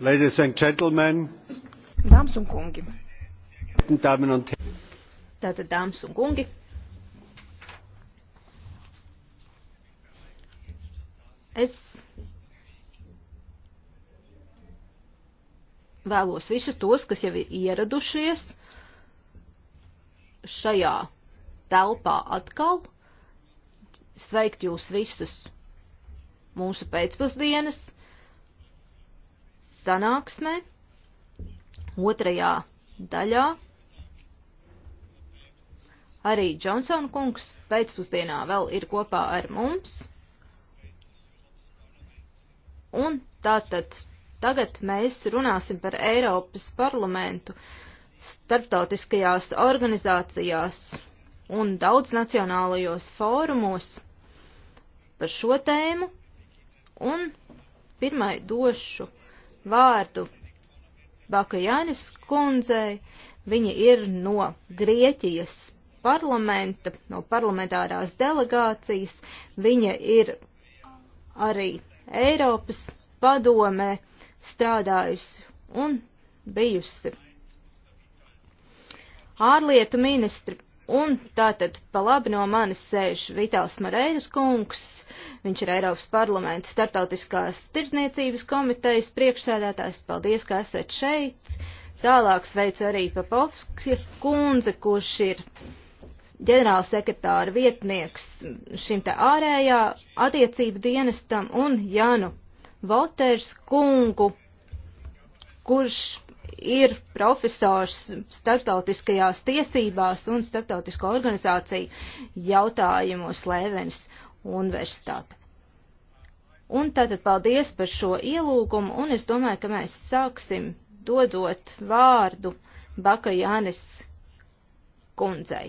Ladies and gentlemen, Dāmas un kungi. Damen un Tātad, dāmas un kungi. Es vēlos visus tos, kas jau ir ieradušies šajā telpā atkal, sveikt jūs visus mūsu pēcpusdienas sanāksmē, otrajā daļā. Arī Džonsona kungs pēcpusdienā vēl ir kopā ar mums. Un tātad tagad mēs runāsim par Eiropas parlamentu starptautiskajās organizācijās un daudz nacionālajos fórumos par šo tēmu, un pirmai došu vārdu Bakajānis kundzei. Viņa ir no Grieķijas parlamenta, no parlamentārās delegācijas. Viņa ir arī Eiropas padomē strādājusi un bijusi ārlietu ministri Un tātad pa labi no manis sēž Vitāls Marēnas kungs, viņš ir Eiropas parlamenta startautiskās tirdzniecības komitejas priekšsēdētājs, paldies, ka esat šeit. Tālāk sveicu arī Papovski kundze, kurš ir ģenerāla sekretāra vietnieks šim te ārējā attiecību dienestam un Janu Voters kungu, kurš ir profesors starptautiskajās tiesībās un starptautisko organizāciju jautājumos Lēvenes universitāte. Un tātad paldies par šo ielūgumu, un es domāju, ka mēs sāksim dodot vārdu Baka Jānis kundzei,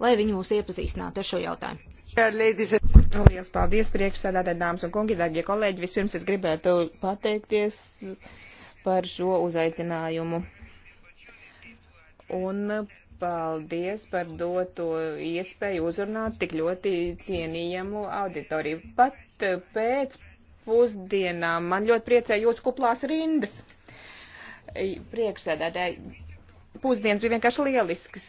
lai viņi mūs iepazīstinātu ar šo jautājumu. Lielas paldies priekšsēdētāji, dāmas un kungi, darbie kolēģi. Vispirms es gribētu pateikties par šo uzaicinājumu. Un paldies par doto iespēju uzrunāt tik ļoti cienījamu auditoriju. Pat pēc pusdienām man ļoti priecē jūsu kuplās rindas. Priekšsēdētāji, pusdienas bija vienkārši lielisks,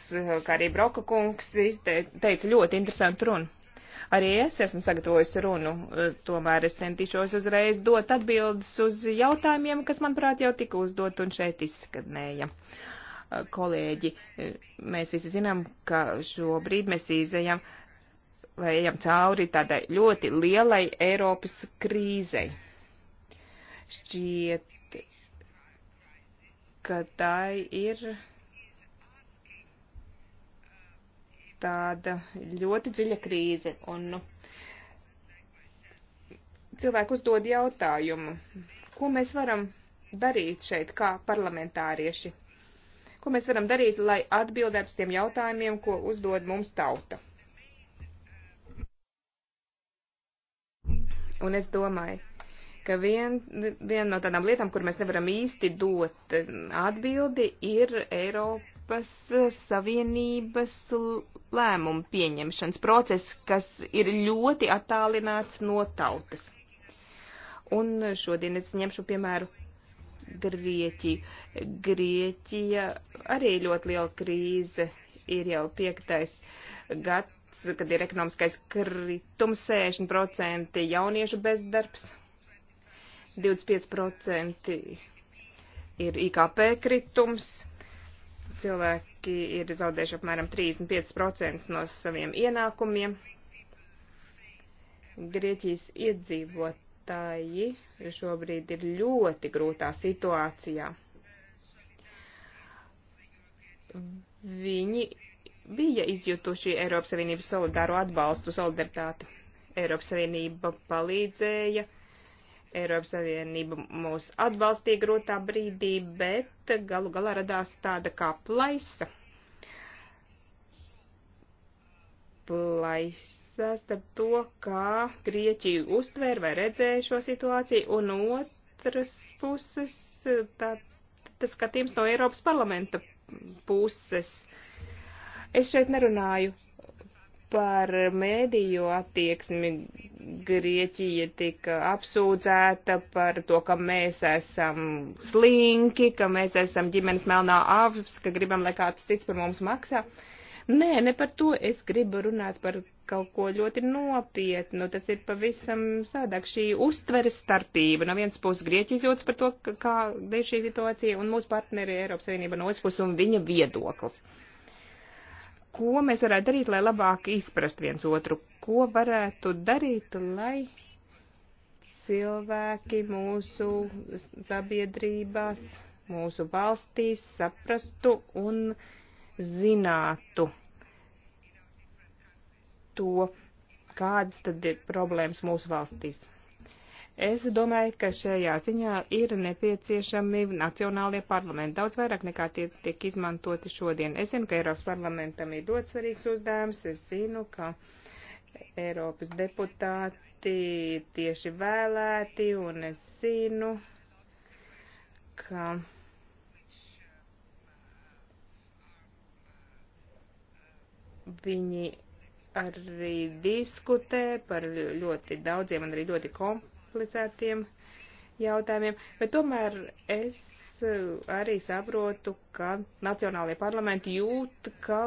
kā arī Broka kungs teica ļoti interesantu runu. Arī es esmu sagatavojusi runu, e, tomēr es centīšos uzreiz dot atbildes uz jautājumiem, kas, manuprāt, jau tika uzdot un šeit izskatnēja. E, kolēģi, e, mēs visi zinām, ka šobrīd mēs izējam vai ejam cauri tādai ļoti lielai Eiropas krīzei. Šķiet, ka tā ir tāda ļoti dziļa krīze. Un nu, cilvēki uzdod jautājumu, ko mēs varam darīt šeit kā parlamentārieši? Ko mēs varam darīt, lai atbildētu uz tiem jautājumiem, ko uzdod mums tauta? Un es domāju, ka vien, viena no tādām lietām, kur mēs nevaram īsti dot atbildi, ir Eiropa Eiropas eh, Savienības lēmumu pieņemšanas process, kas ir ļoti attālināts no tautas. Un šodien es ņemšu piemēru Grieķiju. Grieķija arī ļoti liela krīze ir jau piektais gads, kad ir ekonomiskais kritums 60% jauniešu bezdarbs, 25% ir IKP kritums cilvēki ir zaudējuši apmēram 35% no saviem ienākumiem. Grieķijas iedzīvotāji šobrīd ir ļoti grūtā situācijā. Viņi bija izjutuši Eiropas Savienības solidāro atbalstu, solidaritāti. Eiropas Savienība palīdzēja uh, Eiropas Savienība mūs atbalstīja grūtā brīdī, bet galu galā radās tāda kā plaisa. Plaisa starp to, kā Grieķija uztvēra vai redzēja šo situāciju, un otras puses tā, tas skatījums no Eiropas parlamenta puses. Es šeit nerunāju par mēdīju attieksmi Grieķija tika apsūdzēta par to, ka mēs esam slinki, ka mēs esam ģimenes melnā avs, ka gribam, lai kāds cits par mums maksā. Nē, ne par to es gribu runāt par kaut ko ļoti nopietnu. Nu, tas ir pavisam sādāk šī uztveres starpība. No vienas puses Grieķija izjūtas par to, kāda ir šī situācija, un mūsu partneri Eiropas Savienība no otras puses un viņa viedoklis. Uh, ko mēs varētu darīt, lai labāk izprast viens otru, ko varētu darīt, lai cilvēki mūsu sabiedrībās, mūsu valstīs saprastu un zinātu to, kādas tad ir problēmas mūsu valstīs. Es domāju, ka šajā ziņā ir nepieciešami nacionālie parlamenti daudz vairāk nekā tie tiek izmantoti šodien. Es zinu, ka Eiropas parlamentam ir dots svarīgs uzdevums. Es zinu, ka Eiropas deputāti tieši vēlēti un es zinu, ka. Viņi arī diskutē par ļoti daudziem un arī ļoti komplektu komplicētiem jautājumiem, bet tomēr es eh, arī saprotu, ka nacionālajie parlamenti jūt, ka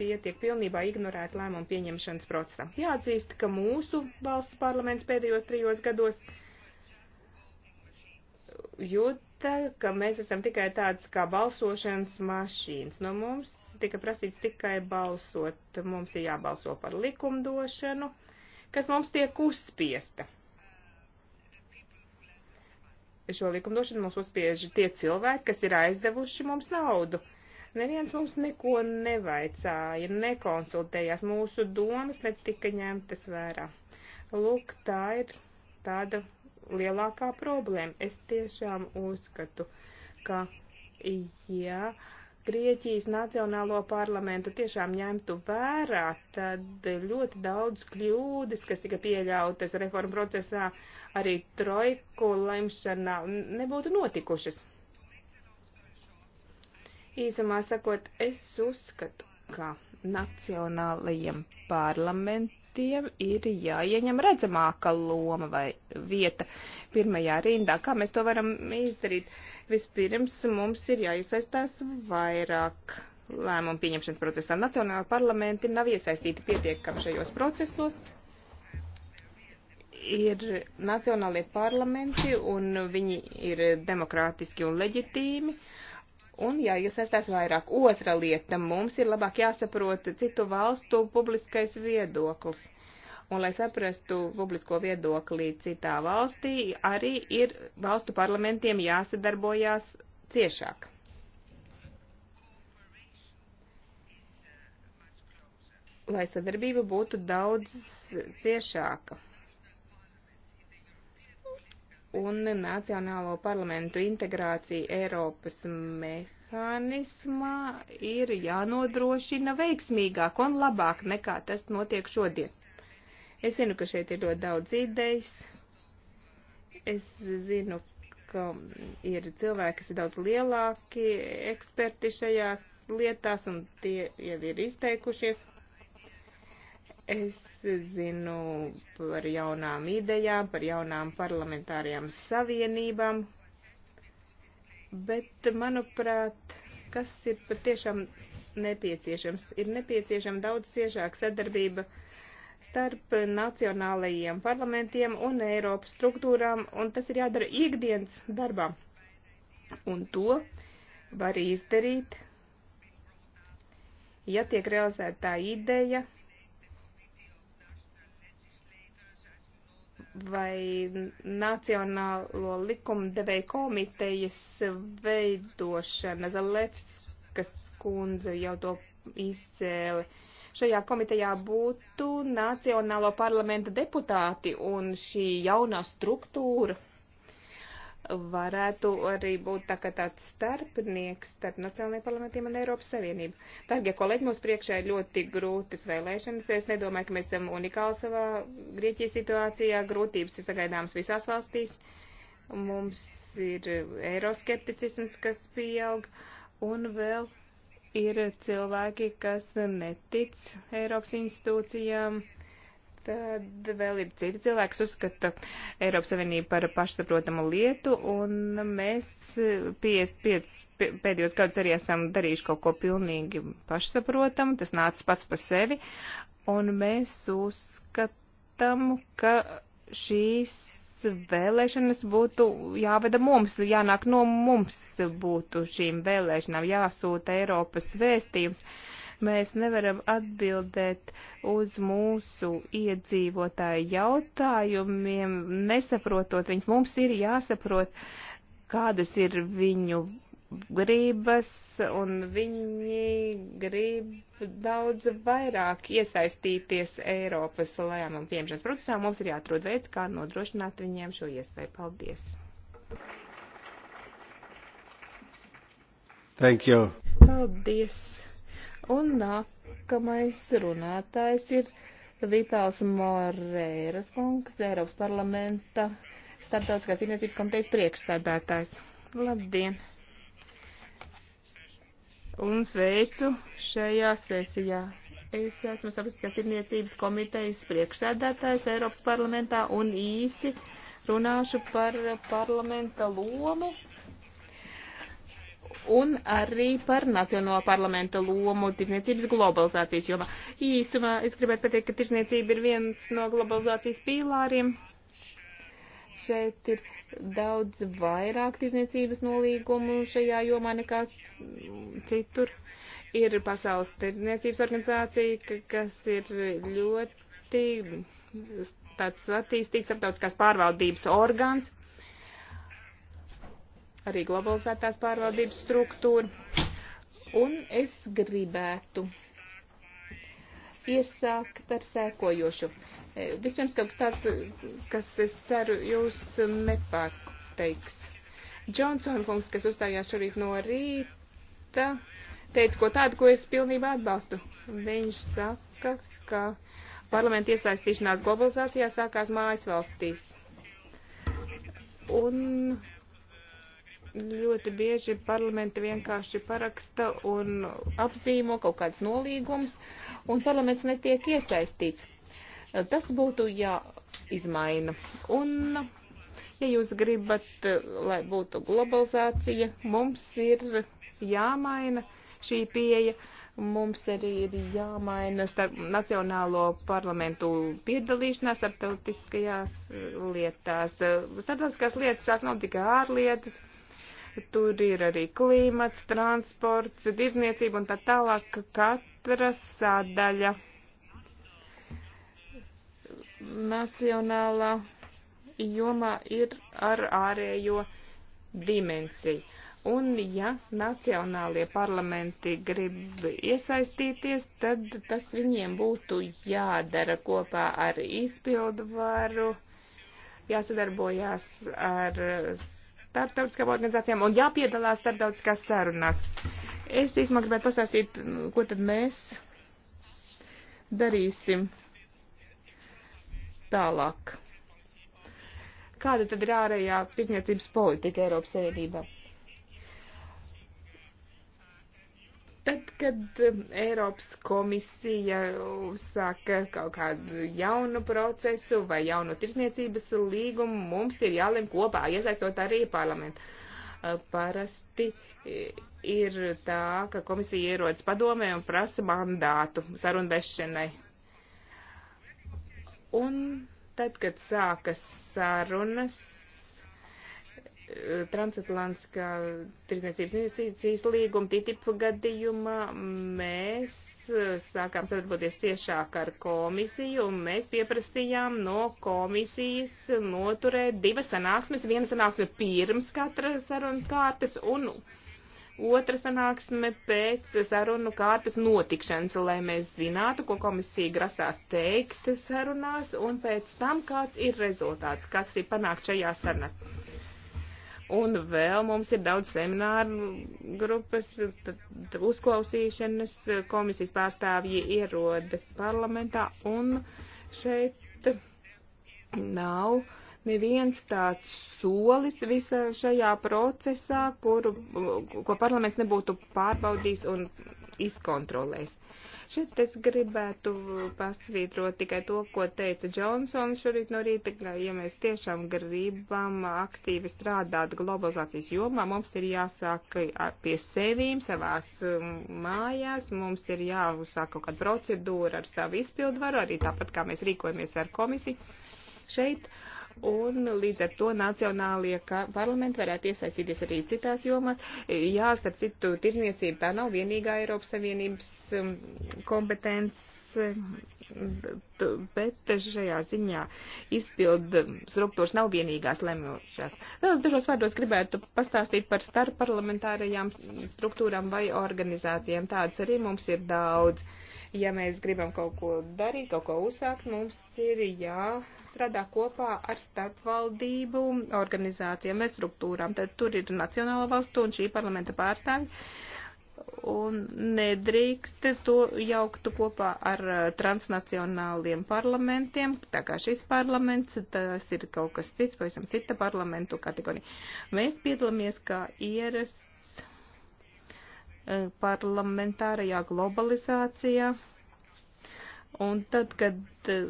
tie tiek pilnībā ignorēti lēmumu pieņemšanas procesā. Jāatzīst, ka mūsu valsts parlaments pēdējos trijos gados jūta, eh, ka mēs esam tikai tāds kā balsošanas mašīnas. No mums tika prasīts tikai balsot. Mums ir jābalso par likumdošanu, kas mums tiek uzspiesta šo likumdošanu mums uzspiež tie cilvēki, kas ir aizdevuši mums naudu. Neviens mums neko nevaicāja, nekonsultējās, mūsu domas netika ņemtas vērā. Lūk, tā ir tāda lielākā problēma. Es tiešām uzskatu, ka, ja Grieķijas Nacionālo parlamentu tiešām ņemtu vērā, tad ļoti daudz kļūdas, kas tika pieļautas reformu procesā, uh, arī trojku lemšanā nebūtu notikušas. Īsumā sakot, es uzskatu, ka nacionālajiem parlamentiem ir jāieņem redzamāka loma vai vieta pirmajā rindā. Kā mēs to varam izdarīt? Vispirms mums ir jāiesaistās vairāk lēmumu pieņemšanas procesā. Nacionālajā parlamenti nav iesaistīti pietiekam šajos procesos ir nacionālie parlamenti, un viņi ir demokrātiski un leģitīmi. Un jāiesaistās vairāk. Otra lieta - mums ir labāk jāsaprot citu valstu publiskais viedoklis. Un, lai saprastu publisko viedoklī citā valstī, arī ir valstu parlamentiem jāsadarbojās ciešāk. lai sadarbība būtu daudz ciešāka un Nacionālo parlamentu integrācija Eiropas mehānismā ir jānodrošina veiksmīgāk un labāk nekā tas notiek šodien. Es zinu, ka šeit ir ļoti daudz idejas. Es zinu, ka ir cilvēki, kas ir daudz lielāki eksperti šajās lietās, un tie jau ir izteikušies. Es zinu par jaunām idejām, par jaunām parlamentārajām savienībām, bet, manuprāt, kas ir patiešām nepieciešams, ir nepieciešama daudz ciešāka sadarbība starp nacionālajiem parlamentiem un Eiropas struktūrām, un tas ir jādara ikdienas darbā. Un to var izdarīt, ja tiek realizēta tā ideja, vai Nacionālo likumdevēju komitejas veidošana. Zalevskas kundze jau to izcēla. Šajā komitejā būtu Nacionālo parlamenta deputāti un šī jaunā struktūra varētu arī būt tā kā tāds starpnieks starp nacionālajiem parlamentiem un Eiropas Savienību. Dārgie kolēģi, mums priekšā ir ļoti grūtas vēlēšanas. Es nedomāju, ka mēs esam unikāli savā Grieķijas situācijā. Grūtības ir sagaidāmas visās valstīs. Mums ir eiroskepticisms, kas pieaug, un vēl ir cilvēki, kas netic Eiropas institūcijām. Tad vēl ir citi cilvēki, kas uzskata Eiropas Savienību par pašsaprotamu lietu, un mēs 55 pēdējos gadus arī esam darījuši kaut ko pilnīgi pašsaprotamu, tas nāca pats par sevi, un mēs uzskatām, ka šīs vēlēšanas būtu jāveda mums, jānāk no mums būtu šīm vēlēšanām, jāsūta Eiropas vēstījums. Uh, Mēs nevaram atbildēt uz mūsu iedzīvotāju jautājumiem, nesaprotot viņus. Mums ir jāsaprot, kādas ir viņu gribas, un viņi grib daudz vairāk iesaistīties Eiropas lēmumu pieņemšanas procesā. Mums ir jāatrod veids, kā nodrošināt viņiem šo iespēju. Paldies! Thank you. Paldies! Un nākamais runātājs ir Vitāls Morēras kungs, Eiropas parlamenta starptautiskās tirdzniecības komitejas priekšsēdētājs. Labdien! Un sveicu šajā sesijā. Es esmu starptautiskās tirdzniecības komitejas priekšsēdētājs Eiropas parlamentā un īsi runāšu par parlamenta lomu un arī par Nacionālo parlamenta lomu tirzniecības globalizācijas jomā. Īsumā es gribētu pateikt, ka tirzniecība ir viens no globalizācijas pīlāriem. Šeit ir daudz vairāk tirzniecības nolīgumu šajā jomā nekā citur. Ir pasaules tirzniecības organizācija, kas ir ļoti tāds attīstīts starptautiskās pārvaldības orgāns arī globalizētās pārvaldības struktūra. Un es gribētu iesākt ar sēkojošu. E, vispirms kaut kas tāds, kas es ceru jūs nepārteiks. Johnson kungs, kas uzstājās šorīt no rīta, teica ko tādu, ko es pilnībā atbalstu. Viņš saka, ka parlamenta iesaistīšanās globalizācijā sākās mājas valstīs. Un ļoti bieži parlamenti vienkārši paraksta un apzīmo kaut kāds nolīgums, un parlaments netiek iesaistīts. Tas būtu jāizmaina. Un, ja jūs gribat, lai būtu globalizācija, mums ir jāmaina šī pieeja. Mums arī ir jāmaina starp nacionālo parlamentu piedalīšanās starptautiskajās lietās. Starptautiskās lietas tās nav tikai ārlietas. Uh, Tur ir arī klimats, transports, izniecība un tā tālāk. Katra sadaļa nacionālā jomā ir ar ārējo dimensiju. Un, ja nacionālie parlamenti grib iesaistīties, tad tas viņiem būtu jādara kopā ar izpildu varu, jāsadarbojās ar starptautiskām organizācijām un jāpiedalās starptautiskās sarunās. Es īsumā gribētu pastāstīt, ko tad mēs darīsim tālāk. Kāda tad ir ārējā tirdzniecības politika Eiropas Savienībā? Tad, kad um, Eiropas komisija uzsāka kaut kādu jaunu procesu vai jaunu tirsniecības līgumu, mums ir jālem kopā, iesaistot arī parlamentu. Uh, parasti ir tā, ka komisija ierodas padomē un prasa mandātu sarunvešanai. Un tad, kad sākas sarunas, transatlantiskā tirdzniecības investīcijas līguma TTIP gadījumā mēs eh, sākām sadarboties ciešāk ar komisiju, un mēs pieprasījām no komisijas noturēt divas sanāksmes, viena sanāksme pirms katra sarunu kārtas, un otra sanāksme pēc sarunu kārtas notikšanas, lai mēs zinātu, ko komisija grasās teikt sarunās, un pēc tam, kāds ir rezultāts, kas ir panākt šajā sarunās. Un vēl mums ir daudz semināru grupas, uzklausīšanas, eh, komisijas pārstāvji ierodas parlamentā, un šeit nav neviens tāds solis visā šajā procesā, kuru, ko parlaments nebūtu pārbaudījis un izkontrolējis. Šeit es gribētu pasvītrot tikai to, ko teica Džonsons šorīt no rīta, ja mēs tiešām gribam aktīvi strādāt globalizācijas jomā, mums ir jāsāk pie sevīm, savās um, mājās, mums ir jāuzsāk kaut kāda procedūra ar savu izpildvaru, arī tāpat kā mēs rīkojamies ar komisiju. Šeit uh, un līdz ar to nacionālie parlamenti varētu iesaistīties arī citās jomās. Jā, starp citu, tirzniecība tā nav vienīgā Eiropas Savienības um, kompetence, bet šajā ziņā izpilda um, struktūras nav vienīgās lemušās. Vēl dažos vārdos gribētu pastāstīt par starpparlamentārajām struktūrām vai organizācijām. Tādas arī mums ir daudz. Uh, Ja mēs gribam kaut ko darīt, kaut ko uzsākt, mums ir jāstrādā kopā ar starpvaldību organizācijām vai struktūrām. Tad tur ir Nacionāla valstu un šī parlamenta pārstāvja un nedrīkst to jaukt kopā ar uh, transnacionāliem parlamentiem, tā kā šis parlaments, tas ir kaut kas cits, pavisam cita parlamentu kategorija. Mēs piedalāmies kā ierasts Eh, parlamentārajā globalizācijā. Un tad, kad eh,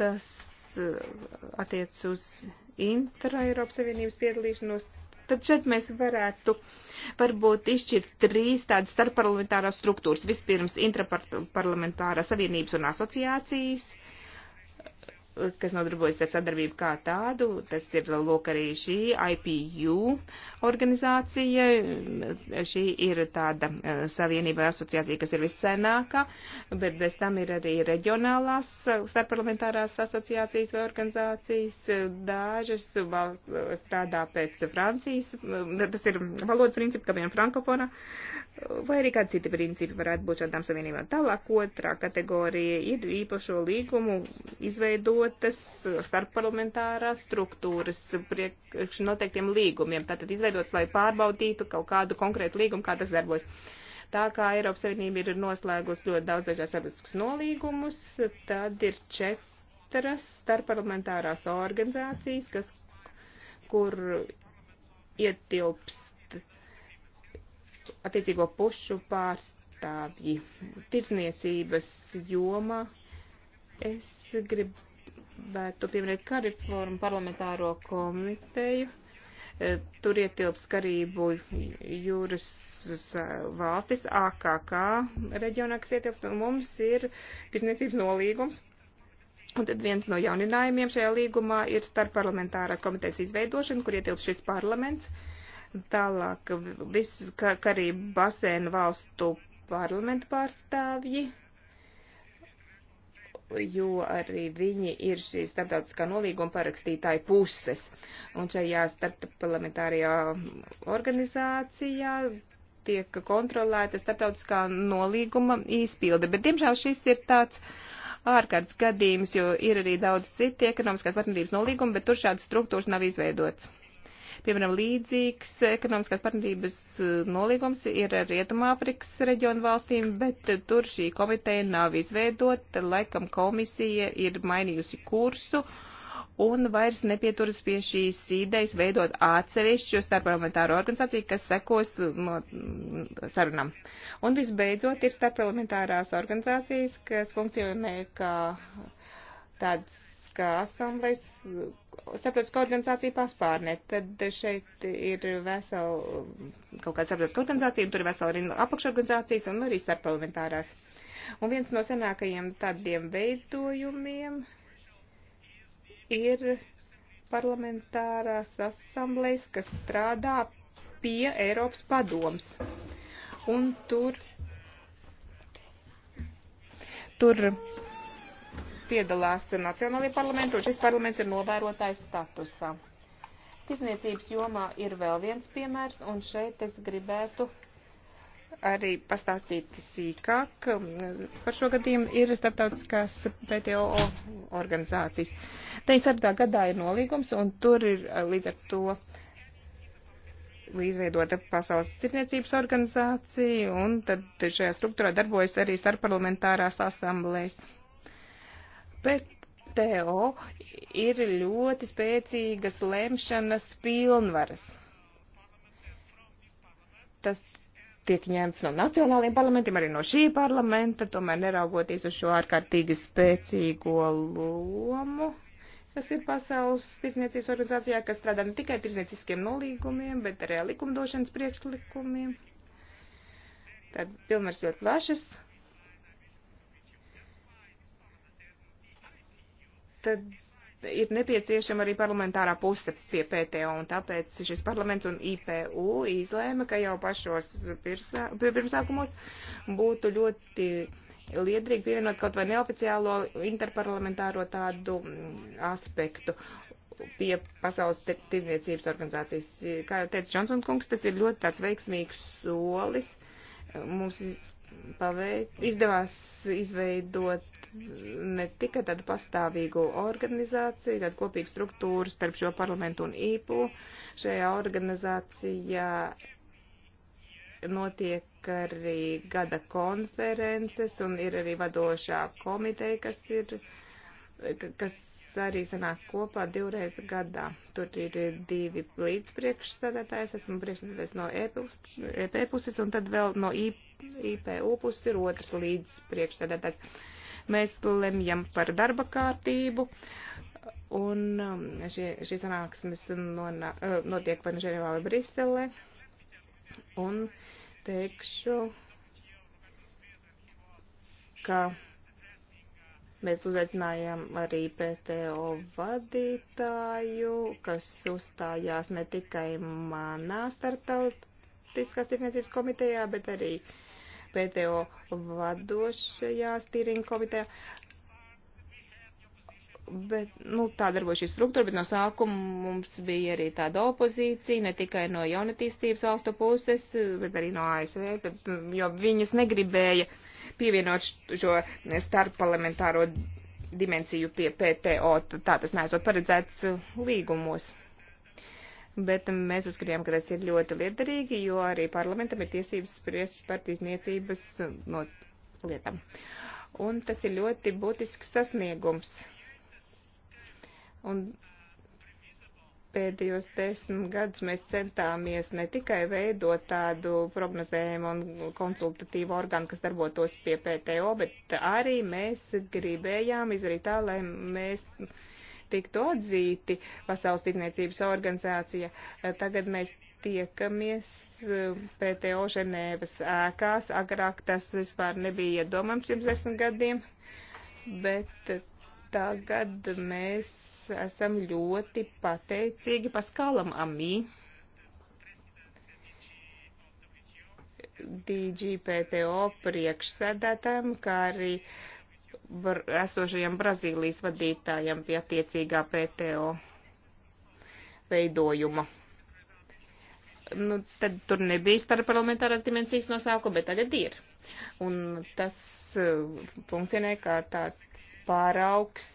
tas eh, attiec uz intra Eiropas Savienības piedalīšanos, tad šeit mēs varētu varbūt izšķirt trīs tādas starpparlamentārās struktūras. Vispirms intraparlamentārā savienības un asociācijas kas nodarbojas ar sadarbību kā tādu. Tas ir lūk arī šī IPU organizācija. Šī ir tāda eh, savienība asociācija, kas ir viscenākā, bet bez tam ir arī reģionālās eh, starpparlamentārās asociācijas vai organizācijas. Dažas strādā pēc Francijas, eh, tas ir valoda principi, kā vien frankofona, vai arī kādi citi principi varētu būt šādām savienībām. Tālāk otrā kategorija ir īpašo līgumu izveido izveidotas starpparlamentārās struktūras priekš noteiktiem līgumiem. Tātad izveidotas, lai pārbaudītu kaut kādu konkrētu līgumu, kā tas darbojas. Tā kā Eiropas Savienība ir noslēgusi ļoti daudz dažādas sabiedriskus nolīgumus, tad ir četras starpparlamentārās organizācijas, kas, kur ietilpst attiecīgo pušu pārstāvji tirsniecības jomā. Es gribu gribētu pieminēt Kariforum parlamentāro komiteju. E, tur ietilps Karību jūras valstis AKK reģionā, kas ietilps, un mums ir tirsniecības nolīgums. Un tad viens no jauninājumiem šajā līgumā ir starpparlamentārās komitejas izveidošana, kur ietilps šis parlaments. Tālāk viss Karību basēnu valstu parlamentu pārstāvji jo arī viņi ir šīs starptautiskā nolīguma parakstītāja puses. Un šajā starpparlamentārajā organizācijā tiek kontrolēta starptautiskā nolīguma izpilde. Bet, diemžēl, šis ir tāds ārkārtas gadījums, jo ir arī daudz citi ekonomiskās partnerības nolīgumi, bet tur šādas struktūras nav izveidotas. Piemēram, līdzīgs ekonomiskās partnerības e, nolīgums ir ar Rietumāfrikas reģionu valstīm, bet e, tur šī komiteja nav izveidota, laikam komisija ir mainījusi kursu un vairs nepieturas pie šīs idejas veidot atsevišķu starpparlamentāro organizāciju, kas sekos e, no sarunam. Un visbeidzot ir starpparlamentārās organizācijas, kas funkcionē kā tāds starptautiskā asamblejas, eh, starptautiskā organizācija paspārnē. Tad šeit ir vesela kaut kāda starptautiskā organizācija, un tur ir vesela arī apakšorganizācijas un arī starpparlamentārās. Un viens no senākajiem tādiem veidojumiem ir parlamentārās asamblejas, kas strādā pie Eiropas padoms. Un tur, tur piedalās Nacionālajā parlamentā, un šis parlaments ir novērotājs statusā. Tirzniecības jomā ir vēl viens piemērs, un šeit es gribētu arī pastāstīt sīkāk um, par šo gadījumu ir starptautiskās PTO organizācijas. 97. gadā ir nolīgums, un tur ir uh, līdz ar to izveidota Pasaules tirniecības organizācija, un tad šajā struktūrā darbojas arī starpparlamentārās asamblējas. PTO ir ļoti spēcīgas lemšanas pilnvaras. Tas tiek ņemts no nacionāliem parlamentiem, arī no šī parlamenta, tomēr neraugoties uz šo ārkārtīgi spēcīgo lomu kas ir pasaules tirsniecības organizācijā, kas strādā ne tikai tirsnieciskiem nolīgumiem, bet arī likumdošanas priekšlikumiem. Tad pilnvars ļoti plašas. tad ir nepieciešama arī parlamentārā puse pie PTO, un tāpēc šis parlaments un IPU izlēma, ka jau pašos pirmsākumos būtu ļoti liedrīgi pievienot kaut vai neoficiālo interparlamentāro tādu mm, aspektu pie Pasaules tirzniecības organizācijas. Kā jau teica Johnson kungs, tas ir ļoti tāds veiksmīgs solis. Mums paveikt, izdevās izveidot ne tikai tādu pastāvīgu organizāciju, tādu kopīgu struktūru starp šo parlamentu un īpu. Šajā organizācijā notiek arī gada konferences un ir arī vadošā komiteja, kas ir, kas arī sanāk kopā divreiz gadā. Tur ir divi līdzpriekšsēdētājs, esmu priekšsēdētājs no EP e puses un tad vēl no IP IPU puses ir otrs līdz priekšsēdētājs. Mēs lemjam par darba kārtību, un um, šie, šī sanāksmes nonā, uh, notiek vai nu Ženevā vai Briselē. Un teikšu, ka Mēs uzaicinājām arī PTO vadītāju, kas uzstājās ne tikai manā starptautiskās tirdzniecības komitejā, bet arī uh, PTO vadošajā stīringa komitejā. Bet, nu, tā darbojas šī struktūra, bet no sākuma mums bija arī tāda opozīcija, ne tikai no jaunatīstības valstu puses, bet arī no ASV, tad, mm, jo viņas negribēja pievienot šo starpparlamentāro dimensiju pie PTO, tā tas neesot paredzēts uh, līgumos bet mēs uzskatījām, ka tas ir ļoti liederīgi, jo arī parlamentam ir tiesības spriest par tīzniecības uh, no lietām. Un tas ir ļoti būtisks sasniegums. Un pēdējos desmit gadus mēs centāmies ne tikai veidot tādu prognozējumu un konsultatīvu orgānu, kas darbotos pie PTO, bet arī mēs gribējām izdarīt tā, lai mēs tiktu atzīti Pasaules tirdzniecības organizācija. Eh, tagad mēs tiekamies eh, PTO Ženēvas ēkās. Agrāk tas vispār nebija iedomams pirms desmit gadiem, bet tagad mēs esam ļoti pateicīgi Paskalam Amī. DGPTO priekšsēdētājiem, kā arī uh, var, esošajam Brazīlijas vadītājam pie attiecīgā PTO veidojuma. Nu, tad tur nebija starpparlamentārās dimensijas no sākuma, bet tagad ir. Un tas uh, funkcionē kā tāds pāraugs,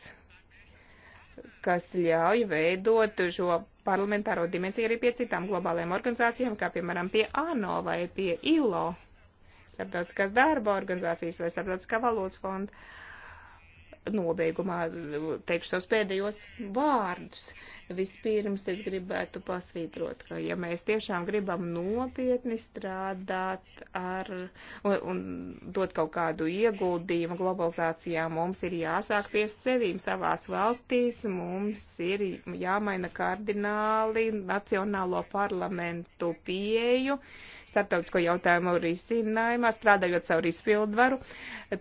kas ļauj veidot šo parlamentāro dimensiju arī pie citām globālajām organizācijām, kā piemēram pie ANO vai pie ILO, starptautiskās darba organizācijas vai starptautiskā valodas fonda. Uh, nobeigumā teikšu savus pēdējos vārdus. Vispirms es gribētu pasvītrot, ka ja mēs tiešām gribam nopietni strādāt ar un, un dot kaut kādu ieguldījumu globalizācijā, mums ir jāsāk pie sevīm savās valstīs, mums ir jāmaina kardināli nacionālo parlamentu pieeju starptautisko jautājumu risinājumā, strādājot savu izpildvaru,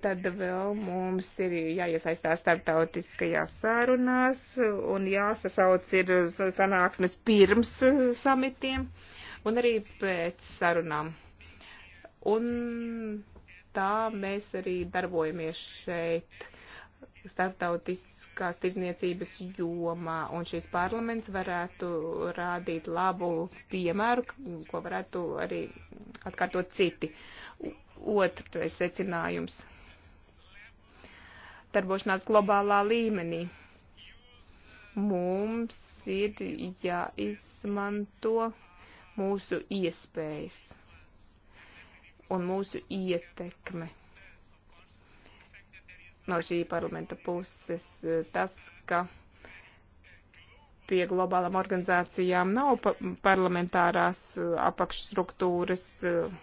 tad vēl mums ir jāiesaistās starptautiskajās sarunās un jāsasauc ir sanāksmes pirms samitiem un arī pēc sarunām. Un tā mēs arī darbojamies šeit starptautiski starptautiskās tirzniecības jomā, un šis parlaments varētu rādīt labu piemēru, ko varētu arī atkārtot citi. Otrais secinājums - darbošanās globālā līmenī. Mums ir jāizmanto mūsu iespējas un mūsu ietekme no šī parlamenta puses eh, tas, ka pie globālām organizācijām nav pa parlamentārās eh, apakšstruktūras, eh,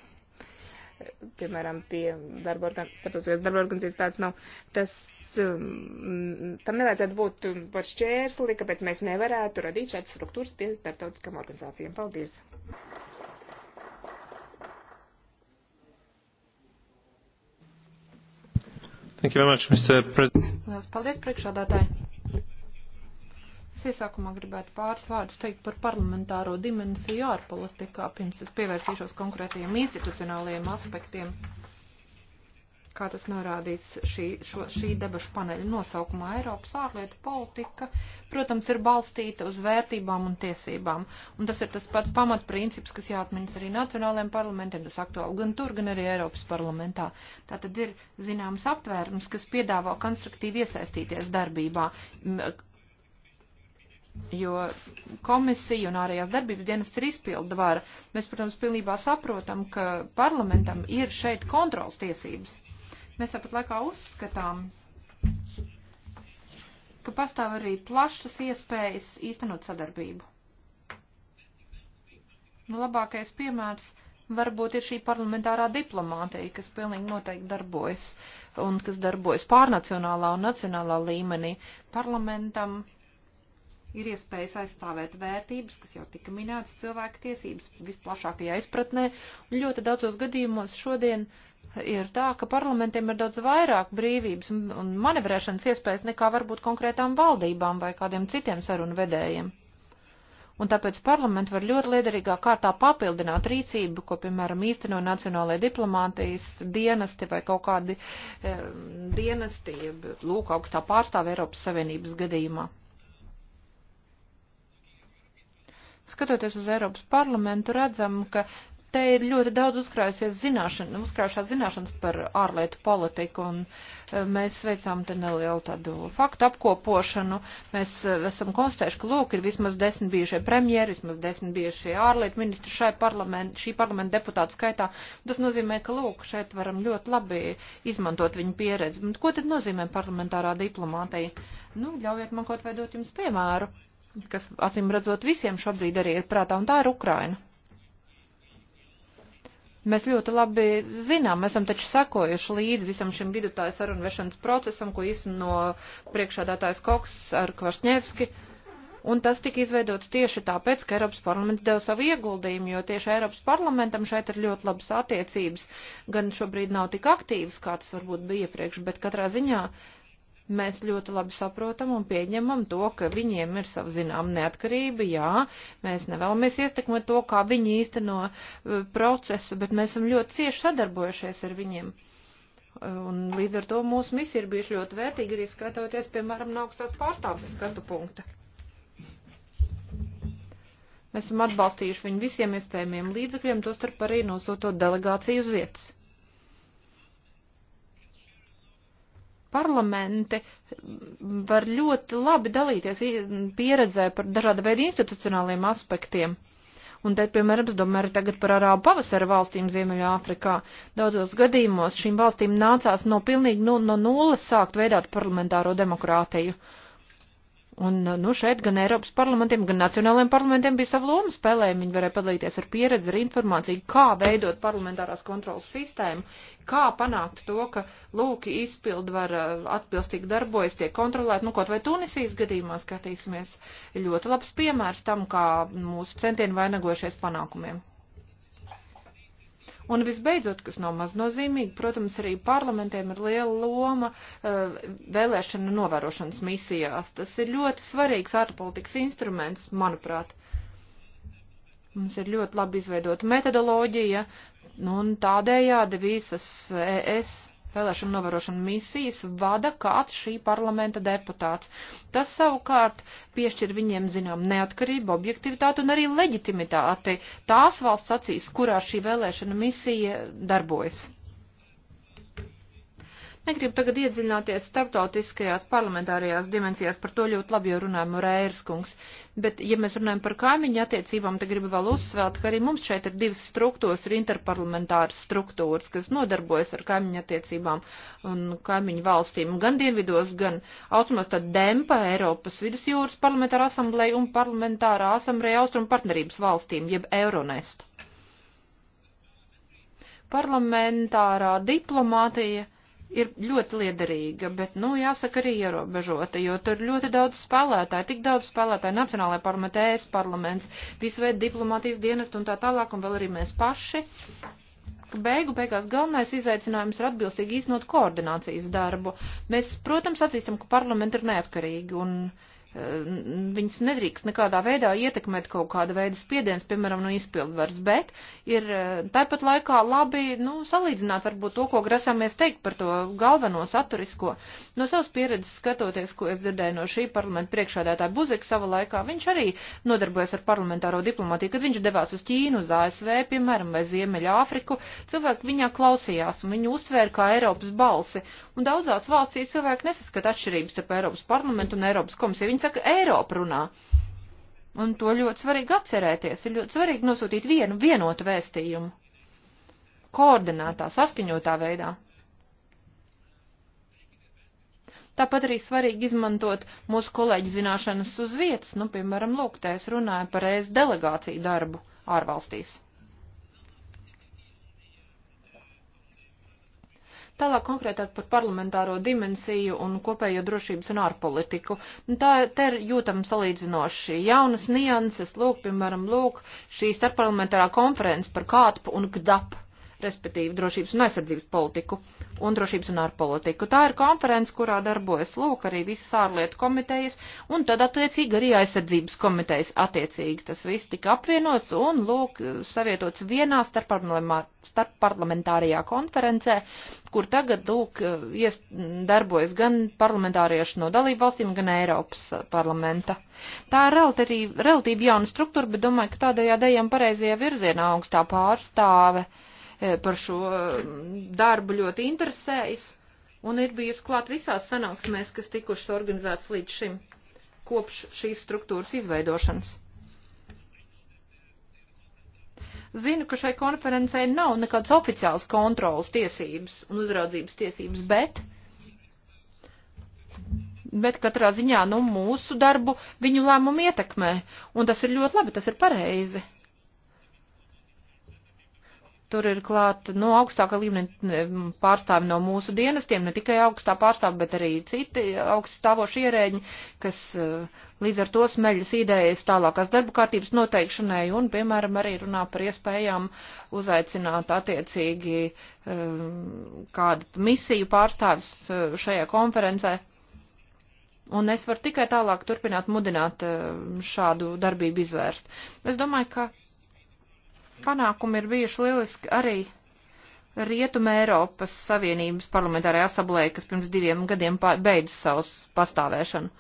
piemēram, pie darba, organ starptautiskās darba organizācijas tāds nav. Tas, tam nevajadzētu būt par šķērsli, kāpēc mēs nevarētu radīt šādas struktūras pie starptautiskām organizācijām. Paldies! Thank you very much, Mr. President. Lielas paldies, priekšādātāji. Es iesākumā gribētu pāris vārdus teikt par parlamentāro dimensiju ārpolitikā, pirms es pievērsīšos konkrētajiem institucionālajiem aspektiem kā tas norādīts šī, šo, šī debašu paneļa nosaukumā, Eiropas ārlietu politika, protams, ir balstīta uz vērtībām un tiesībām. Un tas ir tas pats pamatprincips, kas jāatminas arī nacionālajiem parlamentiem, tas aktuāli gan tur, gan arī Eiropas parlamentā. Tā tad ir zināms aptvērums, kas piedāvā konstruktīvi iesaistīties darbībā. Jo komisija un ārējās darbības dienas ir izpilda vara. Mēs, protams, pilnībā saprotam, ka parlamentam ir šeit kontrols tiesības Mēs tāpat laikā uzskatām, ka pastāv arī plašas iespējas īstenot sadarbību. Nu, labākais piemērs varbūt ir šī parlamentārā diplomātija, kas pilnīgi noteikti darbojas un kas darbojas pārnacionālā un nacionālā līmenī. Parlamentam ir iespējas aizstāvēt vērtības, kas jau tika minētas cilvēka tiesības visplašākajā izpratnē, un ļoti daudzos gadījumos šodien uh, ir tā, ka parlamentiem ir daudz vairāk brīvības un manevrēšanas iespējas nekā varbūt konkrētām valdībām vai kādiem citiem sarunu vedējiem. Un tāpēc parlamenti var ļoti liederīgā kārtā papildināt rīcību, ko, piemēram, īsteno Nacionālajai diplomātijas dienesti vai kaut kādi e, dienesti, lūk, augstā pārstāve Eiropas Savienības gadījumā. Skatoties uz Eiropas parlamentu, redzam, ka Te ir ļoti daudz uzkrājusies zināšana, uzkrājušās zināšanas par ārlietu politiku, un e, mēs veicām te nelielu tādu faktu apkopošanu. Mēs e, esam konstatējuši, ka lūk, ir vismaz desmit bijušie premjeri, vismaz desmit bijušie ārlietu ministri šai parlament, šī parlamenta deputāta skaitā. Tas nozīmē, ka lūk, šeit varam ļoti labi izmantot viņu pieredzi. Bet ko tad nozīmē parlamentārā diplomātija? Nu, ļaujiet man kaut vai dot jums piemēru, kas acīm redzot visiem šobrīd arī ir prātā, un tā ir Ukraina. Mēs ļoti labi zinām, mēs esam taču sekojuši līdz visam šim vidutāju sarunu vešanas procesam, ko izno priekšādātājs Koks ar Kvašņevski. Un tas tika izveidots tieši tāpēc, ka Eiropas parlaments deva savu ieguldījumu, jo tieši Eiropas parlamentam šeit ir ļoti labas attiecības. Gan šobrīd nav tik aktīvas, kā tas varbūt bija iepriekš, bet katrā ziņā uh, Mēs ļoti labi saprotam un pieņemam to, ka viņiem ir sava zinām neatkarība, jā, mēs nevēlamies iestekmēt to, kā viņi īsteno uh, procesu, bet mēs esam ļoti cieši sadarbojušies ar viņiem. Uh, un līdz ar to mūsu misija ir bijuši ļoti vērtīgi arī skatoties, piemēram, no augstās pārstāvis skatu punkta. Mēs esam atbalstījuši viņu visiem iespējamiem līdzekļiem, tostarp arī nosūtot delegāciju uz vietas. parlamenti var ļoti labi dalīties pieredzē par dažāda veida institucionāliem aspektiem. Un te, piemēram, es domāju tagad par Arābu pavasara valstīm Ziemeļāfrikā. Daudzos gadījumos šīm valstīm nācās no pilnīgi no, nu, no nulles sākt veidot parlamentāro demokrātiju. Uh, Un, nu, šeit gan Eiropas parlamentiem, gan nacionālajiem parlamentiem bija sava loma spēlējumi. Viņi varēja padalīties ar pieredzi, ar informāciju, kā veidot parlamentārās kontrolas sistēmu, kā panākt to, ka, lūk, izpildu var atbilstīgi darbojas, tiek kontrolēt. Nu, kaut vai Tunisijas gadījumā skatīsimies ļoti labs piemērs tam, kā mūsu centieni vainagojušies panākumiem. Un visbeidzot, kas nav maz nozīmīgi, protams, arī parlamentiem ir liela loma uh, eh, vēlēšanu novērošanas misijās. Tas ir ļoti svarīgs ārpolitikas instruments, manuprāt. Mums ir ļoti labi izveidota metodoloģija, nu, un tādējādi visas ES vēlēšanu novērošanu misijas vada kāds šī parlamenta deputāts. Tas savukārt piešķir viņiem, zinām, neatkarību, objektivitāti un arī leģitimitāti tās valsts acīs, kurā šī vēlēšana misija darbojas. Negribu tagad iedziļināties starptautiskajās parlamentārajās dimensijās, par to ļoti labi jau runājam Rērs kungs, bet ja mēs runājam par kaimiņu attiecībām, tad gribu vēl uzsvērt, ka arī mums šeit ir divas struktūras, ir interparlamentāras struktūras, kas nodarbojas ar kaimiņu attiecībām un kaimiņu valstīm, gan dienvidos, gan austrumos, tad DEMPA, Eiropas vidusjūras parlamentāra asambleja un parlamentārā asambleja austrumu partnerības valstīm, jeb Euronest. Parlamentārā diplomātija ir ļoti liederīga, bet, nu, jāsaka, arī ierobežota, jo tur ir ļoti daudz spēlētāju, tik daudz spēlētāju, Nacionālajā parlamentā, ES parlaments, visveid diplomātijas dienestu un tā tālāk, un vēl arī mēs paši. Beigu beigās galvenais izaicinājums ir atbilstīgi īstenot koordinācijas darbu. Mēs, protams, atzīstam, ka parlamenti ir neatkarīgi un. Uh, viņas nedrīkst nekādā veidā ietekmēt kaut kāda veida spiediens, piemēram, no izpildvaras, bet ir eh, tāpat laikā labi, nu, salīdzināt varbūt to, ko grasāmies teikt par to galveno saturisko. No savas pieredzes skatoties, ko es dzirdēju no šī parlamenta priekšādētāja Buzika sava laikā, viņš arī nodarbojas ar parlamentāro diplomātiju, kad viņš devās uz Ķīnu, uz ASV, piemēram, vai Ziemeļāfriku, cilvēki viņā klausījās un viņu uztvēra kā Eiropas balsi, un daudzās valstīs cilvēki nesaskata atšķirības starp Eiropas parlamentu un Eiropas komisiju. Viņi saka, Eiropa runā. Un to ļoti svarīgi atcerēties. Ir ļoti svarīgi nosūtīt vienu vienotu vēstījumu. Koordinētā, saskaņotā veidā. Tāpat arī svarīgi izmantot mūsu kolēģi zināšanas uz vietas, nu, piemēram, lūk, te es runāju par ES delegāciju darbu ārvalstīs. Tālāk konkrētāk par parlamentāro dimensiju un kopējo drošības un ārpolitiku. Nu, tā te ir jūtama salīdzinoši jaunas nianses, lūk, piemēram, lūk, šī starpparlamentārā konferences par kātpu un gdapu respektīvi drošības un aizsardzības politiku un drošības un ārpolitiku. Tā ir konference, kurā darbojas lūk arī visas ārlietu komitejas un tad attiecīgi arī aizsardzības komitejas attiecīgi. Tas viss tika apvienots un lūk savietots vienā starpparlamentārajā konferencē, kur tagad lūk ies, darbojas gan parlamentārieši no dalību valstīm, gan Eiropas parlamenta. Tā ir relatīvi, relatīvi jauna struktūra, bet domāju, ka tādējādi ejam pareizajā virzienā augstā pārstāve. Uh, E, par šo darbu ļoti interesējas un ir bijusi klāt visās sanāksmēs, kas tikušas organizētas līdz šim kopš šīs struktūras izveidošanas. Zinu, ka šai konferencei nav nekādas oficiālas kontrolas tiesības un uzraudzības tiesības, bet, bet katrā ziņā nu, mūsu darbu viņu lēmumu ietekmē. Un tas ir ļoti labi, tas ir pareizi. Tur ir klāt no nu, augstāka līmeņa pārstāvi no mūsu dienestiem, ne tikai augstā pārstāvi, bet arī citi augsts stāvoši ierēģi, kas eh, līdz ar to smeļas idejas tālākās darba kārtības noteikšanai un, piemēram, arī runā par iespējām uzaicināt attiecīgi eh, kādu misiju pārstāvis eh, šajā konferencē. Un es varu tikai tālāk turpināt mudināt šādu darbību izvērst. Es domāju, ka Panākumi ir bijuši lieliski arī Rietuma Eiropas Savienības parlamentārajā asamblēja, kas pirms diviem gadiem beidz savus pastāvēšanu.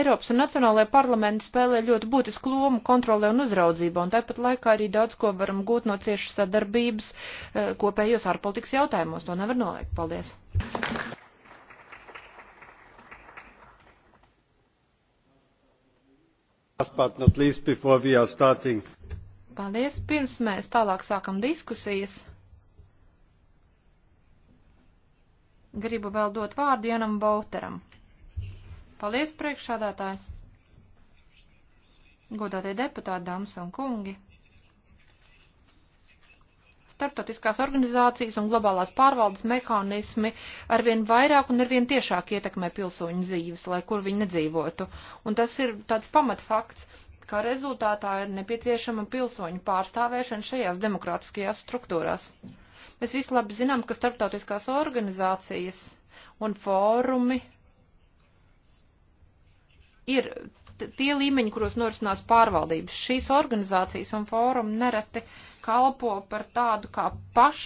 Eiropas un Nacionālajie parlamenti spēlē ļoti būtisku lomu kontrolē un uzraudzībā, un tāpat laikā arī daudz ko varam gūt no ciešas sadarbības eh, kopējos ārpolitikas jautājumos. To nevar noliegt. Paldies! but not least before we are starting. Paldies. Pirms mēs tālāk sākam diskusijas. Gribu vēl dot vārdu Janam Bauteram. Paldies, priekšādātāji. Godātie deputāti, dāmas un kungi starptautiskās organizācijas un globālās pārvaldes mehānismi arvien vairāk un arvien tiešāk ietekmē pilsoņu dzīves, lai kur viņi nedzīvotu. Un tas ir tāds pamatfakts, kā rezultātā ir nepieciešama pilsoņu pārstāvēšana šajās demokrātiskajās struktūrās. Mēs visi labi zinām, ka starptautiskās organizācijas un fórumi ir tie līmeņi, kuros norisinās pārvaldības. Šīs organizācijas un fórumi nereti kalpo par tādu kā paš,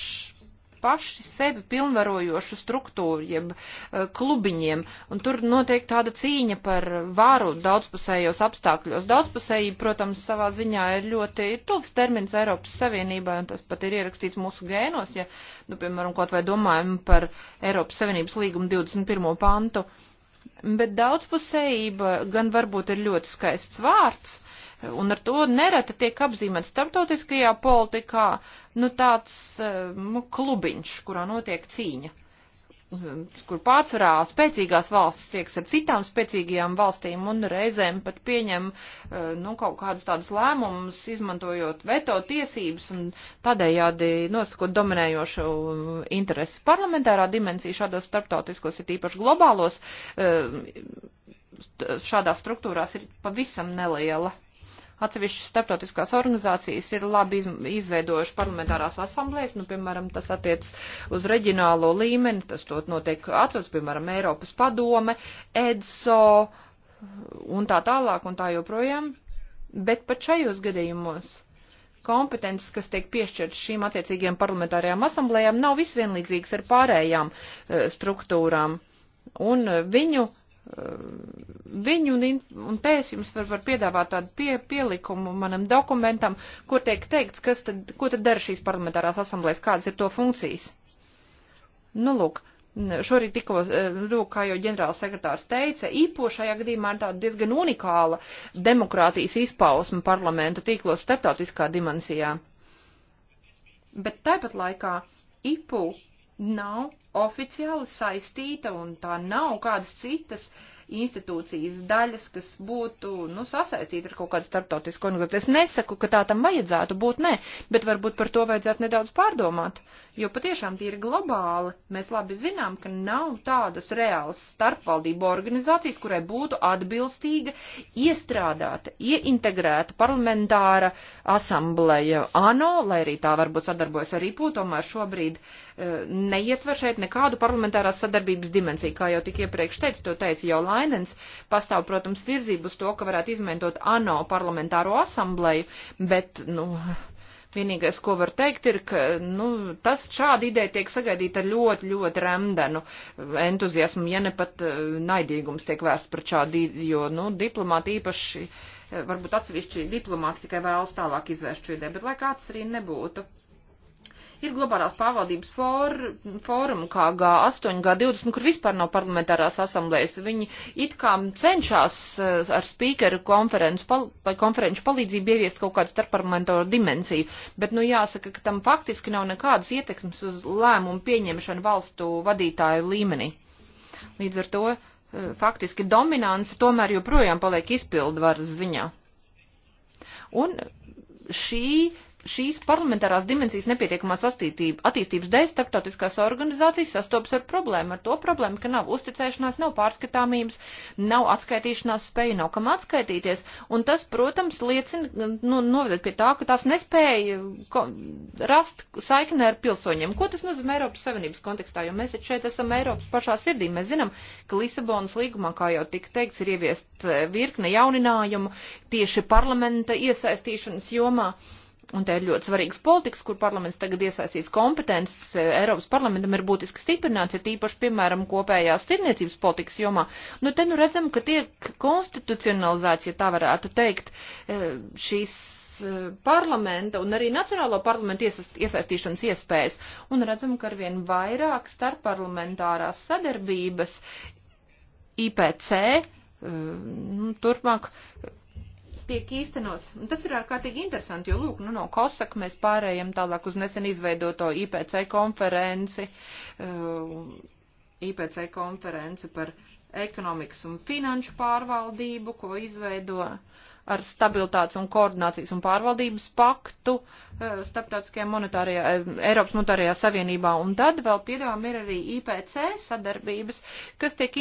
paši sevi pilnvarojošu struktūru, jeb e, klubiņiem, un tur notiek tāda cīņa par varu daudzpusējos apstākļos. Daudzpusējība, protams, savā ziņā ir ļoti tuvs termins Eiropas Savienībai, un tas pat ir ierakstīts mūsu gēnos, ja, nu, piemēram, kaut vai domājam par Eiropas Savienības līgumu 21. pantu. Uh, bet daudzpusējība gan varbūt ir ļoti skaists vārds, un ar to nereti tiek apzīmēts starptautiskajā politikā, nu tāds uh, klubiņš, kurā notiek cīņa kur pārsvarā spēcīgās valstis tieks ar citām spēcīgajām valstīm un reizēm pat pieņem eh, nu, kaut kādus tādus lēmumus, izmantojot veto tiesības un tādējādi nosakot dominējošu eh, interesi. Parlamentārā dimensija šādos starptautiskos ir īpaši globālos, eh, šādās struktūrās ir pavisam neliela. Atsevišķas starptautiskās organizācijas ir labi izveidojuši parlamentārās asamblēs, nu, piemēram, tas attiec uz reģionālo līmeni, tas to notiek atcauc, piemēram, Eiropas padome, EDSO un tā tālāk un tā joprojām. Bet pat šajos gadījumos kompetences, kas tiek piešķirtas šīm attiecīgajām parlamentārajām asamblējām, nav visvienlīdzīgas ar pārējām eh, struktūrām. Un eh, viņu viņu un, un te es jums varu var piedāvāt tādu pie, pielikumu manam dokumentam, kur tiek teikts, kas tad, ko tad dara šīs parlamentārās asamblēs, kādas ir to funkcijas. Nu, lūk, šorīt tikko, lūk, e, nu, kā jau ģenerāls sekretārs teica, IPO šajā gadījumā ir tāda diezgan unikāla demokrātijas izpausme parlamenta tīklos starptautiskā dimensijā. Bet tāpat laikā IPO nav oficiāli saistīta un tā nav kādas citas institūcijas daļas, kas būtu, nu, sasaistīta ar kaut kādu starptautisku organizāciju. Es nesaku, ka tā tam vajadzētu būt, nē, bet varbūt par to vajadzētu nedaudz pārdomāt, jo patiešām tie ir globāli. Mēs labi zinām, ka nav tādas reālas starpvaldību organizācijas, kurai būtu atbilstīga, iestrādāta, ieintegrēta parlamentāra asambleja ANO, lai arī tā varbūt sadarbojas ar IPU, tomēr šobrīd uh, E, neietver šeit nekādu parlamentārās sadarbības dimensiju. Kā jau tik iepriekš teicu, to teica jau Lainens, pastāv, protams, virzību uz to, ka varētu izmantot ANO parlamentāro asambleju, bet, nu. Vienīgais, ko var teikt, ir, ka nu, tas šāda ideja tiek sagaidīta ar ļoti, ļoti remdenu entuziasmu, ja ne pat e, naidīgums tiek vērsts par šādu, jo nu, diplomāti īpaši e, varbūt atsevišķi diplomāti tikai vēlas tālāk izvērst šo ideju, bet lai kāds arī nebūtu. Ir globālās pārvaldības for, fórumu kā G8, G20, kur vispār nav parlamentārās asamblējas. Viņi it kā cenšas eh, ar spīkeru konferenču, pal, konferenču palīdzību ieviest kaut kādu starpparlamentāru dimensiju, bet nu jāsaka, ka tam faktiski nav nekādas ietekmes uz lēmumu pieņemšanu valstu vadītāju līmenī. Līdz ar to eh, faktiski dominance tomēr joprojām paliek izpildvaras ziņā. Un šī šīs parlamentārās dimensijas nepietiekamās attīstības dēļ starptautiskās organizācijas sastopas ar problēmu, ar to problēmu, ka nav uzticēšanās, nav pārskatāmības, nav atskaitīšanās spēja, nav kam atskaitīties, un tas, protams, liecina, nu, noved pie tā, ka tās nespēja ko, rast saiknē ar pilsoņiem. Ko tas nozīmē Eiropas Savienības kontekstā, jo mēs šeit esam Eiropas pašā sirdī. Mēs zinām, ka Lisabonas līgumā, kā jau tika teikts, ir ieviest eh, virkne jauninājumu tieši parlamenta iesaistīšanas jomā. Uh, Un te ir ļoti svarīgs politikas, kur parlaments tagad iesaistīts kompetences. E, Eiropas parlamentam ir būtiski stiprināts, ir ja tīpaši, piemēram, kopējās tirniecības politikas jomā. Nu, te nu redzam, ka tiek konstitucionalizēts, ja tā varētu teikt, e, šīs e, parlamenta un arī nacionālo parlamentu iesaistīšanas iespējas. Un redzam, ka arvien vairāk starpparlamentārās sadarbības IPC nu, turpmāk tiek īstenots. Un tas ir ārkārtīgi interesanti, jo, lūk, nu, no Kosaka mēs pārējām tālāk uz nesen izveidoto IPC konferenci, uh, IPC konferenci par ekonomikas un finanšu pārvaldību, ko izveido uh, ar stabilitātes un koordinācijas un pārvaldības paktu eh, starptautiskajā monetārajā, eh, Eiropas monetārajā savienībā. Un tad vēl piedāvām ir arī IPC sadarbības, kas tiek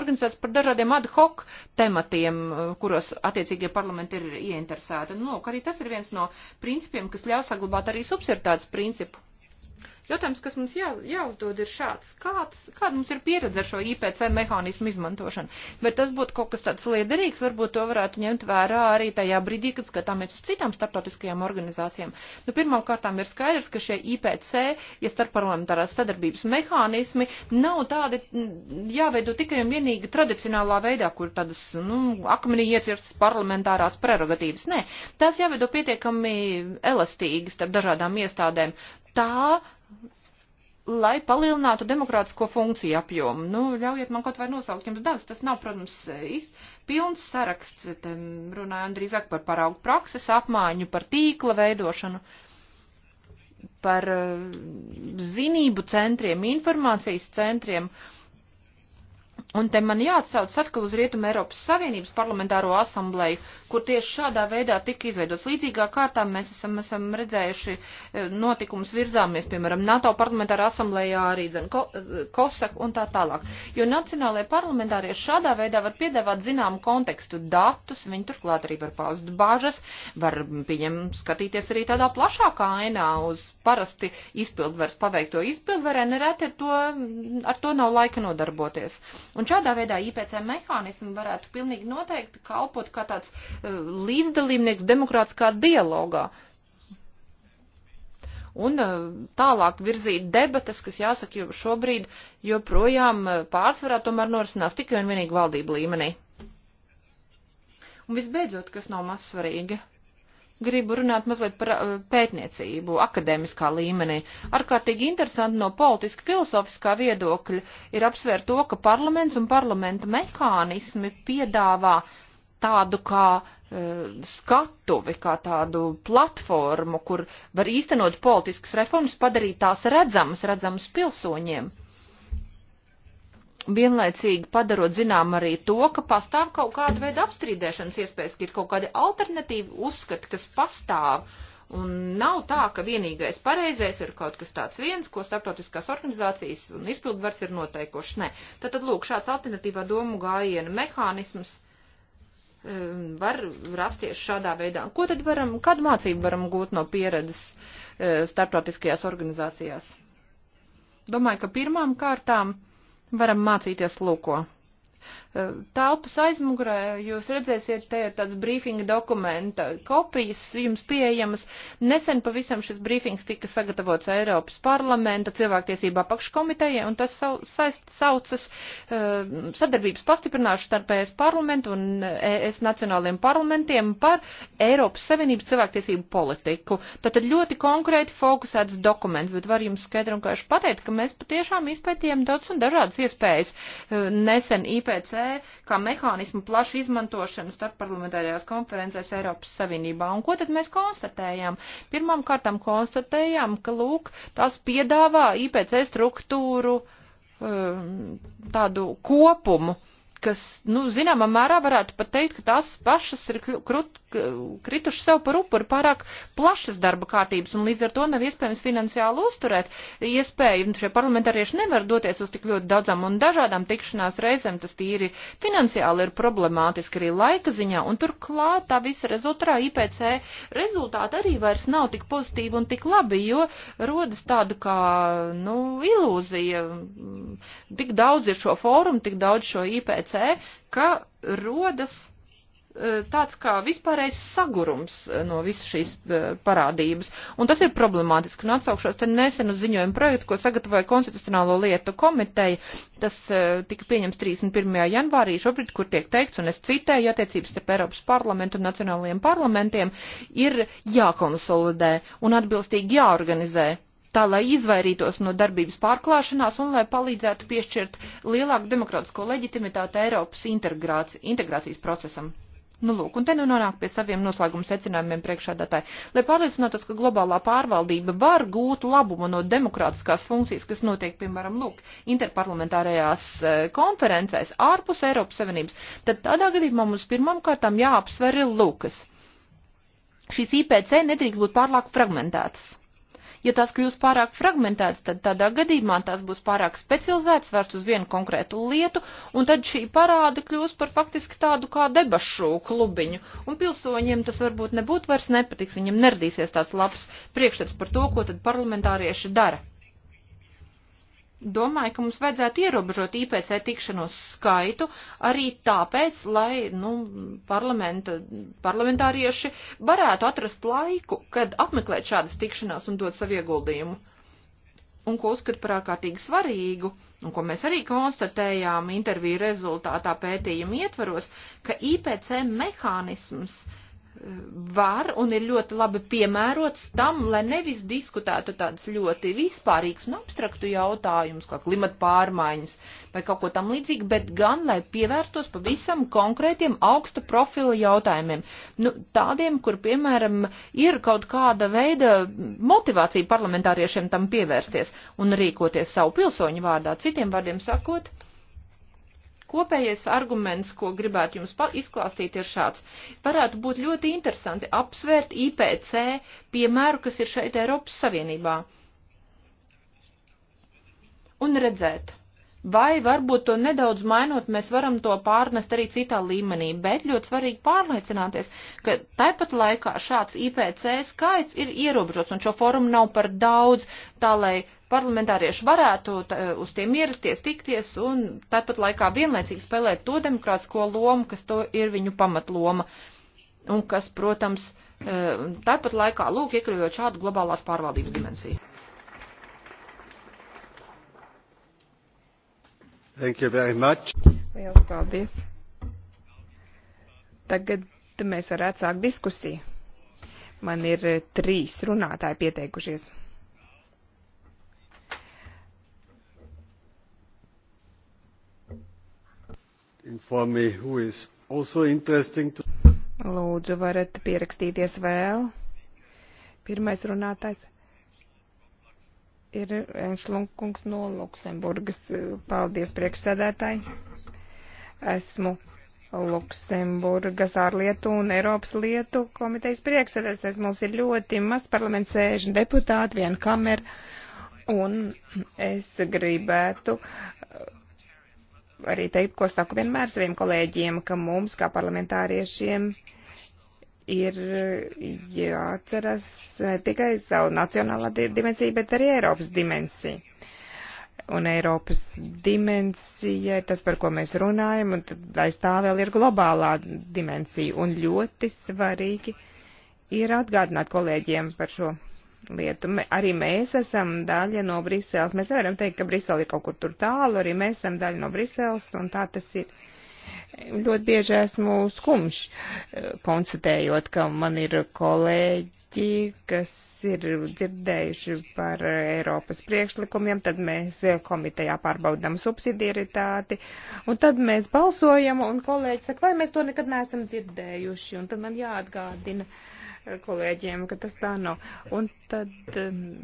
organizēts par dažādiem ad hoc tematiem, eh, kuros attiecīgie parlamenti ir ieinteresēti. Nu, arī tas ir viens no principiem, kas ļaus saglabāt arī subsidiaritātes principu. Jautājums, kas mums jā, jāuzdod, ir šāds. Kāds, kāda mums ir pieredze ar šo IPC mehānismu izmantošanu? Bet tas būtu kaut kas tāds liederīgs, varbūt to varētu ņemt vērā arī tajā brīdī, kad skatāmies uz citām starptautiskajām organizācijām. Nu, pirmkārtām ir skaidrs, ka šie IPC, ja starpparlamentārās sadarbības mehānismi, nav tādi jāveido tikai un vienīgi tradicionālā veidā, kur tādas, nu, akmenī iecirts parlamentārās prerogatīvas. Nē, tās jāveido pietiekami elastīgas starp dažādām iestādēm. Tā lai palielinātu demokrātisko funkciju apjomu. Nu, ļaujiet man kaut vai nosaukt jums dažus. Tas nav, protams, iz, pilns saraksts. Te runājam drīzāk par paraugu prakses apmaiņu, par tīkla veidošanu, par uh, zinību centriem, informācijas centriem. Uh, Un te man jāatsauc atkal uz Rietumu Eiropas Savienības parlamentāro asambleju, kur tieši šādā veidā tika izveidots. Līdzīgā kārtā mēs esam, esam redzējuši eh, notikumus virzāmies, piemēram, NATO parlamentārā asamblējā arī, zin, ko, eh, Kosak un tā tālāk. Jo nacionālajie parlamentārieši šādā veidā var piedāvāt zināmu kontekstu datus, viņi turklāt arī var paust bāžas, var, mm, pieņem, skatīties arī tādā plašākā ainā uz parasti izpildvars paveikto izpildvarē, nereti ar to, mm, ar to nav laika nodarboties. Un Un šādā veidā IPC mehānismi varētu pilnīgi noteikti kalpot kā tāds uh, līdzdalībnieks demokrātiskā dialogā. Un uh, tālāk virzīt debatas, kas jāsaka, jo šobrīd joprojām e, pārsvarā tomēr norisinās tikai un vienīgi valdību līmenī. Un visbeidzot, kas nav maz svarīgi gribu runāt mazliet par eh, pētniecību akadēmiskā līmenī. Arkārtīgi interesanti no politiska filozofiskā viedokļa ir apsvērt to, ka parlaments un parlamenta mehānismi piedāvā tādu kā eh, skatuvi, kā tādu platformu, kur var īstenot politiskas reformas, padarīt tās redzamas, redzamas pilsoņiem vienlaicīgi padarot zinām arī to, ka pastāv kaut kāda veida apstrīdēšanas iespējas, ka ir kaut kādi alternatīvi uzskati, kas pastāv. Un nav tā, ka vienīgais pareizais ir kaut kas tāds viens, ko starptautiskās organizācijas un izpildvars ir noteikuši. Nē, tad, tad lūk, šāds alternatīvā domu gājiena mehānisms um, var rasties šādā veidā. Ko tad varam, kādu mācību varam gūt no pieredzes uh, starptautiskajās organizācijās? Domāju, ka pirmām kārtām varam mācīties lūko. Eh, telpas aizmugurē jūs redzēsiet, te ir tāds brīfinga dokumenta kopijas jums pieejamas. Nesen pavisam šis brīfings tika sagatavots Eiropas parlamenta cilvēktiesība apakškomitejai, un tas saist, saucas uh, sadarbības pastiprināšanu starp ES parlamentu un ES nacionāliem parlamentiem par Eiropas Savienības cilvēktiesību politiku. Tātad ļoti konkrēti fokusēts dokuments, bet var jums skaidri un kāši pateikt, ka mēs patiešām izpētījām daudz un dažādas iespējas. Uh, nesen IPC kā mehānismu plašu izmantošanu starpparlamentārajās konferencēs Eiropas Savienībā. Un ko tad mēs konstatējām? Pirmām kārtām konstatējām, ka, lūk, tās piedāvā IPC struktūru um, tādu kopumu kas, nu, zināmā mērā varētu pat teikt, ka tās pašas ir krut, krituši sev par upuru pārāk plašas darba kārtības, un līdz ar to nav iespējams finansiāli uzturēt. Iespēju nu, šie parlamentārieši nevar doties uz tik ļoti daudzām un dažādām tikšanās reizēm, tas tīri finansiāli ir problemātiski arī laika ziņā, un turklāt tā visa rezultātā IPC rezultāti arī vairs nav tik pozitīvi un tik labi, jo rodas tāda kā, nu, ilūzija. Tik daudz ir šo fórumu, tik daudz šo IPC publicē, ka rodas e, tāds kā vispārējais sagurums e, no visas šīs e, parādības. Un tas ir problemātiski. Un atsaukšos te nesenu ziņojumu projektu, ko sagatavoja Konstitucionālo lietu komiteja. Tas tika pieņems 31. janvārī šobrīd, kur tiek teikts, un es citēju, attiecības starp Eiropas parlamentu un nacionālajiem parlamentiem ir jākonsolidē un atbilstīgi jāorganizē tā lai izvairītos no darbības pārklāšanās un lai palīdzētu piešķirt lielāku demokrātisko leģitimitāti Eiropas integrācijas procesam. Nu, lūk, un te nu nonāk pie saviem noslēguma secinājumiem priekšādātāji. Lai pārliecinātos, ka globālā pārvaldība var gūt labumu no demokrātiskās funkcijas, kas notiek, piemēram, lūk, interparlamentārajās eh, konferencēs ārpus Eiropas Savienības, tad tādā gadījumā mums pirmam kārtām jāapsver ir lūkas. Šīs IPC nedrīkst būt pārlāk fragmentētas Ja tās kļūs pārāk fragmentētas, tad tādā gadījumā tās būs pārāk specializētas, vērsts uz vienu konkrētu lietu, un tad šī parāda kļūs par faktiski tādu kā debašu klubiņu. Un pilsoņiem tas varbūt nebūtu vairs nepatiks, viņiem neradīsies tāds labs priekšstats par to, ko tad parlamentārieši dara domāju, ka mums vajadzētu ierobežot IPC tikšanos skaitu arī tāpēc, lai nu, parlamentārieši varētu atrast laiku, kad apmeklēt šādas tikšanās un dot savu ieguldījumu. Un ko uzskatu par ārkārtīgi svarīgu, un ko mēs arī konstatējām interviju rezultātā pētījuma ietvaros, ka IPC mehānisms uh, var un ir ļoti labi piemērots tam, lai nevis diskutētu tādus ļoti vispārīgus un abstraktu jautājumus, kā klimata pārmaiņas vai kaut ko tam līdzīgu, bet gan, lai pievērstos pavisam konkrētiem augsta profila jautājumiem. Nu, tādiem, kur, piemēram, ir kaut kāda veida motivācija parlamentāriešiem tam pievērsties un rīkoties savu pilsoņu vārdā. Citiem vārdiem sakot, uh, Kopējais arguments, ko gribētu jums izklāstīt, ir šāds. Varētu būt ļoti interesanti apsvērt IPC piemēru, kas ir šeit Eiropas Savienībā. Un redzēt, Vai varbūt to nedaudz mainot, mēs varam to pārnest arī citā līmenī, bet ļoti svarīgi pārliecināties, ka tāpat laikā šāds IPC skaits ir ierobežots un šo forumu nav par daudz, tā lai parlamentārieši varētu tā, uz tiem ierasties, tikties un tāpat laikā vienlaicīgi spēlēt to demokrātisko lomu, kas to ir viņu pamatloma un kas, protams, eh, tāpat laikā lūk iekļaujot šādu globālās pārvaldības dimensiju. Thank you very much. Lielas paldies. Tagad mēs varētu sākt diskusiju. Man ir eh, trīs runātāji pieteikušies. Inform me who is also interesting to... Lūdzu, varat pierakstīties vēl. Pirmais runātājs ir Šlunkungs no Luksemburgas. Paldies, priekšsēdētāji. Esmu Luksemburgas ārlietu un Eiropas lietu komitejas priekšsēdētājs. Mums ir ļoti maz parlaments sēžu deputāti, viena kamera. Un es gribētu arī teikt, ko saku vienmēr saviem kolēģiem, ka mums, kā parlamentāriešiem, ir jāatceras ne tikai savu nacionālā dimensiju, bet arī Eiropas dimensiju. Un Eiropas dimensija ir tas, par ko mēs runājam, un tad aiz tā vēl ir globālā dimensija. Un ļoti svarīgi ir atgādināt kolēģiem par šo lietu. Me, arī mēs esam daļa no Briseles. Mēs nevaram teikt, ka Brisele ir kaut kur tur tālu, arī mēs esam daļa no Briseles, un tā tas ir. Uh, Ļoti bieži esmu skumš, eh, konstatējot, ka man ir kolēģi, kas ir dzirdējuši par Eiropas priekšlikumiem, tad mēs komitejā pārbaudām subsidiaritāti, un tad mēs balsojam, un kolēģi saka, vai mēs to nekad neesam dzirdējuši, un tad man jāatgādina. Uh, kolēģiem, ka tas tā nav. Un tad um,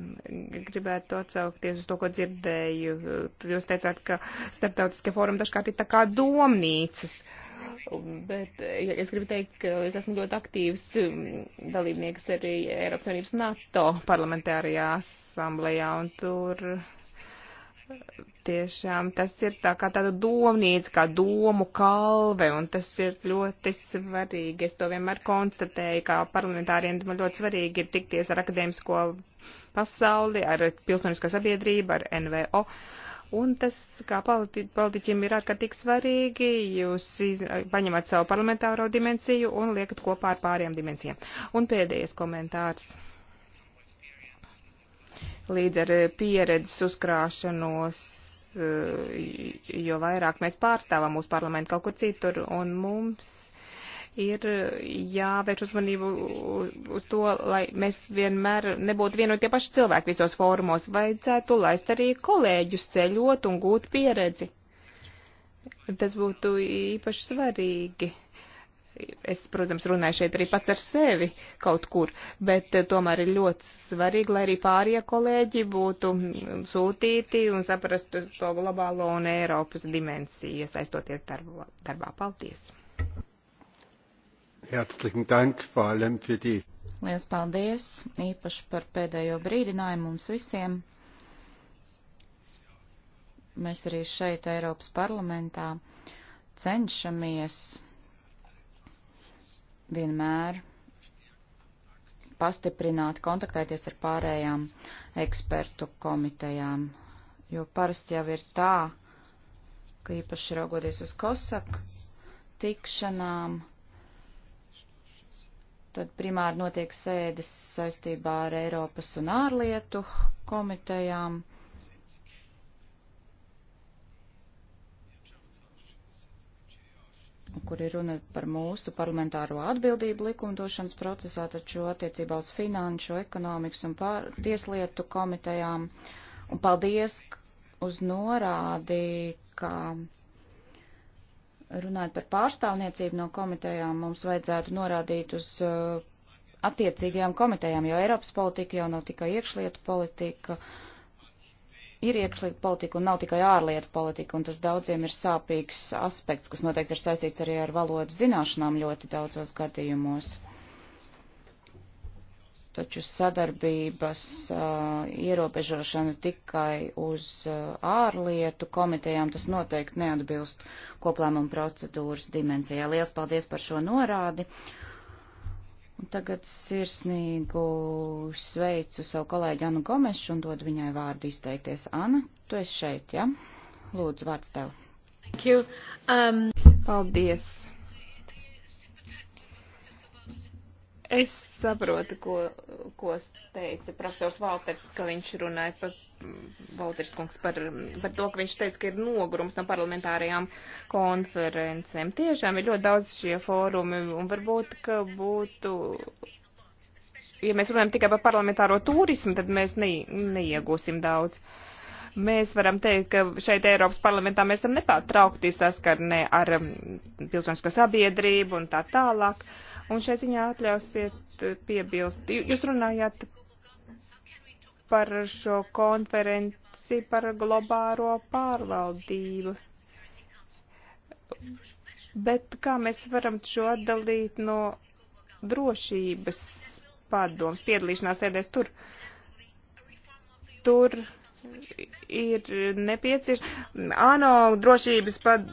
gribētu atsaukties uz to, ko dzirdēju. Tad jūs teicāt, ka starptautiskie fórumi dažkārt ir tā kā domnīcas. Bet ja, es gribu teikt, ka es esmu ļoti aktīvs um, dalībnieks arī Eiropas Savienības NATO parlamentārajā asamblējā, un tur tiešām tas ir tā kā tāda domnīca, kā domu kalve, un tas ir ļoti svarīgi. Es to vienmēr konstatēju, kā parlamentāriem man ļoti svarīgi ir tikties ar akadēmisko pasauli, ar pilsoniskā sabiedrība, ar NVO. Un tas, kā politi politiķim ir ārkārtīgi svarīgi, jūs iz, paņemat savu parlamentāro dimensiju un liekat kopā ar pārējām dimensijām. Un pēdējais komentārs līdz ar eh, pieredzes uzkrāšanos, eh, jo vairāk mēs pārstāvam mūsu parlamentu kaut kur citur, un mums ir eh, jāvērš uzmanību uz to, lai mēs vienmēr nebūtu vieni un tie paši cilvēki visos fórumos. Vajadzētu laist arī kolēģus ceļot un gūt pieredzi. Tas būtu īpaši svarīgi Es, protams, runāju šeit arī pats ar sevi kaut kur, bet eh, tomēr ir ļoti svarīgi, lai arī pārējie kolēģi būtu sūtīti un saprastu to globālo un Eiropas dimensiju, iesaistoties darbā. darbā. Paldies! Herzlichen Dank, vor allem für die. Lielas paldies, īpaši par pēdējo brīdinājumu mums visiem. Mēs arī šeit, Eiropas parlamentā, cenšamies vienmēr pastiprināt, kontaktēties ar pārējām ekspertu komitejām, jo parasti jau ir tā, ka īpaši raugoties uz kosaku tikšanām, tad primāri notiek sēdes saistībā ar Eiropas un ārlietu komitejām. kur ir runa par mūsu parlamentāro atbildību likumdošanas procesā, taču attiecībā uz finanšu, ekonomikas un pār, tieslietu komitejām. Un paldies uz norādi, ka runājot par pārstāvniecību no komitejām, mums vajadzētu norādīt uz uh, attiecīgajām komitejām, jo Eiropas politika jau nav tikai iekšlietu politika. Uh, ir iekšlietu politika un nav tikai ārlietu politika, un tas daudziem ir sāpīgs aspekts, kas noteikti ir saistīts arī ar valodu zināšanām ļoti daudzos gadījumos. Taču sadarbības uh, ierobežošana tikai uz uh, ārlietu komitejām tas noteikti neatbilst koplēmuma procedūras dimensijā. Lielas paldies par šo norādi. Uh, Un tagad sirsnīgu sveicu savu kolēģi Anu Gomešu un dodu viņai vārdu izteikties. Ana, tu esi šeit, ja? Lūdzu, vārds tev. Thank you. Um... Paldies. Es saprotu, ko, ko teica profesors Valters, ka viņš runāja par, Valters kungs, par, par to, ka viņš teica, ka ir nogurums no parlamentārajām konferencēm. Tiešām ir ļoti daudz šie fórumi, un varbūt, ka būtu, ja mēs runājam tikai par parlamentāro turismu, tad mēs ne, neiegūsim daudz. Mēs varam teikt, ka šeit Eiropas parlamentā mēs esam nepārtraukti saskarnē ar mm, pilsonisko sabiedrību un tā tālāk. Uh, Un šai ziņā atļausiet eh, piebilst. Jūs runājāt par šo konferenci par globālo pārvaldību. Bet kā mēs varam šo atdalīt no drošības padoms, piedalīšanās sēdēs tur? Tur ir nepieciešams ANO drošības pad,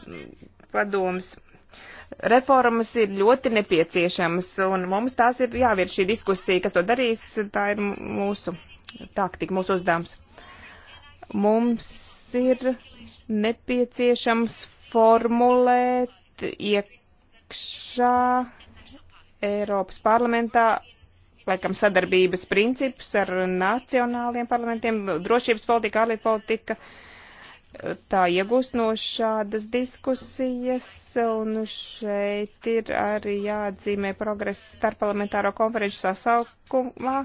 padoms reformas ir ļoti nepieciešamas, un mums tās ir jāvirš šī diskusija, kas to darīs, tā ir mūsu taktika, mūsu uzdevums. Mums ir nepieciešams formulēt iekšā Eiropas parlamentā laikam sadarbības principus ar nacionāliem parlamentiem, drošības politika, ārlietu politika. Uh, tā iegūst no šādas diskusijas, un šeit ir arī jāatzīmē progress starpparlamentāro konferenču sasaukumā,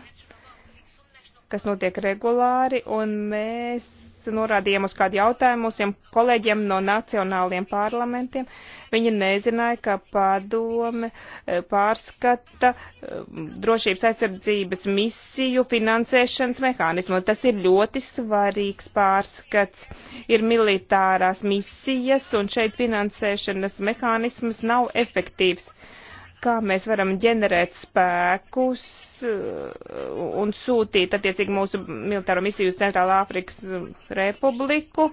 kas notiek regulāri, un mēs norādījām uz kādu jautājumu mūsiem kolēģiem no nacionāliem parlamentiem. Viņi nezināja, ka padome eh, pārskata eh, drošības aizsardzības misiju finansēšanas mehānismu. Tas ir ļoti svarīgs pārskats. Ir militārās misijas, un šeit finansēšanas mehānisms nav efektīvs. Uh, kā mēs varam ģenerēt spēkus uh, un sūtīt attiecīgi mūsu militāro misiju uz Centrālā Afrikas Republiku.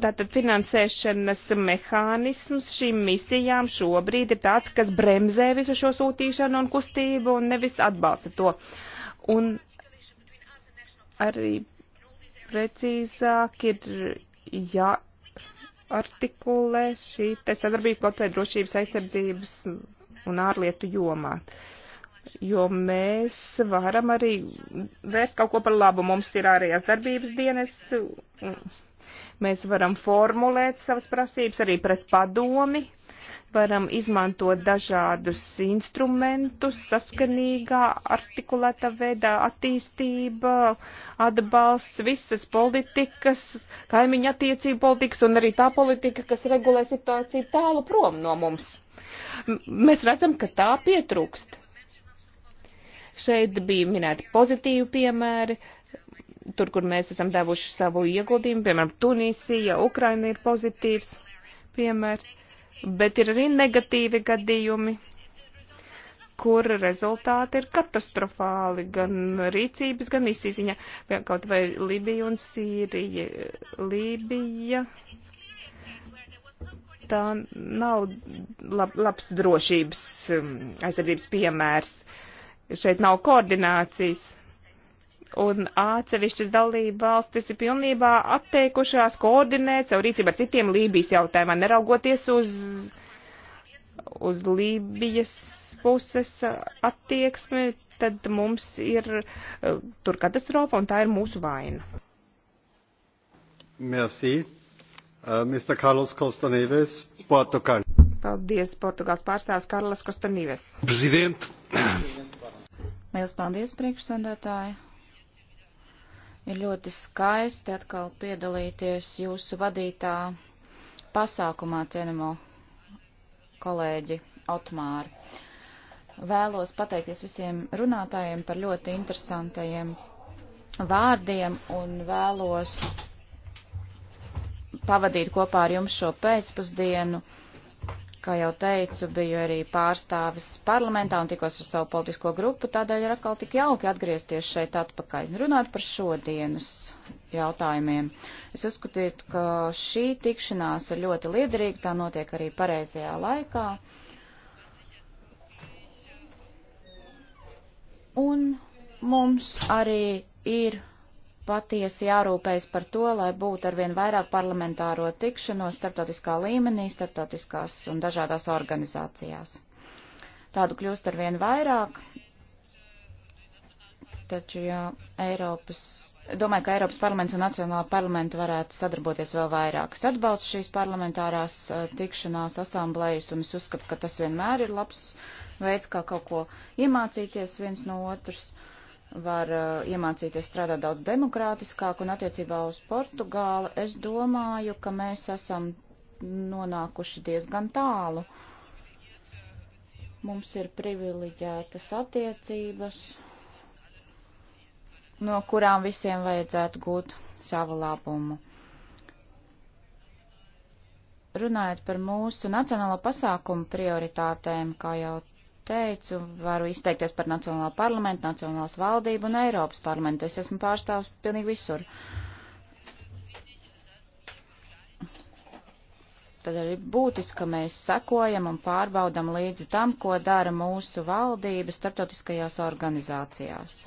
Tātad finansēšanas mehānisms šīm misijām šobrīd ir tāds, kas bremzē visu šo sūtīšanu un kustību un nevis atbalsta to. Un arī precīzāk ir jā, artikulē šī te sadarbība kaut vai drošības aizsardzības un ārlietu jomā. Jo mēs varam arī vērst kaut ko par labu. Mums ir ārējās darbības dienas, mēs varam formulēt savas prasības arī pret padomi, varam izmantot dažādus instrumentus saskanīgā, artikulētā veidā, attīstība, atbalsts, visas politikas, kaimiņa attiecība politikas un arī tā politika, kas regulē situāciju tālu prom no mums mēs redzam, ka tā pietrūkst. Šeit bija minēti pozitīvi piemēri, tur, kur mēs esam devuši savu ieguldījumu, piemēram, Tunīsija, Ukraina ir pozitīvs piemērs, bet ir arī negatīvi gadījumi, kur rezultāti ir katastrofāli gan rīcības, gan izsīziņa, kaut vai Libija un Sīrija. Libija tā nav lab, labs drošības um, aizsardzības piemērs. Šeit nav koordinācijas. Un atsevišķas dalība valstis ir pilnībā atteikušās koordinēt savu rīcību ar citiem Lībijas jautājumā, neraugoties uz, uz Lībijas puses attieksmi, tad mums ir uh, tur katastrofa un tā ir mūsu vaina. Merci. Uh, Mr. Carlos Costa Neves, Portugal. Paldies, Portugāls pārstāvs Karlas Kostanīves. Prezident. Liels paldies, priekšsēdētāji. Ir ļoti skaisti atkal piedalīties jūsu vadītā pasākumā, cienamo kolēģi Otmāri. Vēlos pateikties visiem runātājiem par ļoti interesantajiem vārdiem un vēlos pavadīt kopā ar jums šo pēcpusdienu. Kā jau teicu, biju arī pārstāvis parlamentā un tikos ar savu politisko grupu, tādēļ ir atkal tik jauki atgriezties šeit atpakaļ un runāt par šodienas jautājumiem. Es uzskatītu, ka šī tikšanās ir ļoti liederīga, tā notiek arī pareizajā laikā. Un mums arī ir patiesi jārūpējas par to, lai būtu arvien vairāk parlamentāro tikšanos starptautiskā līmenī, starptautiskās un dažādās organizācijās. Tādu kļūst arvien vairāk, taču jā, Eiropas, domāju, ka Eiropas parlaments un Nacionāla parlamenta varētu sadarboties vēl vairāk. Es atbalstu šīs parlamentārās tikšanās asamblējas un es uzskatu, ka tas vienmēr ir labs veids, kā kaut ko iemācīties viens no otrs. Uh, var uh, iemācīties strādāt daudz demokrātiskāk, un attiecībā uz Portugāli es domāju, ka mēs esam nonākuši diezgan tālu. Mums ir privileģētas attiecības, no kurām visiem vajadzētu gūt savu labumu. Runājot par mūsu nacionālo pasākumu prioritātēm, kā jau teicu, varu izteikties par Nacionālā parlamentu, Nacionālās valdību un Eiropas parlamentu. Es esmu pārstāvs pilnīgi visur. Tad arī būtiski, ka mēs sekojam un pārbaudam līdzi tam, ko dara mūsu valdības starptautiskajās organizācijās.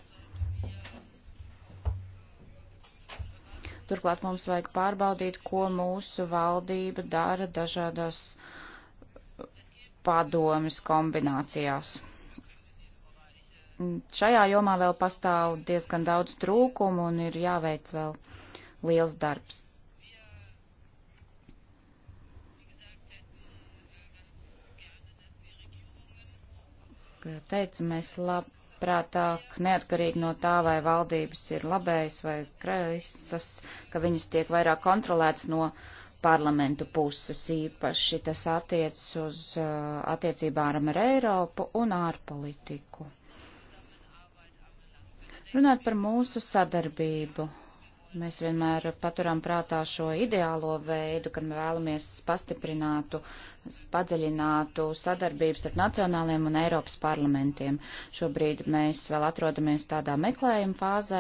Turklāt mums vajag pārbaudīt, ko mūsu valdība dara dažādās uh, padomis kombinācijās. Šajā jomā vēl pastāv diezgan daudz trūkumu un ir jāveic vēl liels darbs. Kā teicu, mēs labprātāk, neatkarīgi no tā, vai valdības ir labējas vai kreisas, ka viņas tiek vairāk kontrolētas no uh, parlamentu puses īpaši. Tas attiec uz uh, attiecībām ar Eiropu un ārpolitiku. Runāt par mūsu sadarbību Mēs vienmēr paturam prātā šo ideālo veidu, kad mēs vēlamies pastiprinātu, padziļinātu sadarbības starp nacionāliem un Eiropas parlamentiem. Šobrīd mēs vēl atrodamies tādā meklējuma fāzē,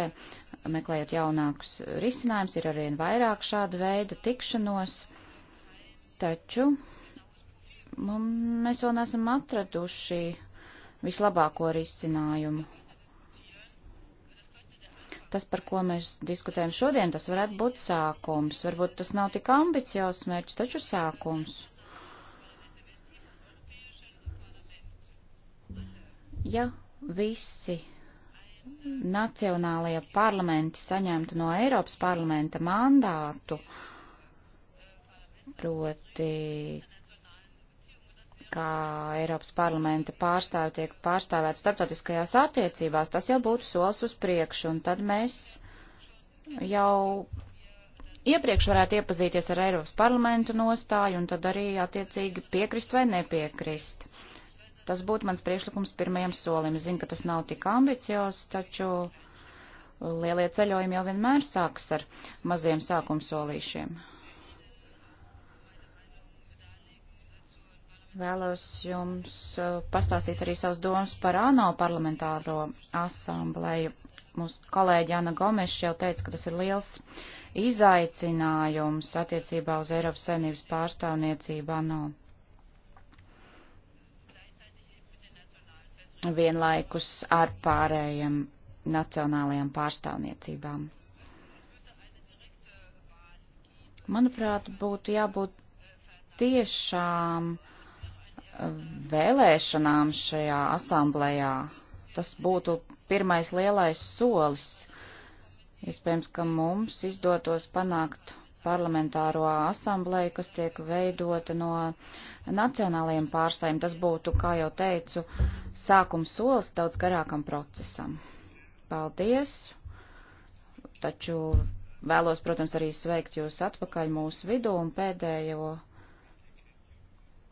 meklējot jaunākus risinājumus, ir arvien vairāk šādu veidu tikšanos, taču mums, mēs vēl neesam atraduši vislabāko risinājumu tas, par ko mēs diskutējam šodien, tas varētu būt sākums. Varbūt tas nav tik ambiciozs mērķis, taču sākums. Ja visi nacionālajie parlamenti saņemtu no Eiropas parlamenta mandātu, proti kā Eiropas parlamenta pārstāvi tiek pārstāvēt starptautiskajās attiecībās, tas jau būtu solis uz priekšu, un tad mēs jau iepriekš varētu iepazīties ar Eiropas parlamentu nostāju, un tad arī attiecīgi piekrist vai nepiekrist. Tas būtu mans priešlikums pirmajam solim. Zinu, ka tas nav tik ambiciozs, taču lielie ceļojumi jau vienmēr sāks ar maziem sākumsolīšiem. solīšiem. Vēlos jums uh, pastāstīt arī savus domas par ANO parlamentāro asambleju. Mūsu kolēģi Ana Gomeša jau teica, ka tas ir liels izaicinājums attiecībā uz Eiropas saimnības pārstāvniecību ANO. Vienlaikus ar pārējiem nacionālajām pārstāvniecībām. Manuprāt, būtu jābūt tiešām uh, vēlēšanām šajā asamblējā. Tas būtu pirmais lielais solis. Iespējams, ka mums izdotos panākt parlamentāro asamblēju, kas tiek veidota no nacionālajiem pārstāvjiem. Tas būtu, kā jau teicu, sākums solis daudz garākam procesam. Paldies! Taču vēlos, protams, arī sveikt jūs atpakaļ mūsu vidū un pēdējo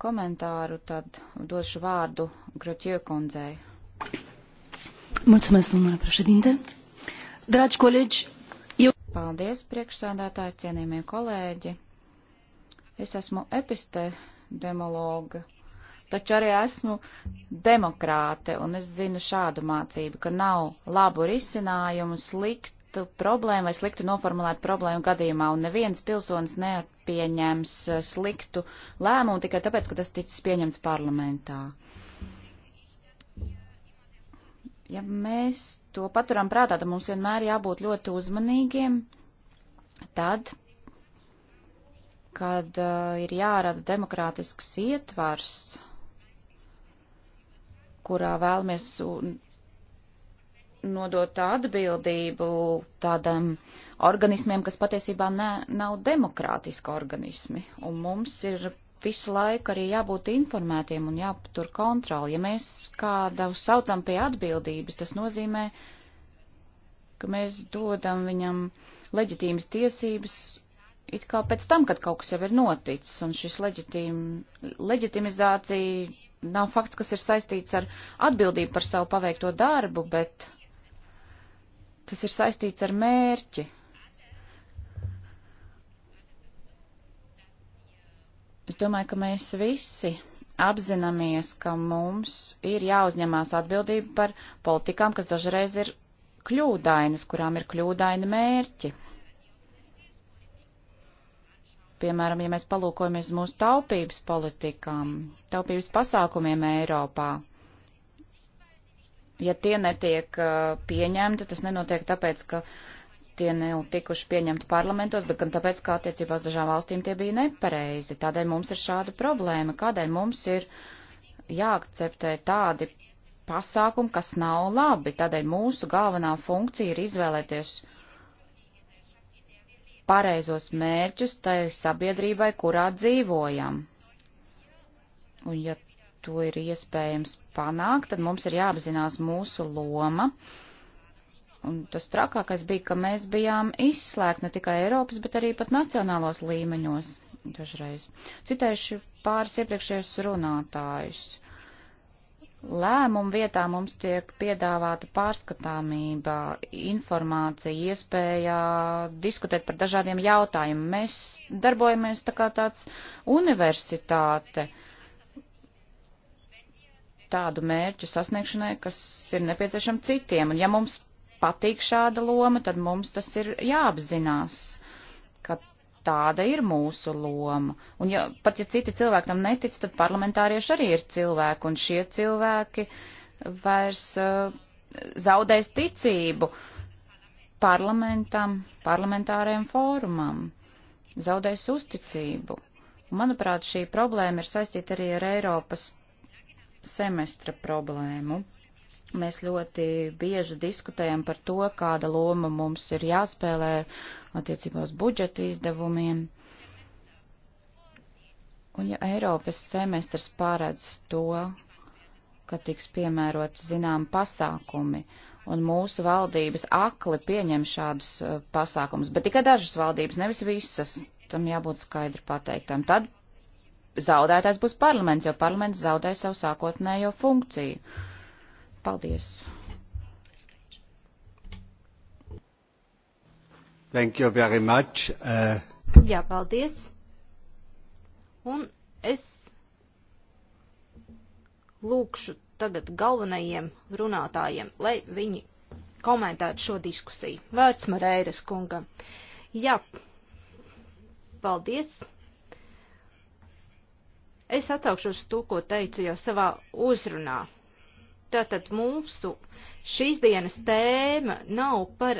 komentāru, tad došu vārdu Grotie kundzei. Mulțumesc, domnule președinte. Dragi colegi, eu... Paldies, priekšsēdētāji, cienījamie kolēģi. Es esmu epistemologa, taču arī esmu demokrāte, un es zinu šādu mācību, ka nav labu risinājumu sliktu problēmu vai slikti noformulētu problēmu gadījumā, un neviens pilsonis neat nepieņems eh, sliktu lēmumu tikai tāpēc, ka tas ticis pieņemts parlamentā. Ja mēs to paturam prātā, tad mums vienmēr jābūt ļoti uzmanīgiem tad, kad uh, ir jārada demokrātisks ietvars, kurā vēlamies nodot atbildību tādam organismiem, kas patiesībā ne, nav demokrātiski organismi. Un mums ir visu laiku arī jābūt informētiem un jāpatur kontroli. Ja mēs kādu saucam pie atbildības, tas nozīmē, ka mēs dodam viņam leģitīmas tiesības it kā pēc tam, kad kaut kas jau ir noticis, un šis leģitim, leģitimizācija nav fakts, kas ir saistīts ar atbildību par savu paveikto darbu, bet Tas ir saistīts ar mērķi. Es domāju, ka mēs visi apzināmies, ka mums ir jāuzņemās atbildība par politikām, kas dažreiz ir kļūdainas, kurām ir kļūdaini mērķi. Piemēram, ja mēs palūkojamies mūsu taupības politikām, taupības pasākumiem Eiropā, ja tie netiek uh, pieņemti, tas nenotiek tāpēc, ka tie nav tikuši pieņemti parlamentos, bet gan tāpēc, ka attiecībā uz dažām valstīm tie bija nepareizi. Tādēļ mums ir šāda problēma. Kādēļ mums ir jāakceptē tādi pasākumi, kas nav labi? Tādēļ mūsu galvenā funkcija ir izvēlēties pareizos mērķus tai sabiedrībai, kurā dzīvojam. Un ja to ir iespējams panākt, tad mums ir jāapzinās mūsu loma. Un tas trakākais bija, ka mēs bijām izslēgti ne tikai Eiropas, bet arī pat nacionālos līmeņos dažreiz. Citējuši pāris iepriekšējos runātājus. Lēmumu vietā mums tiek piedāvāta pārskatāmība, informācija, iespēja diskutēt par dažādiem jautājumiem. Mēs darbojamies tā kā tāds universitāte. Uh, tādu mērķu sasniegšanai, kas ir nepieciešama citiem. Un ja mums patīk šāda loma, tad mums tas ir jāapzinās, ka tāda ir mūsu loma. Un ja, pat ja citi cilvēki tam netic, tad parlamentārieši arī ir cilvēki, un šie cilvēki vairs uh, zaudēs ticību parlamentam, parlamentāriem fórumam, zaudēs uzticību. Un, manuprāt, šī problēma ir saistīta arī ar Eiropas semestra problēmu. Mēs ļoti bieži diskutējam par to, kāda loma mums ir jāspēlē attiecībā uz budžeta izdevumiem. Un ja Eiropas semestrs paredz to, ka tiks piemērot zinām pasākumi, un mūsu valdības akli pieņem šādus eh, pasākumus, bet tikai dažas valdības, nevis visas, tam jābūt skaidri pateiktam. Tad zaudētājs būs parlaments, jo parlaments zaudē savu sākotnējo funkciju. Paldies! Thank you very much. Uh... Jā, paldies. Un es lūkšu tagad galvenajiem runātājiem, lai viņi komentētu šo diskusiju. Vērts Marēras kungam. Jā, paldies. Es atsaukšos uz to, ko teicu jau savā uzrunā. Tātad mūsu šīs dienas tēma nav par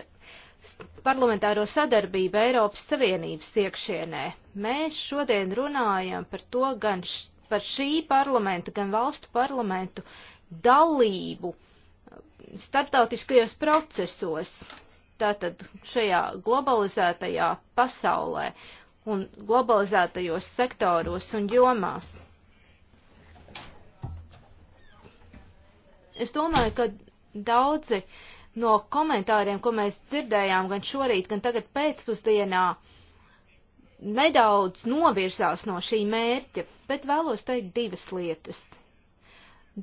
parlamentāro sadarbību Eiropas Savienības iekšienē. Mēs šodien runājam par to gan š, par šī parlamenta, gan valstu parlamentu dalību starptautiskajos procesos, tātad šajā globalizētajā pasaulē un globalizētajos sektoros un jomās. Es domāju, ka daudzi no komentāriem, ko mēs dzirdējām gan šorīt, gan tagad pēcpusdienā, nedaudz novirzās no šī mērķa, bet vēlos teikt divas lietas.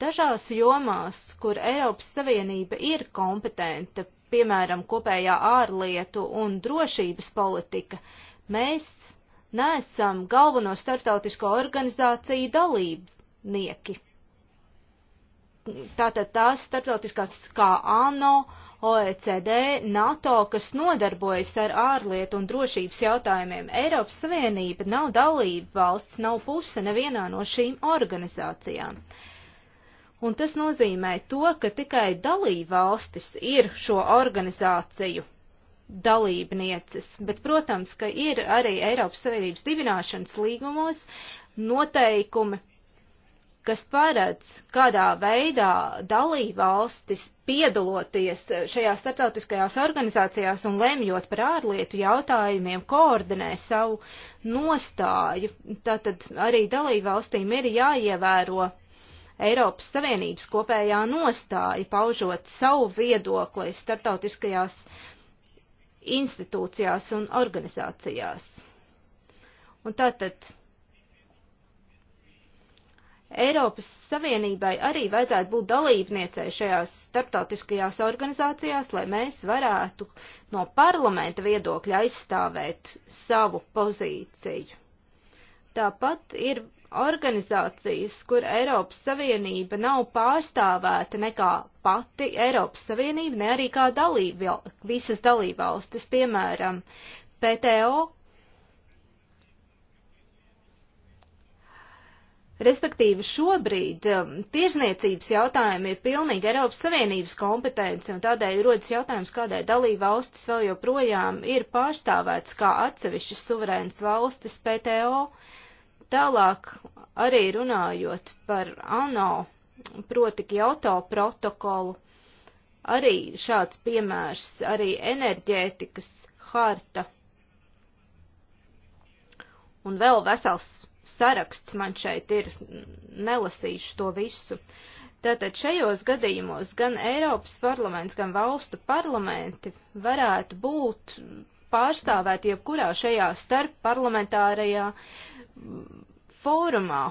Dažās jomās, kur Eiropas Savienība ir kompetenta, piemēram, kopējā ārlietu un drošības politika, uh, Mēs neesam galveno startautisko organizāciju dalībnieki. Tātad tās startautiskās kā ANO, OECD, NATO, kas nodarbojas ar ārlietu un drošības jautājumiem. Eiropas Savienība nav dalība valsts, nav puse nevienā no šīm organizācijām. Un tas nozīmē to, ka tikai dalība valstis ir šo organizāciju dalībnieces. Bet, protams, ka ir arī Eiropas Savienības dibināšanas līgumos noteikumi, kas paredz, kādā veidā dalībvalstis piedaloties šajās starptautiskajās organizācijās un lemjot par ārlietu jautājumiem, koordinē savu nostāju. Tātad arī dalībvalstīm ir jāievēro Eiropas Savienības kopējā nostāja, paužot savu viedokli starptautiskajās organizācijās institūcijās un organizācijās. Un tātad Eiropas Savienībai arī vajadzētu būt dalībniecei šajās starptautiskajās organizācijās, lai mēs varētu no parlamenta viedokļa aizstāvēt savu pozīciju. Tāpat ir organizācijas, kur Eiropas Savienība nav pārstāvēta nekā pati Eiropas Savienība, ne arī kā dalība, visas dalībvalstis, piemēram, PTO. Respektīvi šobrīd um, tirzniecības jautājumi ir pilnīgi Eiropas Savienības kompetence, un tādēļ rodas jautājums, kādēļ dalība valstis vēl joprojām ir pārstāvēts kā atsevišķas suverēnas valstis PTO. Uh, Tālāk arī runājot par ANO, proti Kyoto protokolu, arī šāds piemērs, arī enerģētikas harta un vēl vesels saraksts man šeit ir, nelasīšu to visu. Tātad šajos gadījumos gan Eiropas parlaments, gan valstu parlamenti varētu būt pārstāvēti jebkurā šajā starp parlamentārajā uh, fórumā.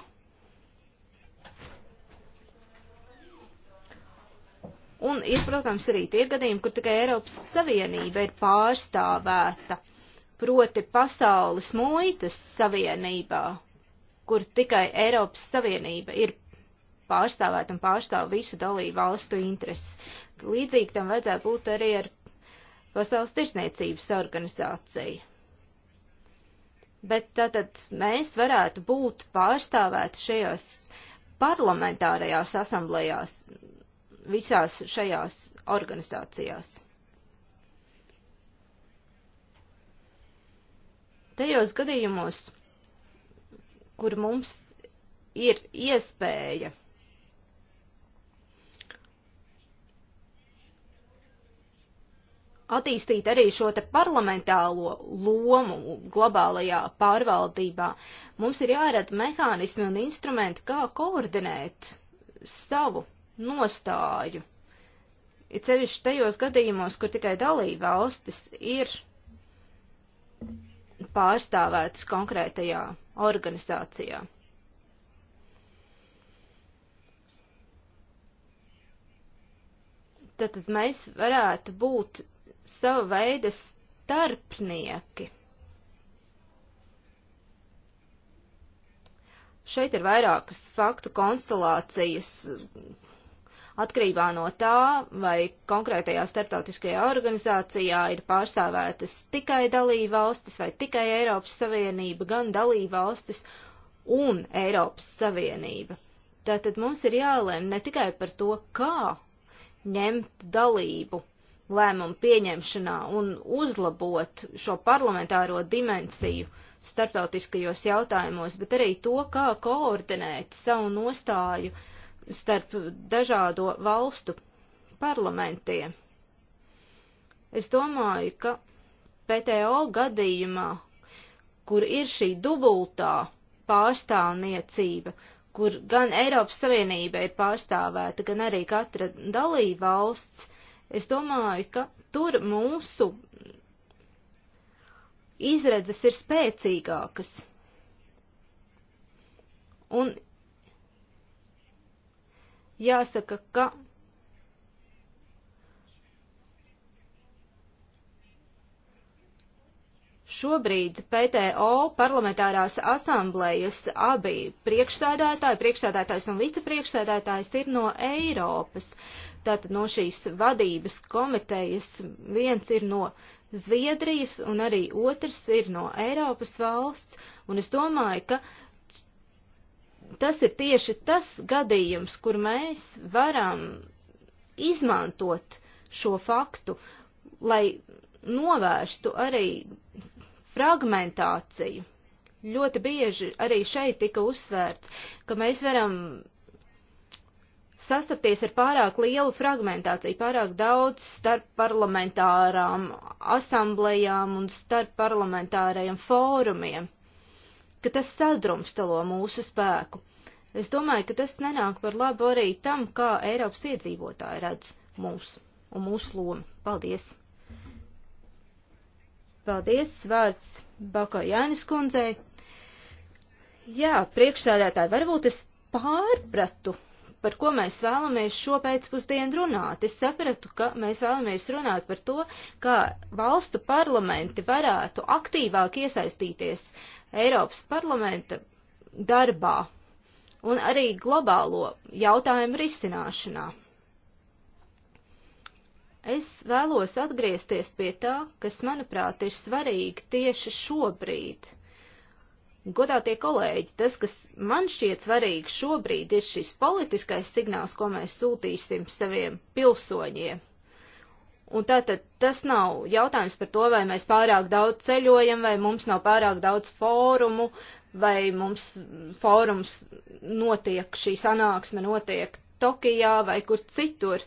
Un ir, protams, arī tie gadījumi, kur tikai Eiropas Savienība ir pārstāvēta, proti pasaules muitas savienībā, kur tikai Eiropas Savienība ir pārstāvēta un pārstāv visu dalību valstu intereses. Līdzīgi tam vajadzētu būt arī ar Pasaules tirsniecības organizāciju bet tātad mēs varētu būt pārstāvēti šajās parlamentārajās asamblējās, visās šajās organizācijās. Tajos gadījumos, kur mums ir iespēja attīstīt arī šo te parlamentālo lomu globālajā pārvaldībā. Mums ir jārada mehānismi un instrumenti, kā koordinēt savu nostāju. Ir sevišķi tajos gadījumos, kur tikai dalība valstis ir pārstāvētas konkrētajā organizācijā. Tātad mēs varētu būt sava veida starpnieki. Šeit ir vairākas faktu konstelācijas atkarībā no tā, vai konkrētajā starptautiskajā organizācijā ir pārstāvētas tikai dalība valstis vai tikai Eiropas Savienība, gan dalība valstis un Eiropas Savienība. Tātad mums ir jālēm ne tikai par to, kā ņemt dalību lēmumu pieņemšanā un uzlabot šo parlamentāro dimensiju starptautiskajos jautājumos, bet arī to, kā koordinēt savu nostāju starp dažādo valstu parlamentiem. Es domāju, ka PTO gadījumā, kur ir šī dubultā pārstāvniecība, kur gan Eiropas Savienība ir pārstāvēta, gan arī katra dalība valsts, Es domāju, ka tur mūsu izredzes ir spēcīgākas. Un jāsaka, ka Šobrīd PTO parlamentārās asamblējas abi priekšsēdētāji, priekšsēdētājs un vicepriekšsēdētājs ir no Eiropas. Tātad no šīs vadības komitejas viens ir no Zviedrijas un arī otrs ir no Eiropas valsts, un es domāju, ka tas ir tieši tas gadījums, kur mēs varam izmantot šo faktu, lai novērstu arī fragmentāciju. Ļoti bieži arī šeit tika uzsvērts, ka mēs varam sastapties ar pārāk lielu fragmentāciju, pārāk daudz starp parlamentārām asamblējām un starp parlamentārajiem fórumiem, ka tas sadrumstalo mūsu spēku. Es domāju, ka tas nenāk par labu arī tam, kā Eiropas iedzīvotāji redz mūs un mūsu lomu. Paldies! Paldies! Vārds Bako Jānis kundzei. Jā, priekšsēdētāji, varbūt es pārpratu par ko mēs vēlamies šo pēcpusdienu runāt. Es sapratu, ka mēs vēlamies runāt par to, kā valstu parlamenti varētu aktīvāk iesaistīties Eiropas parlamenta darbā un arī globālo jautājumu risināšanā. Es vēlos atgriezties pie tā, kas, manuprāt, ir svarīgi tieši šobrīd Godātie kolēģi, tas, kas man šķiet svarīgi šobrīd, ir šis politiskais signāls, ko mēs sūtīsim saviem pilsoņiem. Un tātad tas nav jautājums par to, vai mēs pārāk daudz ceļojam, vai mums nav pārāk daudz fórumu, vai mums fórums notiek, šī sanāksme notiek Tokijā vai kur citur.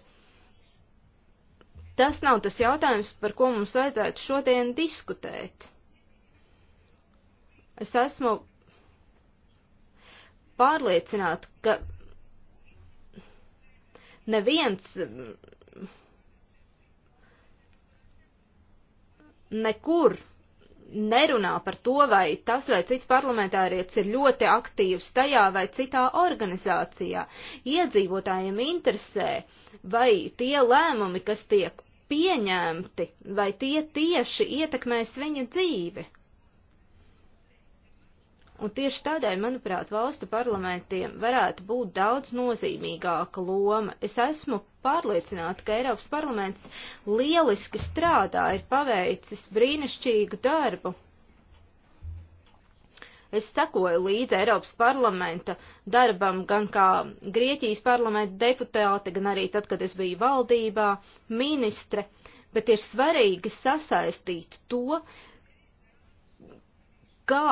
Tas nav tas jautājums, par ko mums vajadzētu šodien diskutēt. Es esmu pārliecināta, ka neviens nekur nerunā par to, vai tas vai cits parlamentārietis ir ļoti aktīvs tajā vai citā organizācijā. Iedzīvotājiem interesē, vai tie lēmumi, kas tiek pieņemti, vai tie tieši ietekmēs viņa dzīvi. Un tieši tādēļ, manuprāt, valstu parlamentiem varētu būt daudz nozīmīgāka loma. Es esmu pārliecināta, ka Eiropas parlaments lieliski strādā, ir paveicis brīnišķīgu darbu. Es sekoju līdzi Eiropas parlamenta darbam gan kā Grieķijas parlamenta deputāte, gan arī tad, kad es biju valdībā, ministre, bet ir svarīgi sasaistīt to, kā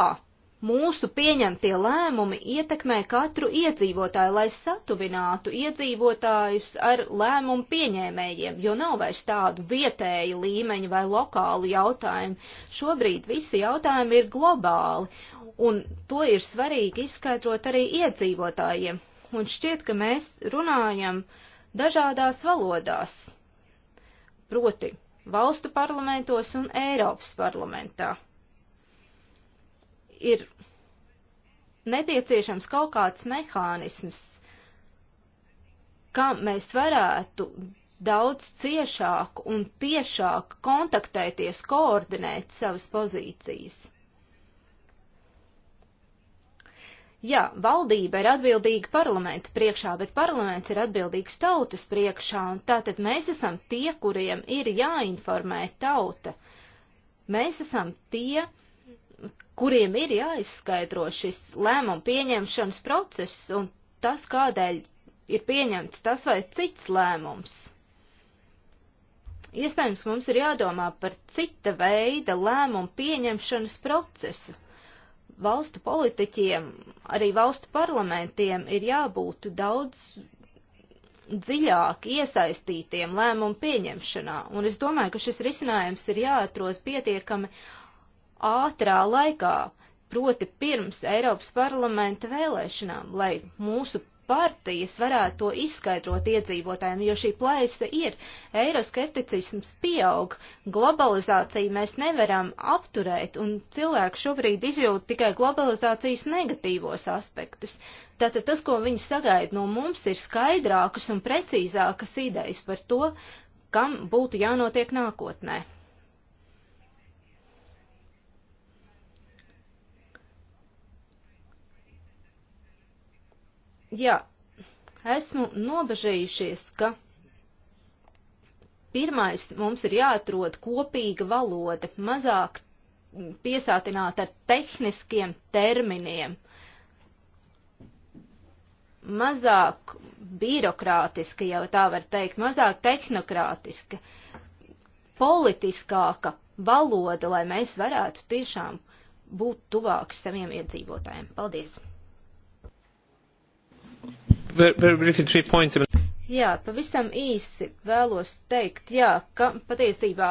mūsu pieņemtie lēmumi ietekmē katru iedzīvotāju, lai satuvinātu iedzīvotājus ar lēmumu pieņēmējiem, jo nav vairs tādu vietēju līmeņu vai lokālu jautājumu. Šobrīd visi jautājumi ir globāli, un to ir svarīgi izskaidrot arī iedzīvotājiem. Un šķiet, ka mēs runājam dažādās valodās, proti valstu parlamentos un Eiropas parlamentā ir nepieciešams kaut kāds mehānisms, kā mēs varētu daudz ciešāk un tiešāk kontaktēties, koordinēt savas pozīcijas. Jā, valdība ir atbildīga parlamenta priekšā, bet parlaments ir atbildīgs tautas priekšā, un tātad mēs esam tie, kuriem ir jāinformē tauta. Mēs esam tie, kuriem ir jāizskaidro šis lēmumu pieņemšanas process un tas, kādēļ ir pieņemts tas vai cits lēmums. Iespējams, mums ir jādomā par cita veida lēmumu pieņemšanas procesu. Valstu politiķiem, arī valstu parlamentiem ir jābūt daudz dziļāk iesaistītiem lēmumu pieņemšanā, un es domāju, ka šis risinājums ir jāatrod pietiekami ātrā laikā, proti pirms Eiropas parlamenta vēlēšanām, lai mūsu partijas varētu to izskaidrot iedzīvotājiem, jo šī plaisa ir. Eiroskepticisms pieaug, globalizāciju mēs nevaram apturēt, un cilvēki šobrīd izjūt tikai globalizācijas negatīvos aspektus. Tātad tas, ko viņi sagaida no mums, ir skaidrākas un precīzākas idejas par to, kam būtu jānotiek nākotnē. Jā, esmu nobežējušies, ka pirmais mums ir jāatrod kopīga valoda, mazāk piesātināt ar tehniskiem terminiem, mazāk birokrātiska, jau tā var teikt, mazāk tehnokrātiska, politiskāka valoda, lai mēs varētu tiešām būt tuvāki saviem iedzīvotājiem. Paldies! Jā, pavisam īsi vēlos teikt, jā, ka patiesībā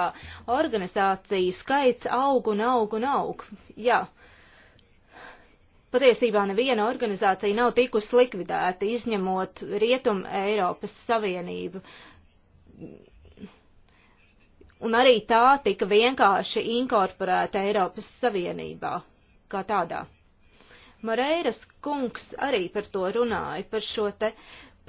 organizāciju skaits aug un aug un aug. Jā. Patiesībā neviena organizācija nav tikusi likvidēta, izņemot Rietumu Eiropas Savienību. Un arī tā tika vienkārši inkorporēta Eiropas Savienībā kā tādā. Moreiras kungs arī par to runāja, par šo te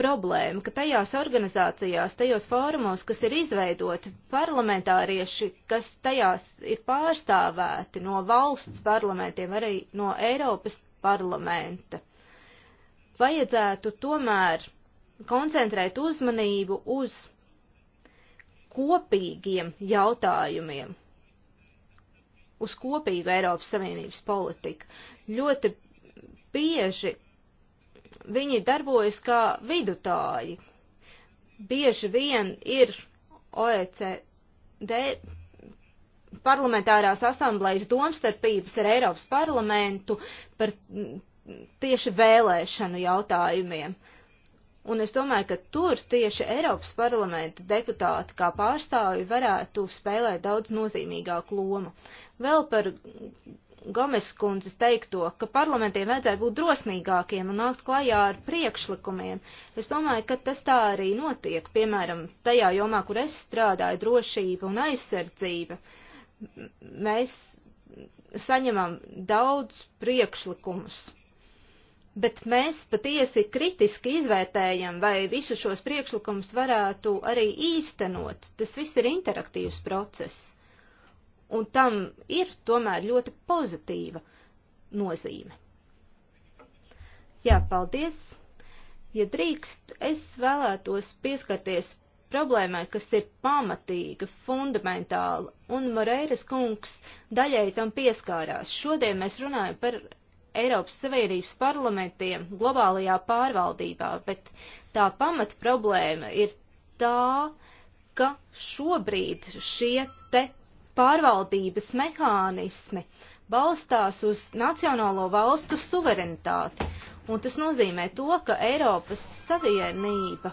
problēmu, ka tajās organizācijās, tajos fórumos, kas ir izveidoti parlamentārieši, kas tajās ir pārstāvēti no valsts parlamentiem, arī no Eiropas parlamenta, vajadzētu tomēr koncentrēt uzmanību uz kopīgiem jautājumiem, uz kopīgu Eiropas Savienības politiku. Ļoti bieži viņi darbojas kā vidutāji. Bieži vien ir OECD parlamentārās asamblējas domstarpības ar Eiropas parlamentu par tieši vēlēšanu jautājumiem. Un es domāju, ka tur tieši Eiropas parlamenta deputāti kā pārstāvi varētu spēlēt daudz nozīmīgāku lomu. Vēl par Gomes kundzes teikto, ka parlamentiem vajadzētu būt drosmīgākiem un nākt klajā ar priekšlikumiem. Es domāju, ka tas tā arī notiek, piemēram, tajā jomā, kur es strādāju, drošība un aizsardzība. Mēs saņemam daudz priekšlikumus, bet mēs patiesi kritiski izvērtējam, vai visu šos priekšlikumus varētu arī īstenot. Tas viss ir interaktīvs process un tam ir tomēr ļoti pozitīva nozīme. Jā, paldies! Ja drīkst, es vēlētos pieskarties problēmai, kas ir pamatīga, fundamentāla, un Moreiras kungs daļai tam pieskārās. Šodien mēs runājam par Eiropas Savienības parlamentiem globālajā pārvaldībā, bet tā pamat problēma ir tā, ka šobrīd šie te pārvaldības mehānismi balstās uz nacionālo valstu suverenitāti, un tas nozīmē to, ka Eiropas Savienība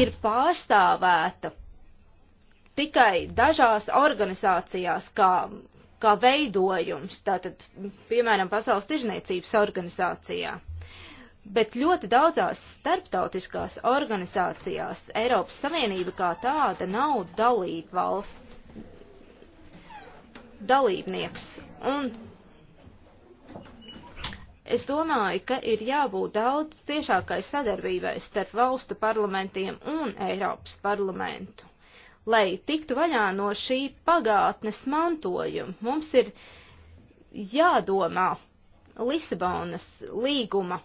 ir pārstāvēta tikai dažās organizācijās, kā, kā veidojums, tātad, piemēram, Pasaules tirzniecības organizācijā. Bet ļoti daudzās starptautiskās organizācijās Eiropas Savienība kā tāda nav dalība valsts dalībnieks. Un es domāju, ka ir jābūt daudz ciešākai sadarbībai starp valstu parlamentiem un Eiropas parlamentu. Lai tiktu vaļā no šī pagātnes mantojuma, mums ir jādomā Lisabonas līguma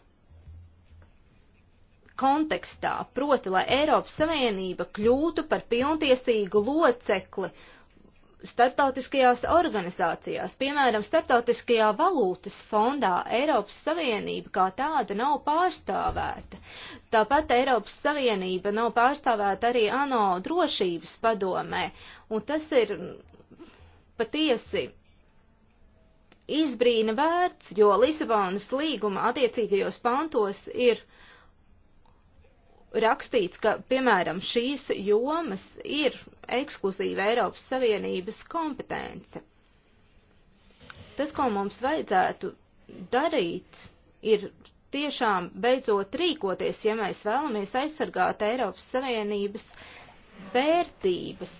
kontekstā, proti, lai Eiropas Savienība kļūtu par pilntiesīgu locekli starptautiskajās organizācijās, piemēram, starptautiskajā valūtas fondā Eiropas Savienība kā tāda nav pārstāvēta. Tāpat Eiropas Savienība nav pārstāvēta arī ANO drošības padomē, un tas ir patiesi izbrīna vērts, jo Lisabonas līguma attiecīgajos pantos ir rakstīts, ka, piemēram, šīs jomas ir ekskluzīva Eiropas Savienības kompetence. Tas, ko mums vajadzētu darīt, ir tiešām beidzot rīkoties, ja mēs vēlamies aizsargāt Eiropas Savienības vērtības,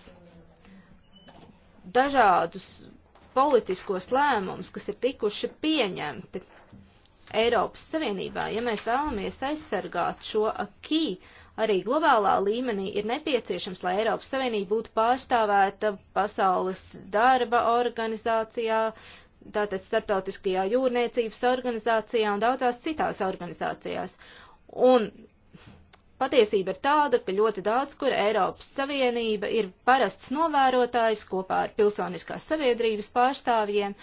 dažādus politiskos lēmumus, kas ir tikuši pieņemti Eiropas Savienībā. Ja mēs vēlamies aizsargāt šo akī, uh, Arī globālā līmenī ir nepieciešams, lai Eiropas Savienība būtu pārstāvēta pasaules darba organizācijā, tātad starptautiskajā jūrniecības organizācijā un daudzās citās organizācijās. Un Patiesība ir tāda, ka ļoti daudz, kur Eiropas Savienība ir parasts novērotājs kopā ar pilsoniskās sabiedrības pārstāvjiem,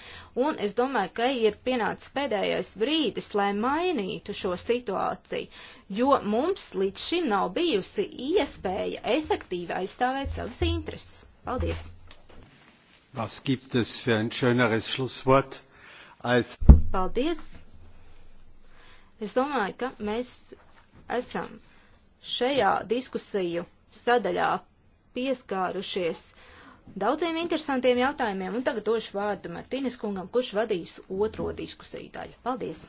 un es domāju, ka ir pienācis pēdējais brīdis, lai mainītu šo situāciju, jo mums līdz šim nav bijusi iespēja efektīvi aizstāvēt savas intereses. Paldies! Was gibt es für ein schöneres Schlusswort als. Paldies! Es domāju, ka mēs esam šajā diskusiju sadaļā pieskārušies daudziem interesantiem jautājumiem, un tagad došu vārdu Martīnes kungam, kurš vadīs otro diskusiju daļu. Paldies!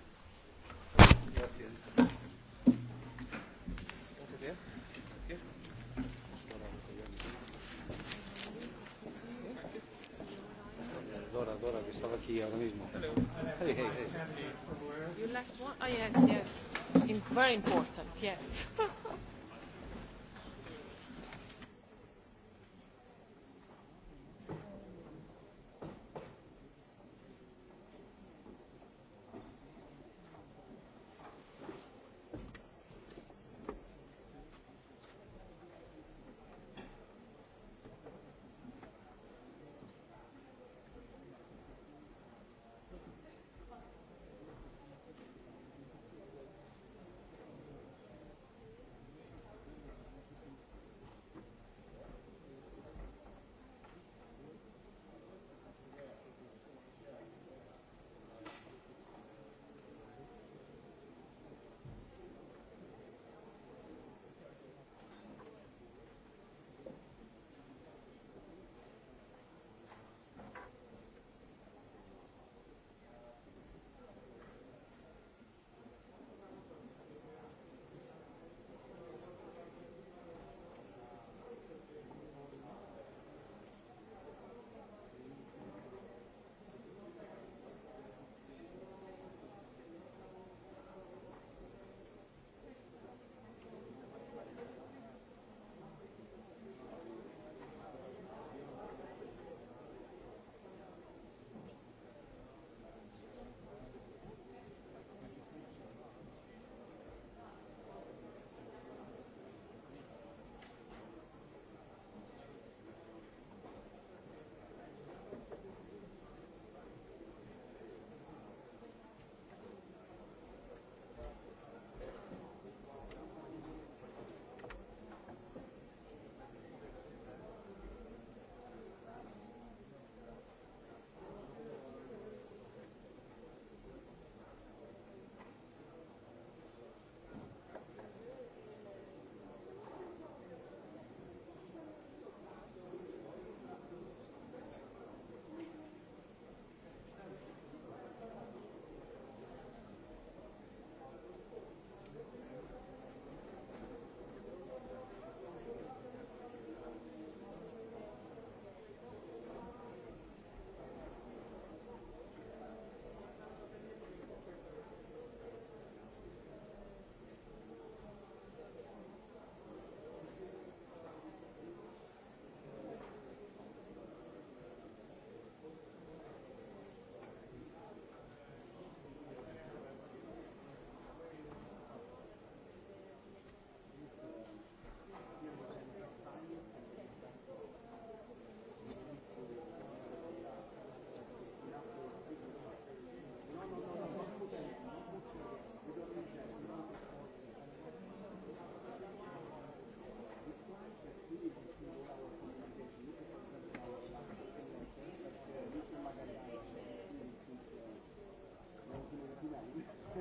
Dora, Dora, que estaba aquí ahora mismo. Hello. Hey, hey, hey. You left one? Oh, yes, yes. Very important, yes.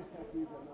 Thank you.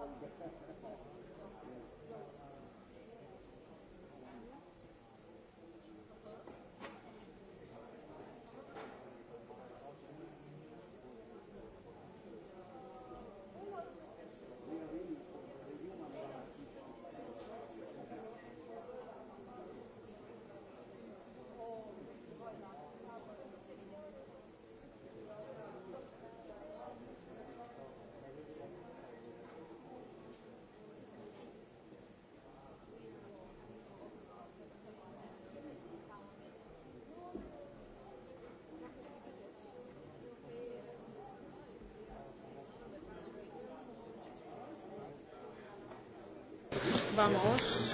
Vamos.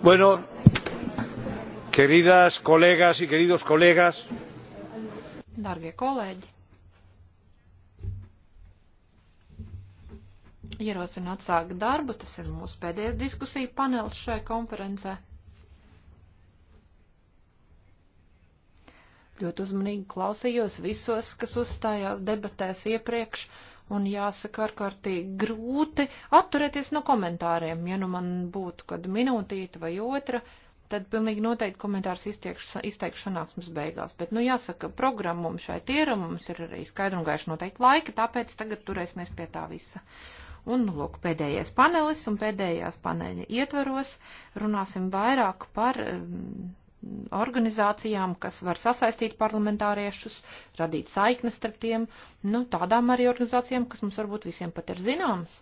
Bueno, queridas colegas y queridos colegas. Dargie kolēģi. Ierosim atsākt darbu, tas ir mūsu pēdējais diskusija panelis šai konferencē. Ļoti uzmanīgi klausījos visos, kas uzstājās debatēs iepriekš. Uh, un jāsaka ārkārtīgi grūti atturēties no komentāriem. Ja nu man būtu kad minūtīta vai otra, tad pilnīgi noteikti komentārs izteikšu sanāksmes beigās. Bet, nu, jāsaka, programma mums šai tīra, mums ir arī skaidri un gaiši noteikti laika, tāpēc tagad turēsimies pie tā visa. Un, nu, lūk, pēdējais panelis un pēdējās paneļa ietvaros runāsim vairāk par. Um, organizācijām, kas var sasaistīt parlamentāriešus, radīt saiknes starp tiem, nu, tādām arī organizācijām, kas mums varbūt visiem pat ir zināmas.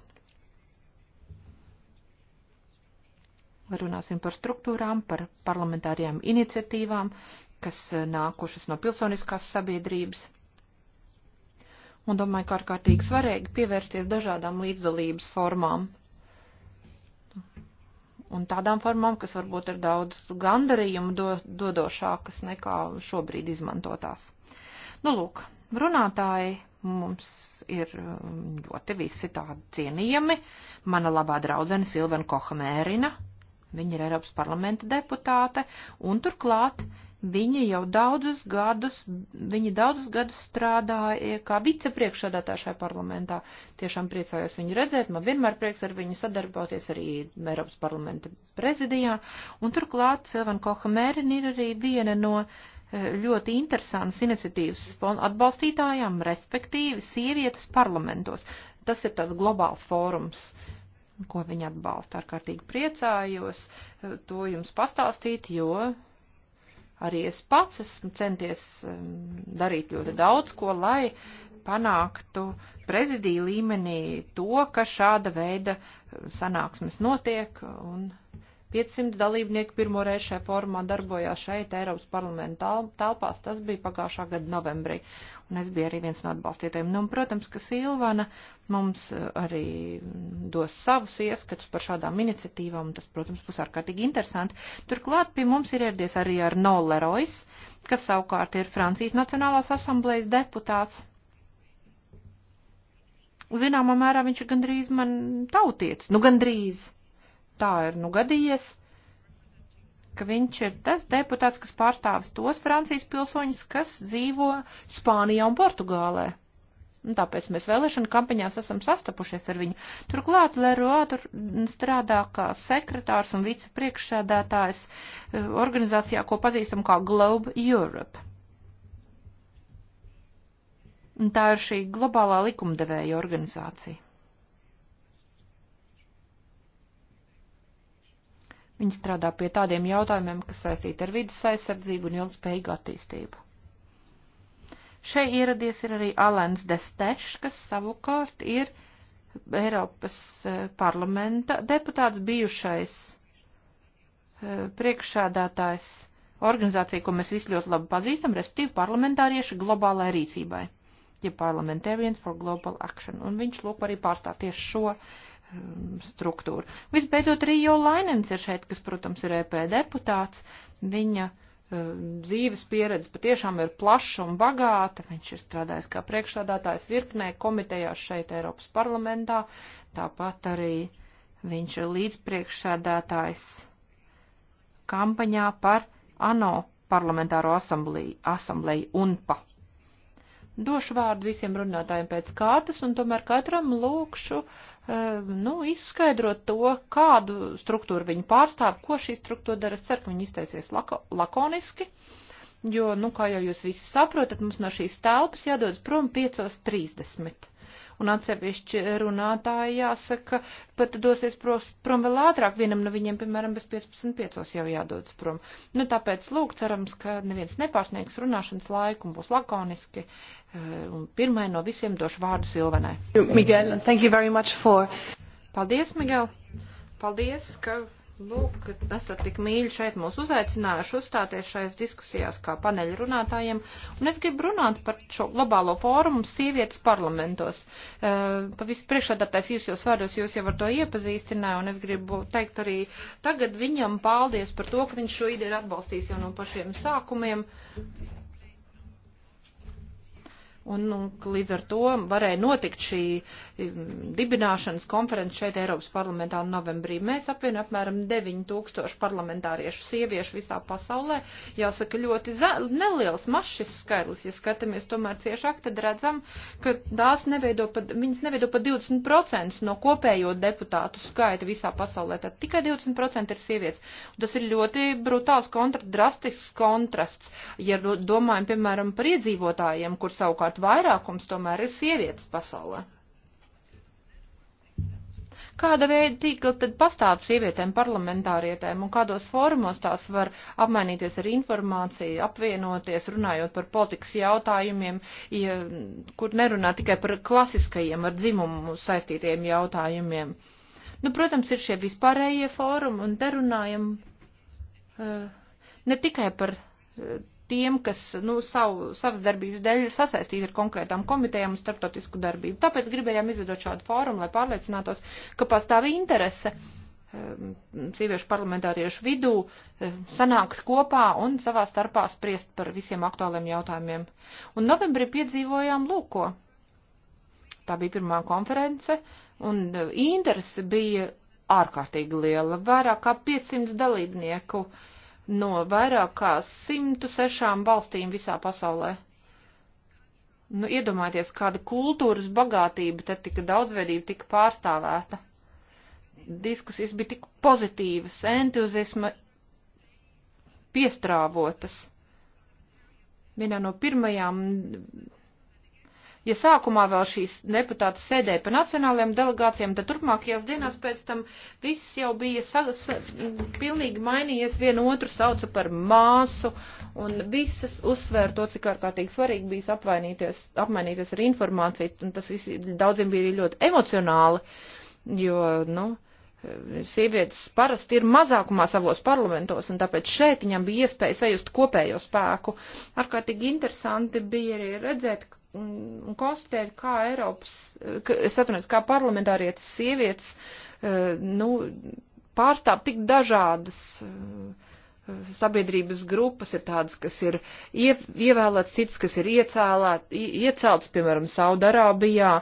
Runāsim par struktūrām, par parlamentārijām iniciatīvām, kas nākušas no pilsoniskās sabiedrības. Un domāju, kā ārkārtīgi svarīgi pievērsties dažādām līdzdalības formām un tādām formām, kas varbūt ir daudz gandarījumu do, dodošākas nekā šobrīd izmantotās. Nu, lūk, runātāji mums ir um, ļoti visi tādi cienījami. Mana labā draudzene Silvena Kohamērina, viņa ir Eiropas parlamenta deputāte, un turklāt Viņa jau daudzus gadus, viņa daudzus gadus strādāja kā vicepriekšādātā šajā parlamentā. Tiešām priecājos viņu redzēt, man vienmēr prieks ar viņu sadarboties arī Eiropas parlamenta prezidijā. Un turklāt Silvan Koha Mērin ir arī viena no eh, ļoti interesants iniciatīvas atbalstītājām, respektīvi sievietes parlamentos. Tas ir tas globāls fórums, ko viņi atbalsta. Ārkārtīgi priecājos eh, to jums pastāstīt, jo Arī es pats esmu centies um, darīt ļoti daudz ko, lai panāktu prezidiju līmenī to, ka šāda veida um, sanāksmes notiek un 500 dalībnieki pirmoreiz šajā formā darbojās šeit Eiropas parlamenta telpās, tas bija pagājušā gada novembrī un es biju arī viens no atbalstītājiem. Nu, un, protams, ka Silvana mums eh, arī dos savus ieskatus par šādām iniciatīvām, un tas, protams, būs ārkārtīgi interesanti. Turklāt pie mums ir ieradies arī ar Nolerois, kas savukārt ir Francijas Nacionālās asamblējas deputāts. Zināmā mērā viņš ir gandrīz man tautietis, nu gandrīz. Tā ir, nu gadījies ka viņš ir tas deputāts, kas pārstāvis tos Francijas pilsoņus, kas dzīvo Spānijā un Portugālē. Un tāpēc mēs vēlēšana kampaņās esam sastapušies ar viņu. Turklāt Leroy tur strādā kā sekretārs un vicepriekšsēdētājs eh, organizācijā, ko pazīstam kā Globe Europe. Un tā ir šī globālā likumdevēja organizācija. Viņi strādā pie tādiem jautājumiem, kas saistīti ar vidas aizsardzību un ilgspējīgu attīstību. Šeit ieradies ir arī Alens Desteš, kas savukārt ir Eiropas eh, parlamenta deputāts bijušais eh, priekšsādātājs organizācija, ko mēs visi ļoti labi pazīstam, respektīvi parlamentārieši globālai rīcībai, ja Parliamentarians for Global Action. Un viņš lūk arī pārstāv tieši šo Um, struktūru. Visbeidzot, arī jau Lainens ir šeit, kas, protams, ir EP deputāts. Viņa um, dzīves pieredze patiešām ir plaša un bagāta. Viņš ir strādājis kā priekšsādātājs virknē komitejās šeit Eiropas parlamentā. Tāpat arī viņš ir līdzpriekšsādātājs kampaņā par ANO parlamentāro asamblēju, asamblēju UNPA. Došu vārdu visiem runātājiem pēc kārtas un tomēr katram lūkšu Ehm, nu, izskaidrot to, kādu struktūru viņi pārstāv, ko šī struktūra dara. Es ceru, ka viņi izteiksies lako, lakoniski, jo, nu, kā jau jūs visi saprotat, mums no šīs telpas jādodas prom 5.30 un atsevišķi runātāji jāsaka, pat dosies pros, prom vēl ātrāk, vienam no viņiem, piemēram, bez 15.5 jau jādodas prom. Nu, tāpēc, lūk, cerams, ka neviens nepārsniegs runāšanas laiku un būs lakoniski, eh, un pirmai no visiem došu vārdu Silvenai. Miguel, thank you very much for. Paldies, Miguel. Paldies, ka lūk, ka esat tik mīļi šeit mūs uzaicinājuši uzstāties šais diskusijās kā paneļa runātājiem. Un es gribu runāt par šo globālo fórumu sievietes parlamentos. Uh, eh, Pavis priekšādātais jūs jau svārdos, jūs jau ar to iepazīstināju, un es gribu teikt arī tagad viņam paldies par to, ka viņš šo ideju ir atbalstījis jau no pašiem sākumiem. Uh, Un, un nu, līdz ar to varēja notikt šī mm, dibināšanas konferences šeit Eiropas parlamentā novembrī. Mēs apvien apmēram 9000 parlamentāriešu sieviešu visā pasaulē. Jāsaka, ļoti neliels mašs šis skaidrs. Ja skatāmies tomēr ciešāk, tad redzam, ka tās neveido pa, viņas neveido pa 20% no kopējo deputātu skaita visā pasaulē. Tad tikai 20% ir sievietes. Un tas ir ļoti brutāls kontrasts, drastisks kontrasts, ja domājam, piemēram, par iedzīvotājiem, kur savukārt manuprāt, vairākums tomēr ir sievietes pasaulē. Kāda veida tīkla tad pastāv sievietēm parlamentārietēm un kādos formos tās var apmainīties ar informāciju, apvienoties, runājot par politikas jautājumiem, ja, kur nerunā tikai par klasiskajiem ar dzimumu saistītiem jautājumiem? Nu, protams, ir šie vispārējie fórumi un te runājam uh, ne tikai par uh, tiem, kas nu, savu, savas darbības dēļ ir sasaistīti ar konkrētām komitejām un starptautisku darbību. Tāpēc gribējām izveidot šādu fórumu, lai pārliecinātos, ka pastāv interese ehm, sieviešu parlamentāriešu vidū ehm, sanākt kopā un savā starpā spriest par visiem aktuāliem jautājumiem. Un novembrī piedzīvojām lūko. Tā bija pirmā konference, un e, interese bija ārkārtīgi liela. Vairāk kā 500 dalībnieku uh, no vairāk kā 106 valstīm visā pasaulē. Nu, iedomājieties, kāda kultūras bagātība, te tika daudzveidība, tika pārstāvēta. Diskusijas bija tik pozitīvas, entuziasma piestrāvotas. Vienā no pirmajām ja sākumā vēl šīs deputātas sēdēja pa nacionālajiem delegācijām, tad turpmākajās dienās pēc tam viss jau bija sa, sa, pilnīgi mainījies, vienu otru sauca par māsu, un visas uzsvēra to, cik ārkārtīgi svarīgi bijis apvainīties, apmainīties ar informāciju, un tas visi, daudziem bija arī ļoti emocionāli, jo, nu, sievietes parasti ir mazākumā savos parlamentos, un tāpēc šeit viņam bija iespēja sajust kopējo spēku. Ārkārtīgi interesanti bija arī redzēt, ka un, un konstatēt, kā Eiropas, es atvainojos, kā parlamentārietas sievietes, eh, nu, pārstāv tik dažādas eh, sabiedrības grupas, ir tādas, kas ir ievēlētas, citas, kas ir iecēlēt, ieceltas, piemēram, Saudarābijā,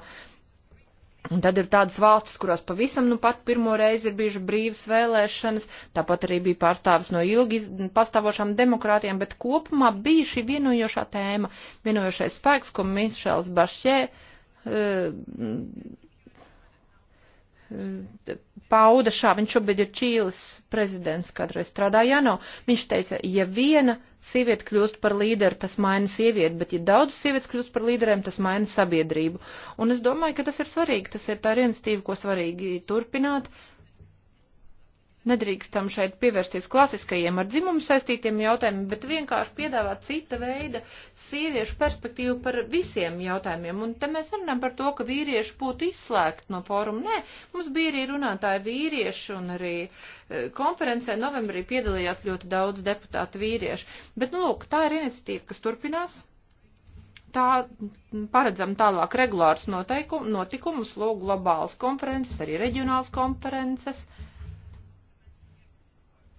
Un tad ir tādas valstis, kurās pavisam nu pat pirmo reizi ir bijušas brīvas vēlēšanas, tāpat arī bija pārstāvis no ilgi pastāvošām demokrātiem, bet kopumā bija šī vienojošā tēma, vienojošais spēks, ko Mišels Bašē uh, eh, pauda šā, viņš šobrīd ir Čīles prezidents, kādreiz strādāja Jano, viņš teica, ja viena sieviete kļūst par līderi, tas maina sievieti, bet ja daudz sievietes kļūst par līderiem, tas maina sabiedrību. Un es domāju, ka tas ir svarīgi, tas ir tā viena stīva, ko svarīgi turpināt, uh, Nedrīkstam šeit pievērsties klasiskajiem ar dzimumu saistītiem jautājumiem, bet vienkārši piedāvāt cita veida sieviešu perspektīvu par visiem jautājumiem. Un te mēs runājam par to, ka vīrieši būtu izslēgti no fóruma. Nē, mums bija arī runātāji vīrieši un arī eh, konferencē novembrī piedalījās ļoti daudz deputātu vīrieši. Bet, nu, lūk, tā ir iniciatīva, kas turpinās tā paredzam tālāk regulārus notikumus, lūk, globālas konferences, arī reģionālas konferences. Uh,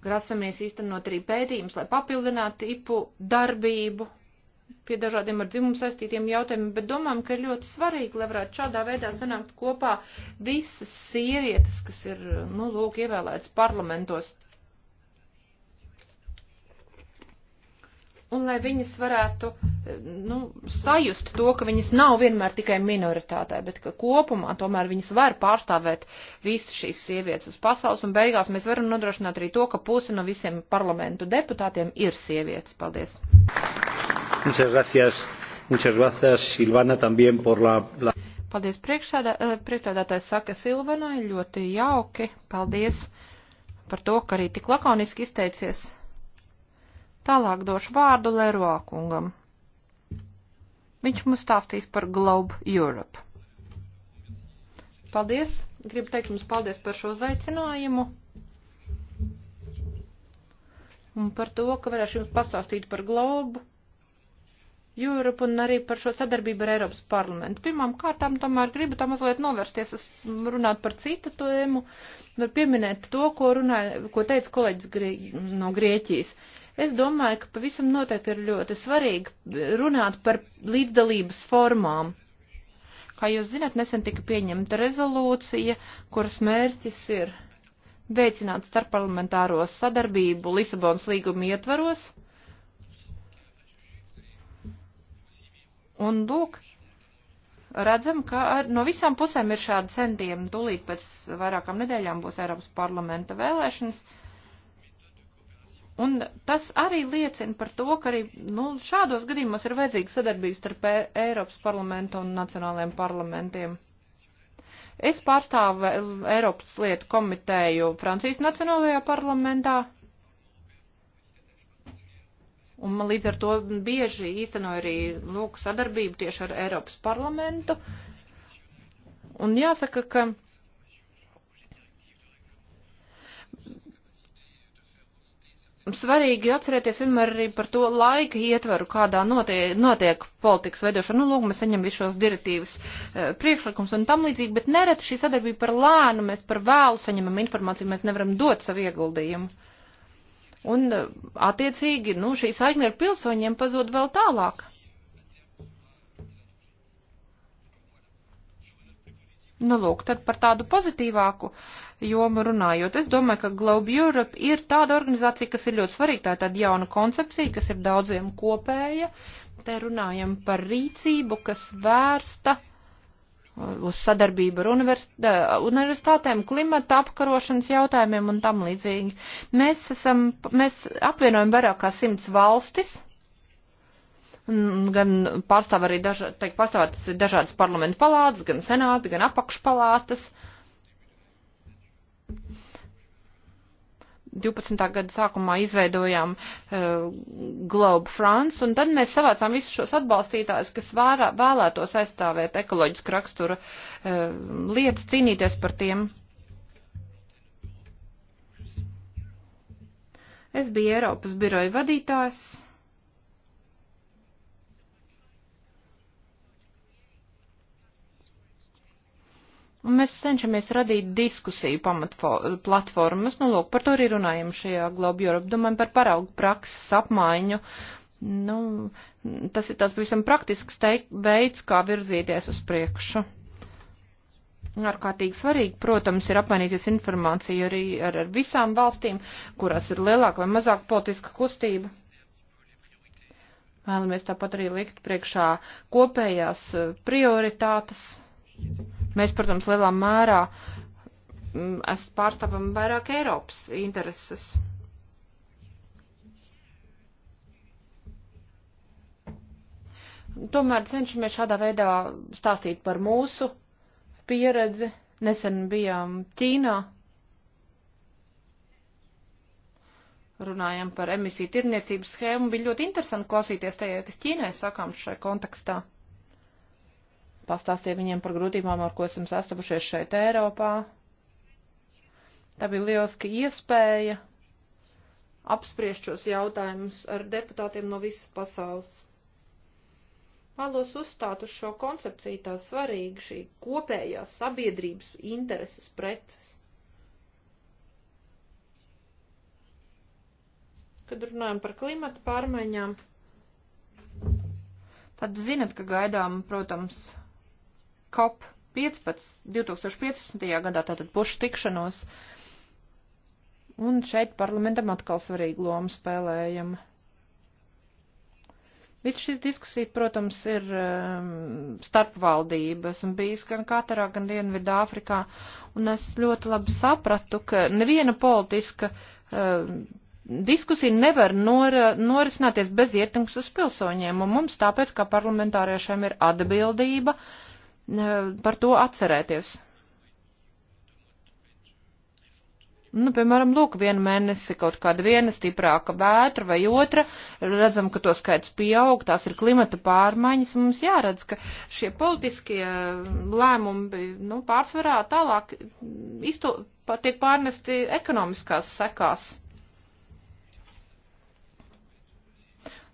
Grasamies īstenot arī pētījumus, lai papildinātu tipu darbību pie dažādiem ar dzimumu saistītiem jautājumiem, bet domājam, ka ir ļoti svarīgi, lai varētu šādā veidā sanākt kopā visas sievietes, kas ir, nu, lūk, ievēlētas parlamentos un lai viņas varētu nu, sajust to, ka viņas nav vienmēr tikai minoritātē, bet ka kopumā tomēr viņas var pārstāvēt visas šīs sievietes uz pasaules, un beigās mēs varam nodrošināt arī to, ka puse no visiem parlamentu deputātiem ir sievietes. Paldies! Muchas gracias, muchas gracias Silvana, también por la, la... Paldies priekšsēdētājs eh, saka Silvanai, ļoti jauki, paldies par to, ka arī tik lakoniski izteicies. Tālāk došu vārdu Leroā kungam. Viņš mums stāstīs par Globe Europe. Paldies! Gribu teikt jums paldies par šo zaicinājumu un par to, ka varēšu jums pastāstīt par Globu Europe un arī par šo sadarbību ar Eiropas parlamentu. Pirmām kārtām tomēr gribu tā mazliet novērsties, es runāt par citu tēmu, var pieminēt to, ko, runāja, ko teica kolēģis no Grieķijas. Uh, Es domāju, ka pavisam noteikti ir ļoti svarīgi runāt par līdzdalības formām. Kā jūs zināt, nesen tika pieņemta rezolūcija, kuras mērķis ir veicināt starpparlamentāro sadarbību Lisabonas līguma ietvaros. Un lūk, redzam, ka ar, no visām pusēm ir šādi centieni. Tūlīt pēc vairākām nedēļām būs Eiropas parlamenta vēlēšanas. Uh, Un tas arī liecina par to, ka arī nu, šādos gadījumos ir vajadzīga sadarbība starp e- Eiropas parlamentu un nacionālajiem parlamentiem. Es pārstāvu e- Eiropas lietu komiteju Francijas Nacionālajā parlamentā. Un man līdz ar to bieži īstenoju arī lūk, sadarbību tieši ar Eiropas parlamentu. Un jāsaka, ka svarīgi atcerēties vienmēr arī par to laika ietvaru, kādā notiek, notiek politikas veidošana. Nu, lūk, mēs saņem visos direktīvas e, eh, priekšlikums un tam līdzīgi, bet nereti šī sadarbība par lēnu, mēs par vēlu saņemam informāciju, mēs nevaram dot savu ieguldījumu. Un, eh, attiecīgi, nu, šī saikne ar pilsoņiem pazod vēl tālāk. Nu, lūk, tad par tādu pozitīvāku uh, jomu runājot. Es domāju, ka Globe Europe ir tāda organizācija, kas ir ļoti svarīga, tā ir tāda jauna koncepcija, kas ir daudziem kopēja. Te runājam par rīcību, kas vērsta uh, uz sadarbību ar uh, universitātēm, klimata apkarošanas jautājumiem un tam līdzīgi. Mēs, esam, mēs apvienojam vairāk kā simts valstis, gan pārstāv arī daža, teik, pārstāvētas dažādas parlamentu palātas, gan senāti, gan apakšpalātas. Uh, 12. gada sākumā izveidojām uh, Globe France, un tad mēs savācām visus šos atbalstītājus, kas vārā, vēlētos aizstāvēt ekoloģisku raksturu uh, eh, lietas, cīnīties par tiem. Es biju Eiropas biroja vadītājs. un mēs cenšamies radīt diskusiju pamatplatformas. Nu, lūk, par to arī runājam šajā Globe Europe. Domājam par paraugu prakses apmaiņu. Nu, tas ir tāds pavisam praktisks teik, veids, kā virzīties uz priekšu. Ārkārtīgi svarīgi, protams, ir apmainīties informāciju arī ar, ar visām valstīm, kurās ir lielāka vai mazāka politiska kustība. Vēlamies tāpat arī likt priekšā kopējās eh, prioritātes. Mēs, protams, lielā mērā mm, es pārstāvam vairāk Eiropas intereses. Tomēr cenšamies šādā veidā stāstīt par mūsu pieredzi. Nesen bijām Ķīnā. Runājām par emisiju tirniecības schēmu. Bija ļoti interesanti klausīties tajā, kas Ķīnai sakām šai kontekstā pastāstīja viņiem par grūtībām, ar ko esam sastapušies šeit Eiropā. Tā bija lieliska iespēja apspriest šos jautājumus ar deputātiem no visas pasaules. Vēlos uzstāt uz šo koncepciju tā svarīga šī kopējā sabiedrības intereses preces. Kad runājam par klimata pārmaiņām, tad zinat, ka gaidām, protams, COP 15, 2015. gadā, tātad pušu tikšanos. Un šeit parlamentam atkal svarīgu lomu spēlējam. Viss šis diskusija, protams, ir um, starpvaldības un bijis gan Katarā, gan Dienvidā Afrikā. Un es ļoti labi sapratu, ka neviena politiska um, diskusija nevar nor, norisināties bez ietekmes uz pilsoņiem, un mums tāpēc, kā parlamentāriešiem, ir atbildība uh, par to atcerēties. Nu, piemēram, lūk, vienu mēnesi kaut kāda viena stiprāka vētra vai otra, redzam, ka to skaits pieaug, tās ir klimata pārmaiņas, mums jāredz, ka šie politiskie lēmumi, nu, pārsvarā tālāk izto, tiek pārnesti ekonomiskās sekās.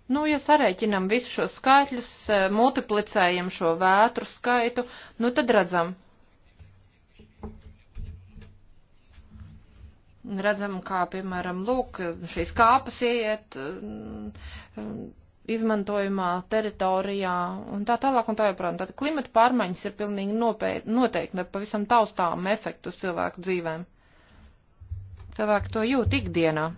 Nu, ja sarēķinam visu šo skaitļus, eh, multiplicējam šo vētru skaitu, nu tad redzam. Redzam, kā, piemēram, lūk, šīs kāpas ieiet eh, izmantojumā teritorijā un tā tālāk un tā joprojām. Tātad klimata pārmaiņas ir pilnīgi nopēt, noteikti ar pavisam taustām efektu cilvēku dzīvēm. Cilvēki to jūt ikdienā.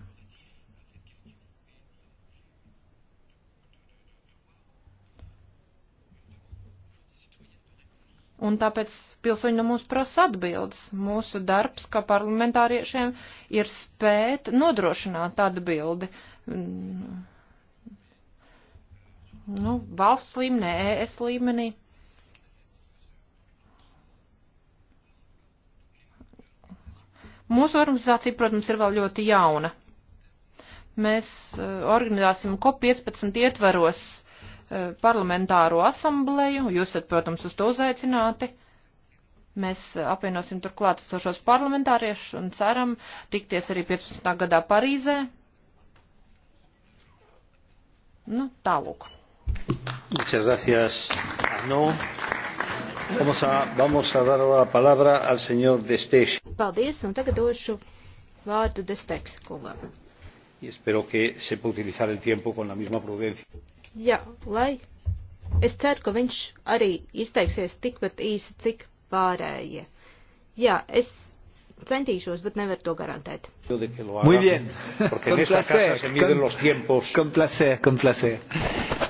Un tāpēc pilsoņi no mums prasa atbildes. Mūsu darbs, kā parlamentāriešiem, ir spēt nodrošināt atbildi. Mm. Nu, valsts līmenī, ES līmenī. Mūsu organizācija, protams, ir vēl ļoti jauna. Mēs eh, organizāsim COP15 ietveros Eh, parlamentāro asambleju, jūs esat, protams, uz to uzaicināti. Mēs apvienosim turklāt sošos parlamentāriešus un ceram tikties arī 15. gadā Parīzē. Nu, tālūk. Muchas gracias. No. Vamos a, vamos a dar la palabra al señor Destex. Paldies, un tagad došu vārdu Destex kungam. Y espero que sepa utilizar el tiempo con la misma prudencia. Jā, lai. Es ceru, ka viņš arī izteiksies tikpat īsi, cik pārējie. Jā, es centīšos, bet nevaru to garantēt. Muy bien. con placer. Con, con placer, con placer.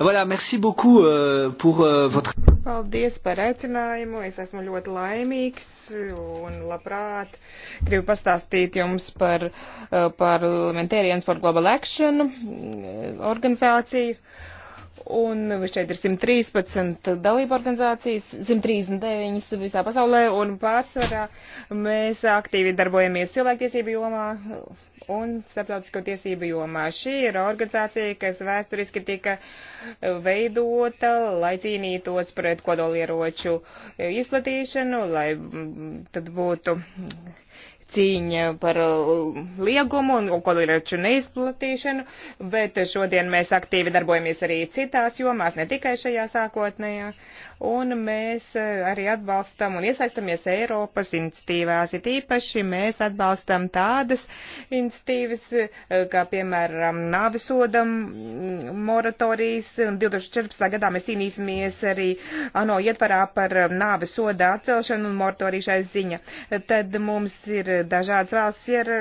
Voilà, merci beaucoup uh, pour uh, votre. Paldies par aicinājumu. Es esmu ļoti laimīgs un labprāt gribu pastāstīt jums par uh, parlamentarians for global action mm, organizāciju. Uh, Un šeit ir 113 dalība organizācijas, 139 visā pasaulē, un pārsvarā mēs aktīvi darbojamies cilvēktiesību jomā un starptautisko tiesību jomā. Šī ir organizācija, kas vēsturiski tika veidota, lai cīnītos pret kodolieroču izplatīšanu, lai tad būtu cīņa par uh, liegumu un kolireču neizplatīšanu, bet šodien mēs aktīvi darbojamies arī citās jomās, ne tikai šajā sākotnējā un mēs eh, arī atbalstam un iesaistamies Eiropas iniciatīvās. It īpaši mēs atbalstam tādas iniciatīvas, eh, kā piemēram nāvisodam mm, moratorijas. 2014. gadā mēs cīnīsimies arī ANO ietvarā par eh, nāvisoda atcelšanu un moratoriju šai ziņa. Tad mums ir dažādas valsts, ir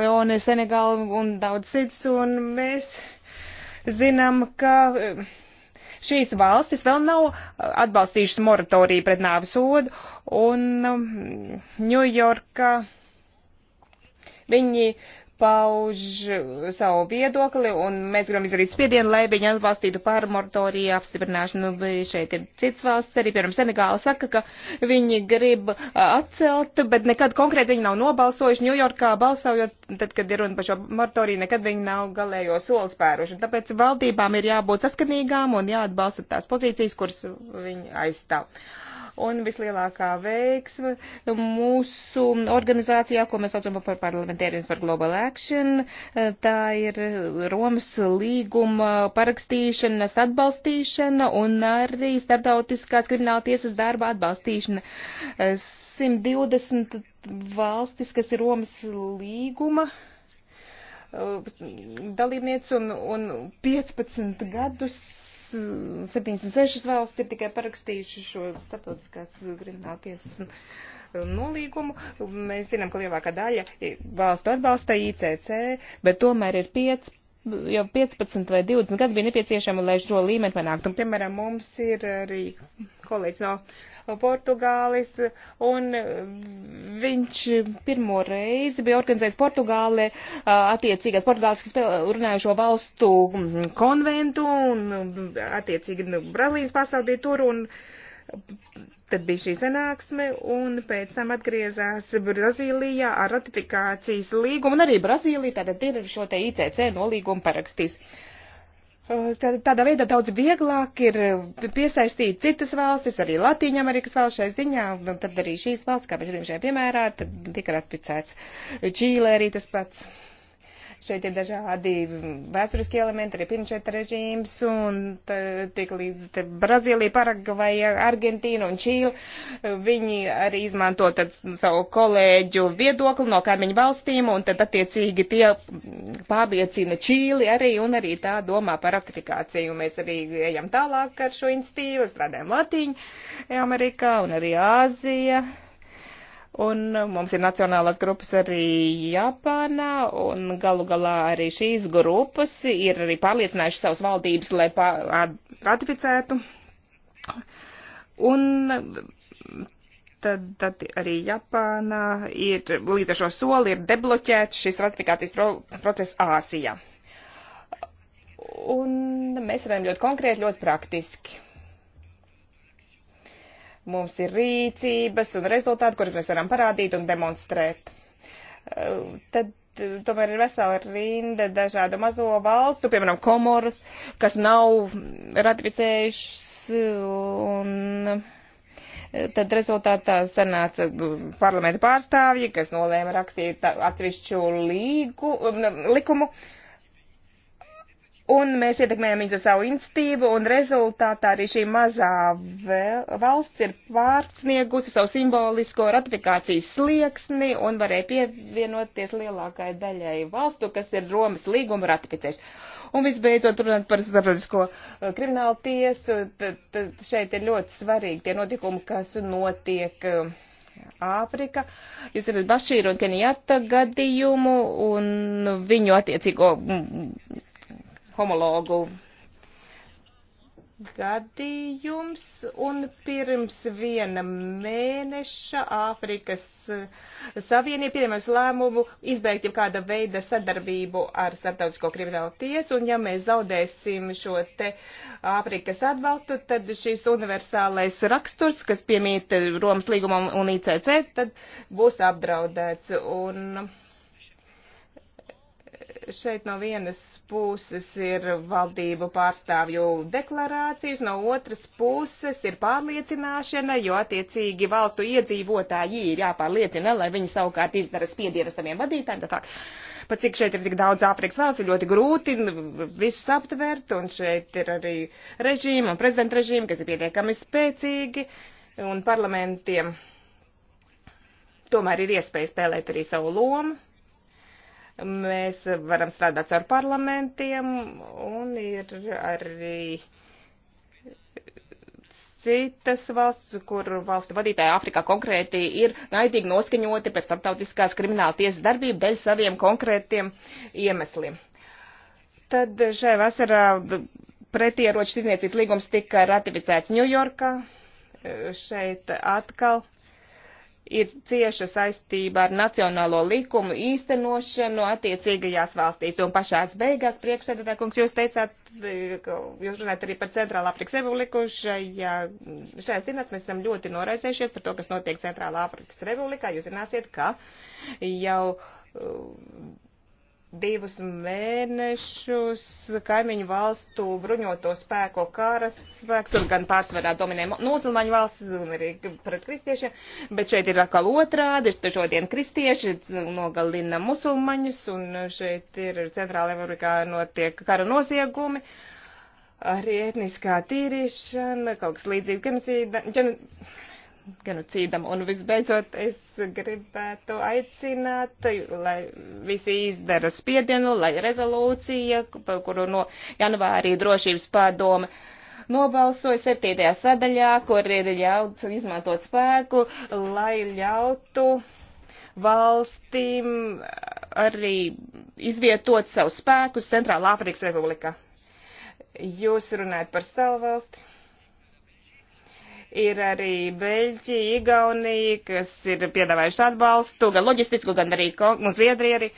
Leone, Senegāla un daudz cits, un mēs zinām, ka Šīs valstis vēl nav uh, atbalstījušas moratoriju pret nāvis sodu, un Ņujorka um, viņi pauž uh, savu viedokli, un mēs gribam izdarīt spiedienu, lai viņi atbalstītu pārmoratoriju apstiprināšanu. Nu, šeit ir cits valsts, arī, piemēram, Senegāla saka, ka viņi grib uh, atcelt, bet nekad konkrēti viņi nav nobalsojuši. Ņujorkā balsojot, tad, kad ir runa par šo moratoriju, nekad viņi nav galējo soli spēruši. Un tāpēc valdībām ir jābūt saskanīgām un jāatbalsta tās pozīcijas, kuras viņi aizstāv. Uh, un vislielākā veiksme mūsu organizācijā, ko mēs saucam par Parliamentarians for Global Action, tā ir Romas līguma parakstīšanas atbalstīšana un arī starptautiskās krimināla tiesas darba atbalstīšana. 120 valstis, kas ir Romas līguma dalībniece un, un 15 gadus 76 valsts ir tikai parakstījuši šo starptautiskās krimināla tiesas nolīgumu. Mēs zinām, ka lielākā daļa valstu atbalsta ICC, bet tomēr ir 15 jau 15 vai 20 gadi bija nepieciešama, lai šo līmeni panāktu. Un, piemēram, mums ir arī kolēģis no Portugāles, un viņš pirmo reizi bija organizējis Portugāle attiecīgās portugāliski runājušo valstu mm, konventu, un mm, attiecīgi nu, Brazīlijas pārstāv bija tur, un uh, Tad bija šī sanāksme, un pēc tam atgriezās Brazīlijā ar ratifikācijas līgumu, un arī Brazīlija tātad ir šo te ICC nolīgumu parakstījis. Uh, tādā veidā daudz vieglāk ir piesaistīt citas valstis, arī Latīņa Amerikas valsts šai ziņā, un tad arī šīs valsts, kā mēs zinām šajā piemērā, tad tika ratificēts Čīlē arī tas pats. Šeit ir dažādi vēsturiski elementi, arī Pinčeta režīms, un tik līdz Brazīlija, Paragvaja, Argentīna un Čīla, viņi arī izmanto tad savu kolēģu viedokli no kaimiņu valstīm, un tad attiecīgi tie pārliecina Čīli arī, un arī tā domā par ratifikāciju. Mēs arī ejam tālāk ar šo institīvu, strādājam Latīņu, Amerikā un arī Āzija. Un mums ir nacionālās grupas arī Japānā, un galu galā arī šīs grupas ir arī pārliecinājuši savas valdības, lai ratificētu. Un tad, tad arī Japānā ir, līdz ar šo soli ir debloķēts šis ratifikācijas pro, process Āsijā. Un mēs redzam ļoti konkrēti, ļoti praktiski Mums ir rīcības un rezultāti, kurus mēs varam parādīt un demonstrēt. Eh, tad eh, tomēr ir vesela rinda dažādu mazo valstu, piemēram, Komoras, kas nav ratificējušas un eh, tad rezultātā sanāca parlamenta pārstāvji, kas nolēma rakstīt atsevišķu līgu, likumu, Un mēs ietekmējam viņus ar savu institīvu, un rezultātā arī šī mazā valsts ir pārsniegusi savu simbolisko ratifikācijas slieksni un varēja pievienoties lielākai daļai valstu, kas ir Romas līguma ratificējuši. Un visbeidzot, runāt par starptautisko eh, kriminālu tiesu, tad, tad šeit ir ļoti svarīgi tie notikumi, kas notiek. Eh, Āfrika. Jūs redzat Bašīru un Kenijata gadījumu un viņu attiecīgo homologu gadījums, un pirms viena mēneša Āfrikas Savienība pieņemas lēmumu izbeigt jau kāda veida sadarbību ar Startautisko kriminālu tiesu, un ja mēs zaudēsim šo te Āfrikas atbalstu, tad šis universālais raksturs, kas piemīt Romas līgumam un ICC, tad būs apdraudēts. Un šeit no vienas puses ir valdību pārstāvju deklarācijas, no otras puses ir pārliecināšana, jo attiecīgi valstu iedzīvotāji ir jāpārliecina, lai viņi savukārt izdara spiedienu saviem vadītājiem. Tā tā. Pat cik šeit ir tik daudz āprieks valsts, ir ļoti grūti visus aptvert, un šeit ir arī režīma un prezidenta režīma, kas ir pietiekami spēcīgi, un parlamentiem tomēr ir iespēja spēlēt arī savu lomu Mēs varam strādāt ar parlamentiem un ir arī citas valsts, kur valstu vadītāji Āfrikā konkrēti ir naidīgi noskaņoti pēc starptautiskās krimināla tiesas darbību dēļ saviem konkrētiem iemesliem. Tad šajā vasarā pretieroču izniecības līgums tika ratificēts Ņujorkā. Šeit atkal ir cieša saistība ar nacionālo likumu īstenošanu attiecīgajās valstīs. Un pašās beigās, priekšsēdētājkungs, jūs teicāt, jūs runājat arī par Centrālā Afrikas Republiku. Šajā, šajās dienās mēs esam ļoti noraizējušies par to, kas notiek Centrālā Afrikas Republikā. Jūs zināsiet, ka jau divus mēnešus kaimiņu valstu bruņoto spēko kāras spēks, tur gan pārsvarā dominē musulmaņu valsts un arī pret kristiešiem, bet šeit ir atkal otrādi, ir šodien kristieši nogalina musulmaņus un šeit ir centrāla Amerikā notiek kara noziegumi, arī etniskā tīrīšana, kaut kas līdzīgs genocīda. Gen genocīdam. Un visbeidzot, es gribētu aicināt, lai visi izdara spiedienu, lai rezolūcija, kuru no janvārī drošības padome nobalsoja 7. sadaļā, kur ir ļauts izmantot spēku, lai ļautu valstīm arī izvietot savus spēkus Centrālā Afrikas Republikā. Jūs runājat par savu valsti? Ir arī Beļģija, Igaunija, kas ir piedāvājuši atbalstu, gan loģistisku, gan arī mums Viedrija arī.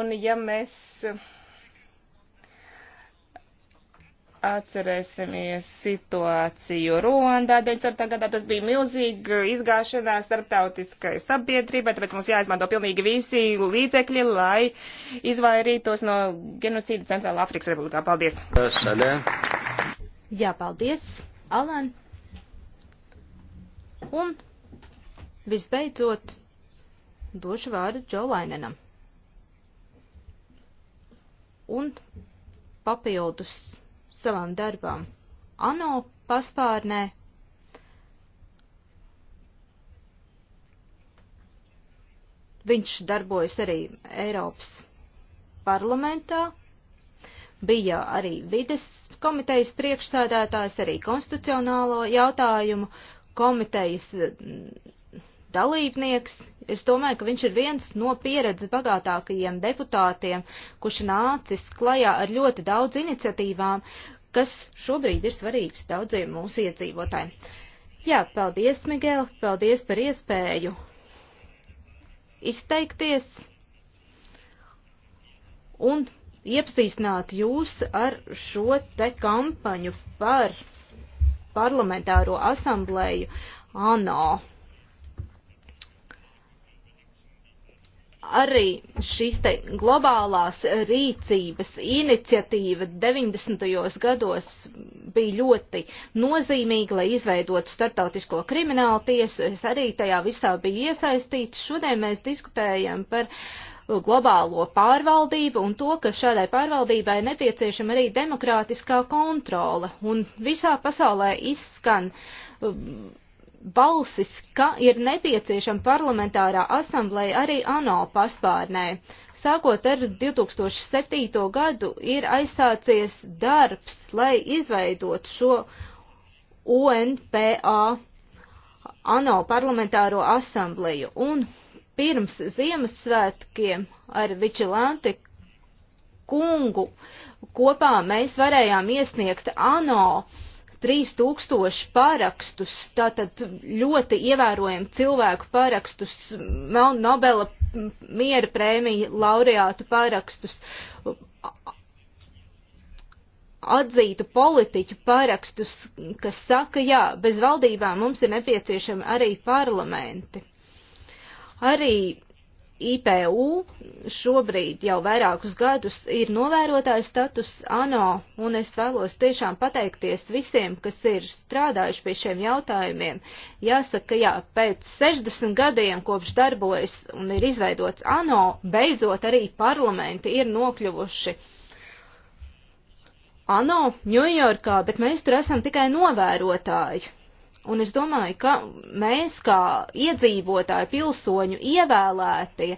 Un ja mēs atcerēsimies situāciju Ruandā 90. gadā, tas bija milzīga izgāšanās starptautiskai sabiedrībai, tāpēc mums jāizmanto pilnīgi visi līdzekļi, lai izvairītos no genocīda Centrāla Afrikas Republikā. Paldies! Saļē. Jā, paldies, Alan! Un visbeidzot, došu vārdu Džolainenam. Un papildus savām darbām ANO paspārnē Viņš darbojas arī Eiropas parlamentā, bija arī vides komitejas priekšsādātājs, arī konstitucionālo jautājumu komitejas mm, dalībnieks. Es domāju, ka viņš ir viens no pieredzes bagātākajiem deputātiem, kurš nācis klajā ar ļoti daudz iniciatīvām, kas šobrīd ir svarīgs daudziem mūsu iedzīvotājiem. Jā, paldies, Miguel, paldies par iespēju izteikties un iepazīstināt jūs ar šo te kampaņu par parlamentāro asamblēju ANO. Arī šīs te globālās rīcības iniciatīva 90. gados bija ļoti nozīmīga, lai izveidotu startautisko kriminālu tiesu. Es arī tajā visā biju iesaistīts. Šodien mēs diskutējam par uh, globālo pārvaldību un to, ka šādai pārvaldībai nepieciešama arī demokrātiskā kontrola. Un visā pasaulē izskan um, balsis, ka ir nepieciešama parlamentārā asambleja arī ANO paspārnē. Sākot ar 2007. gadu ir aizsācies darbs, lai izveidot šo UNPA ANO parlamentāro asambleju. Un pirms Ziemassvētkiem ar Vičilanti kungu kopā mēs varējām iesniegt ANO 3000 parakstus, tātad ļoti ievērojami cilvēku parakstus, Nobela miera prēmija laureātu parakstus, atzītu politiķu parakstus, kas saka, jā, bez valdībām mums ir nepieciešami arī parlamenti. Arī IPU šobrīd jau vairākus gadus ir novērotājs status ANO, un es vēlos tiešām pateikties visiem, kas ir strādājuši pie šiem jautājumiem. Jāsaka, jā, pēc 60 gadiem kopš darbojas un ir izveidots ANO, beidzot arī parlamenti ir nokļuvuši. ANO, Ņujorkā, bet mēs tur esam tikai novērotāji. Un es domāju, ka mēs kā iedzīvotāji, pilsoņu ievēlētie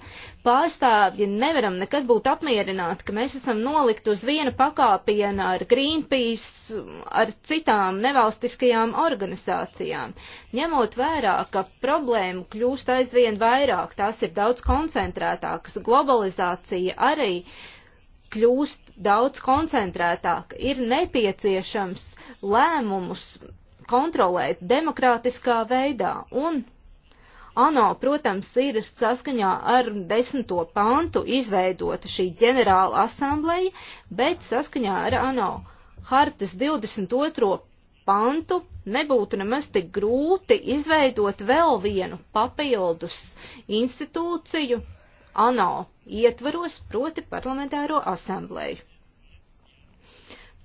pārstāvji nevaram nekad būt apmierināti, ka mēs esam nolikt uz viena pakāpiena ar Greenpeace, ar citām nevalstiskajām organizācijām. Ņemot vērā, ka problēmu kļūst aizvien vairāk, tās ir daudz koncentrētākas, globalizācija arī kļūst daudz koncentrētāka, ir nepieciešams lēmumus kontrolēt demokrātiskā veidā. Un ANO, protams, ir saskaņā ar desmito pantu izveidota šī ģenerāla asambleja, bet saskaņā ar ANO hartas 22. pantu nebūtu nemaz tik grūti izveidot vēl vienu papildus institūciju ANO ietvaros proti parlamentāro asambleju.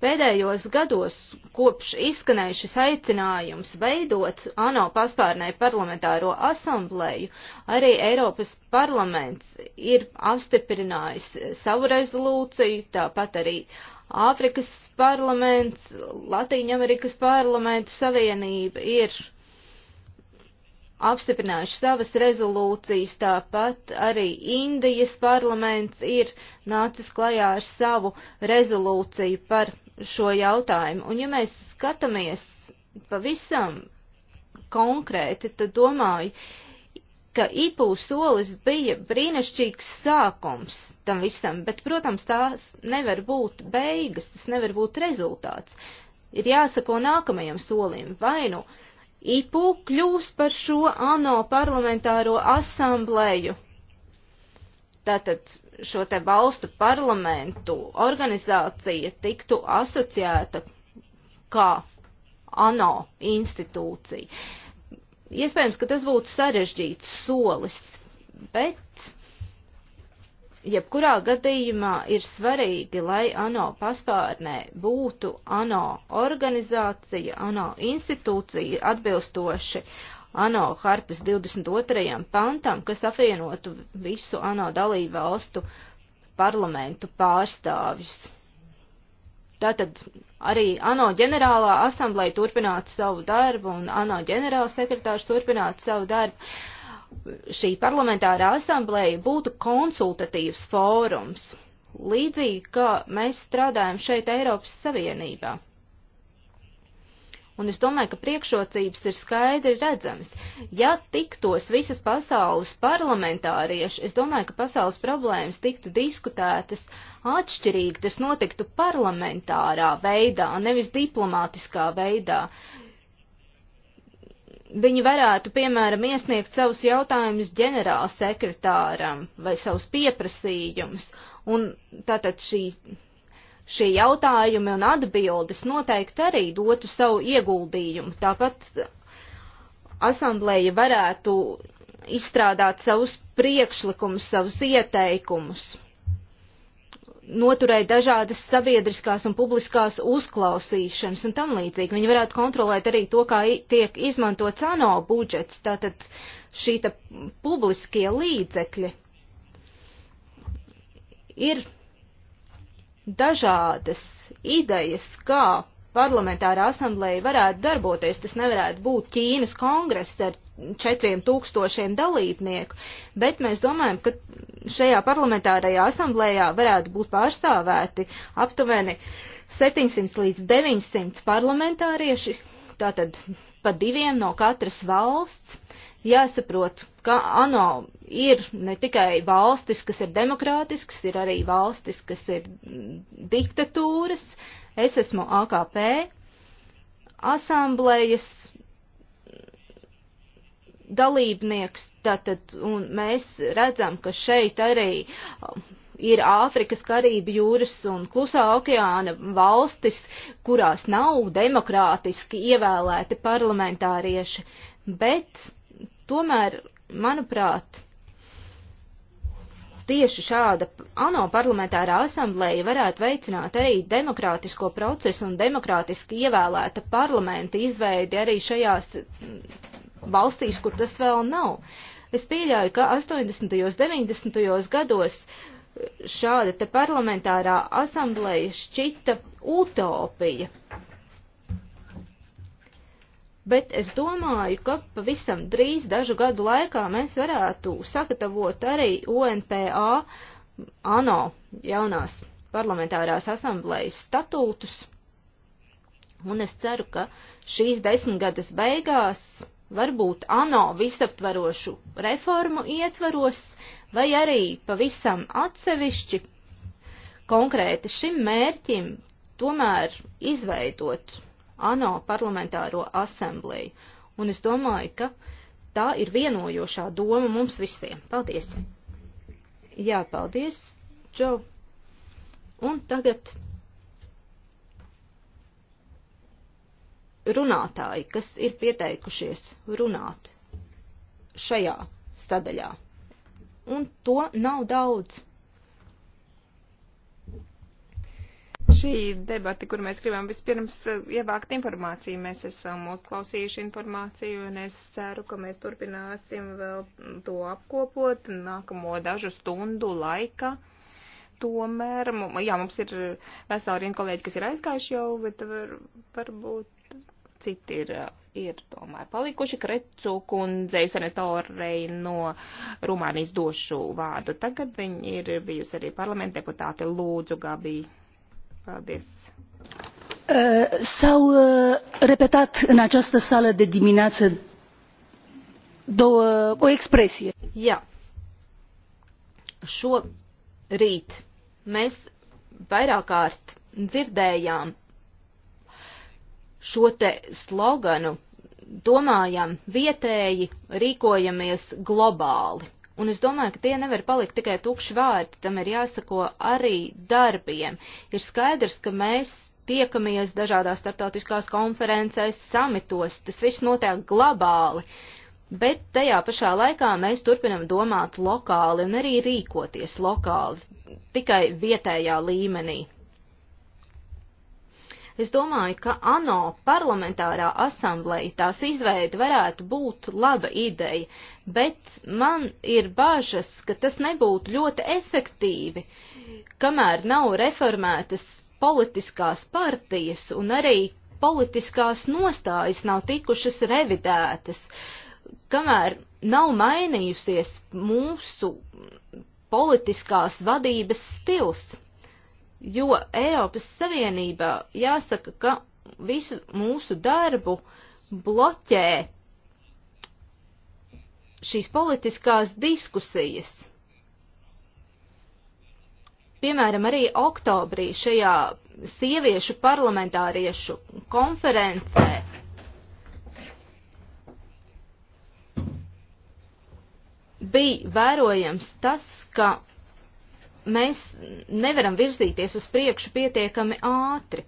Pēdējos gados, kopš izskanēja šis aicinājums veidot ANO paspārnēju parlamentāro asambleju, arī Eiropas parlaments ir apstiprinājis savu rezolūciju, tāpat arī Āfrikas parlaments, Latīņamerikas parlamentu savienība ir apstiprinājuši savas rezolūcijas, tāpat arī Indijas parlaments ir nācis klajā ar savu rezolūciju par šo jautājumu. Un ja mēs skatāmies pavisam konkrēti, tad domāju, ka IPU solis bija brīnišķīgs sākums tam visam, bet, protams, tās nevar būt beigas, tas nevar būt rezultāts. Ir jāsako nākamajam solim, vai nu IPU kļūs par šo ANO parlamentāro asamblēju. Tātad šo te valstu parlamentu organizācija tiktu asociēta kā ANO institūcija. Iespējams, ka tas būtu sarežģīts solis, bet jebkurā gadījumā ir svarīgi, lai ANO paspārnē būtu ANO organizācija, ANO institūcija atbilstoši ANO hartas 22. pantam, kas apvienotu visu ANO dalību valstu parlamentu pārstāvjus. Tātad arī ANO ģenerālā asamblēja turpinātu savu darbu un ANO ģenerālsekretārs turpinātu savu darbu šī parlamentārā asambleja būtu konsultatīvs fórums, līdzīgi kā mēs strādājam šeit Eiropas Savienībā. Un es domāju, ka priekšrocības ir skaidri redzamas. Ja tiktos visas pasaules parlamentārieši, es domāju, ka pasaules problēmas tiktu diskutētas atšķirīgi, tas notiktu parlamentārā veidā, nevis diplomātiskā veidā. Uh, viņi varētu, piemēram, iesniegt savus jautājumus ģenerāla sekretāram vai savus pieprasījumus. Un tātad šī, šie jautājumi un atbildes noteikti arī dotu savu ieguldījumu. Tāpat asamblēja varētu izstrādāt savus priekšlikumus, savus ieteikumus noturēja dažādas sabiedriskās un publiskās uzklausīšanas un tam līdzīgi. Viņi varētu kontrolēt arī to, kā tiek izmantots ANO budžets, tātad šīta publiskie līdzekļi ir dažādas idejas, kā parlamentārā asambleja varētu darboties. Tas nevarētu būt Ķīnas kongress ar četriem tūkstošiem dalībnieku, bet mēs domājam, ka šajā parlamentārajā asamblējā varētu būt pārstāvēti aptuveni 700 līdz 900 parlamentārieši, tātad pa diviem no katras valsts. Jāsaprot, ka ANO ir ne tikai valstis, kas ir demokrātiskas, ir arī valstis, kas ir diktatūras, uh, Es esmu AKP asamblējas dalībnieks, tātad, un mēs redzam, ka šeit arī um, ir Āfrikas, Karību jūras un Klusā okeāna valstis, kurās nav demokrātiski ievēlēti parlamentārieši, bet tomēr, manuprāt, tieši šāda ANO parlamentārā asambleja varētu veicināt arī demokrātisko procesu un demokrātiski ievēlēta parlamenta izveidi arī šajās mm, valstīs, kur tas vēl nav. Es pieļauju, ka 80. un 90. gados šāda te parlamentārā asambleja šķita utopija bet es domāju, ka pavisam drīz dažu gadu laikā mēs varētu sagatavot arī UNPA ANO jaunās parlamentārās asamblējas statūtus, un es ceru, ka šīs desmitgades beigās varbūt ANO visaptvarošu reformu ietvaros, vai arī pavisam atsevišķi konkrēti šim mērķim tomēr izveidot ANO parlamentāro asambleju. Un es domāju, ka tā ir vienojošā doma mums visiem. Paldies! Jā, paldies, Džo. Un tagad runātāji, kas ir pieteikušies runāt šajā sadaļā. Un to nav daudz. šī debata, kur mēs gribam vispirms eh, ievākt informāciju. Mēs esam uzklausījuši informāciju, un es ceru, ka mēs turpināsim vēl to apkopot nākamo dažu stundu laika. Tomēr, jā, mums ir veseli rīna kolēģi, kas ir aizgājuši jau, bet var, varbūt citi ir, ir tomēr palikuši. Krecu kundzei senatorei no Rumānijas došu vārdu. Tagad viņa ir bijusi arī parlamenta deputāte Lūdzu Gabija. Paldies! Eh, s au eh, repetat în această sală de dimineață două, o expresie. Jā. Šo rīt mēs vairāk kārt dzirdējām šo te sloganu, domājam vietēji, rīkojamies globāli. Un es domāju, ka tie nevar palikt tikai tukši vārdi, tam ir jāsako arī darbiem. Ir skaidrs, ka mēs tiekamies dažādās starptautiskās konferencēs, samitos, tas viss notiek globāli, bet tajā pašā laikā mēs turpinam domāt lokāli un arī rīkoties lokāli, tikai vietējā līmenī. Es domāju, ka ANO parlamentārā asambleja tās izveida varētu būt laba ideja, bet man ir bažas, ka tas nebūtu ļoti efektīvi, kamēr nav reformētas politiskās partijas un arī politiskās nostājas nav tikušas revidētas, kamēr nav mainījusies mūsu politiskās vadības stils jo Eiropas Savienībā jāsaka, ka visu mūsu darbu bloķē šīs politiskās diskusijas. Piemēram, arī oktobrī šajā sieviešu parlamentāriešu konferencē bija vērojams tas, ka mēs nevaram virzīties uz priekšu pietiekami ātri.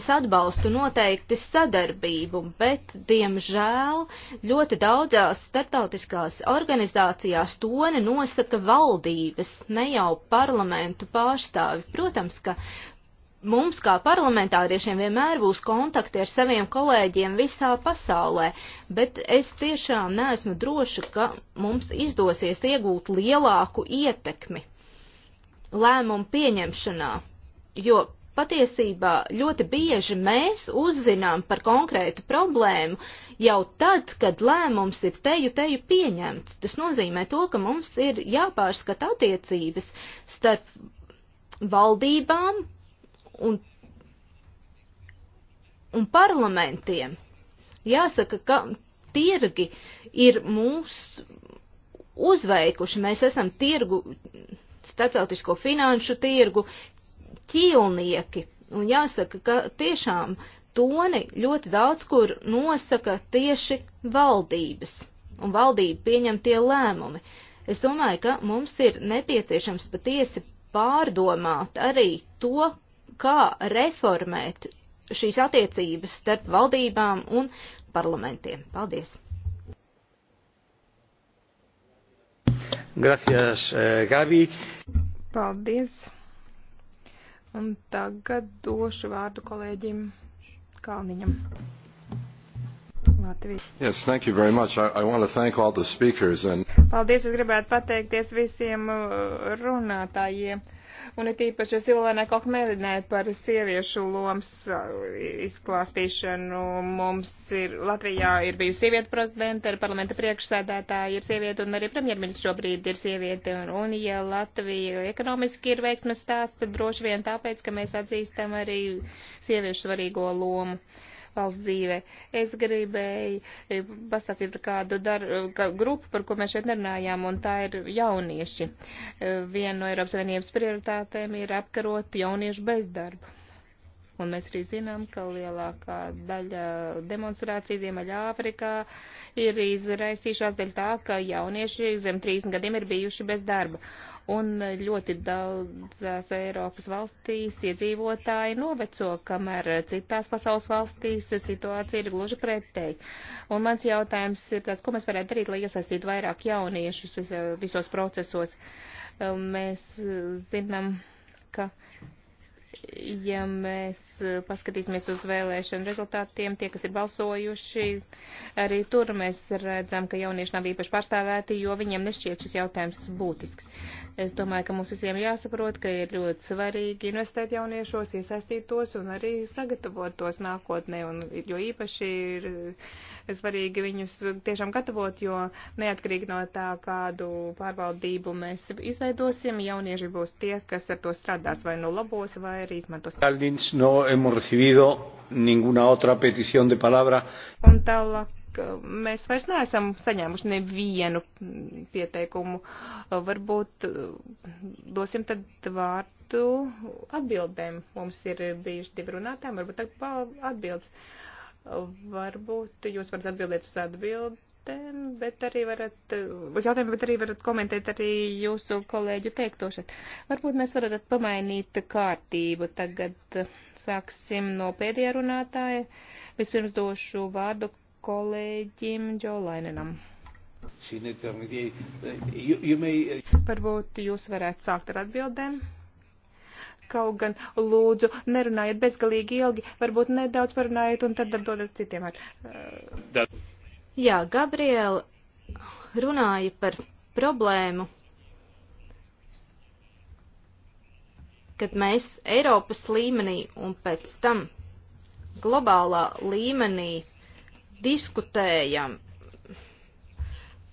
Es atbalstu noteikti sadarbību, bet, diemžēl, ļoti daudzās startautiskās organizācijās toni nosaka valdības, ne jau parlamentu pārstāvi. Protams, ka Mums, kā parlamentāriešiem, vienmēr būs kontakti ar saviem kolēģiem visā pasaulē, bet es tiešām neesmu droša, ka mums izdosies iegūt lielāku ietekmi lēmumu pieņemšanā, jo patiesībā ļoti bieži mēs uzzinām par konkrētu problēmu jau tad, kad lēmums ir teju teju pieņemts. Tas nozīmē to, ka mums ir jāpārskata attiecības starp valdībām un, un parlamentiem. Jāsaka, ka tirgi ir mūs uzveikuši. Mēs esam tirgu, starptautisko finanšu tirgu ķīlnieki. Un jāsaka, ka tiešām toni ļoti daudz kur nosaka tieši valdības un valdību pieņemtie lēmumi. Es domāju, ka mums ir nepieciešams patiesi pārdomāt arī to, kā reformēt šīs attiecības starp valdībām un parlamentiem. Paldies! Gracias, eh, Gabi. Paldies. Un tagad došu vārdu kolēģim Kalniņam. Latvijas. Yes, thank you very much. I, I want to thank all the speakers and. Paldies, es gribētu pateikties visiem uh, runātājiem. Uh, un it īpaši es Ilvenai Kokmērinē par sieviešu lomas izklāstīšanu. Mums ir, Latvijā ir bijusi sievieta prezidenta, ir parlamenta priekšsēdētāja, ir sievieta un arī premjerministrs šobrīd ir sieviete. Un, un ja Latvija ekonomiski ir veiksmes stāsts, tad droši vien tāpēc, ka mēs atzīstam arī sieviešu svarīgo lomu. Uh, valsts dzīvē. Es gribēju e, pastāstīt par kādu dar, kā grupu, par ko mēs šeit nerunājām, un tā ir jaunieši. E, viena no Eiropas Savienības prioritātēm ir apkarot jauniešu bezdarbu. Un mēs arī zinām, ka lielākā daļa demonstrācijas Ziemeļāfrikā ir izraisījušās dēļ tā, ka jaunieši zem 30 gadiem ir bijuši bez darba un ļoti daudzās Eiropas valstīs iedzīvotāji noveco, kamēr citās pasaules valstīs situācija ir gluži pretēji. Un mans jautājums ir tāds, ko mēs varētu darīt, lai iesaistītu vairāk jauniešus visos procesos. Mēs zinām, ka ja mēs eh, paskatīsimies uz vēlēšanu rezultātiem, tie, kas ir balsojuši, arī tur mēs redzam, ka jaunieši nav īpaši pārstāvēti, jo viņiem nešķiet šis jautājums būtisks. Es domāju, ka mums visiem jāsaprot, ka ir ļoti svarīgi investēt jauniešos, iesaistīt tos un arī sagatavot tos nākotnē, un jo īpaši ir eh, svarīgi viņus tiešām gatavot, jo neatkarīgi no tā, kādu pārvaldību mēs izveidosim, jaunieši būs tie, kas ar to strādās vai nu no labos, vai ir izmantos. Kalnins no hemos recibido ninguna otra petición de palabra. Un tālāk mēs vairs neesam saņēmuši nevienu pieteikumu. Varbūt eh, dosim tad vārdu atbildēm. Mums ir bijuši divi runātāji, varbūt tagad atbildes. Varbūt jūs varat atbildēt uz atbildi debatēm, bet arī varat, uz jautājumiem, bet arī varat komentēt arī jūsu kolēģu teikto šeit. Varbūt mēs varat pamainīt kārtību. Tagad eh, sāksim no pēdējā runātāja. Vispirms došu vārdu kolēģim Džolaininam. Eh, varbūt jūs varētu sākt ar atbildēm. Kaut gan lūdzu, nerunājiet bezgalīgi ilgi, varbūt nedaudz parunājiet un tad dodat citiem ar. Uh... Jā, Gabriela runāja par problēmu, kad mēs Eiropas līmenī un pēc tam globālā līmenī diskutējam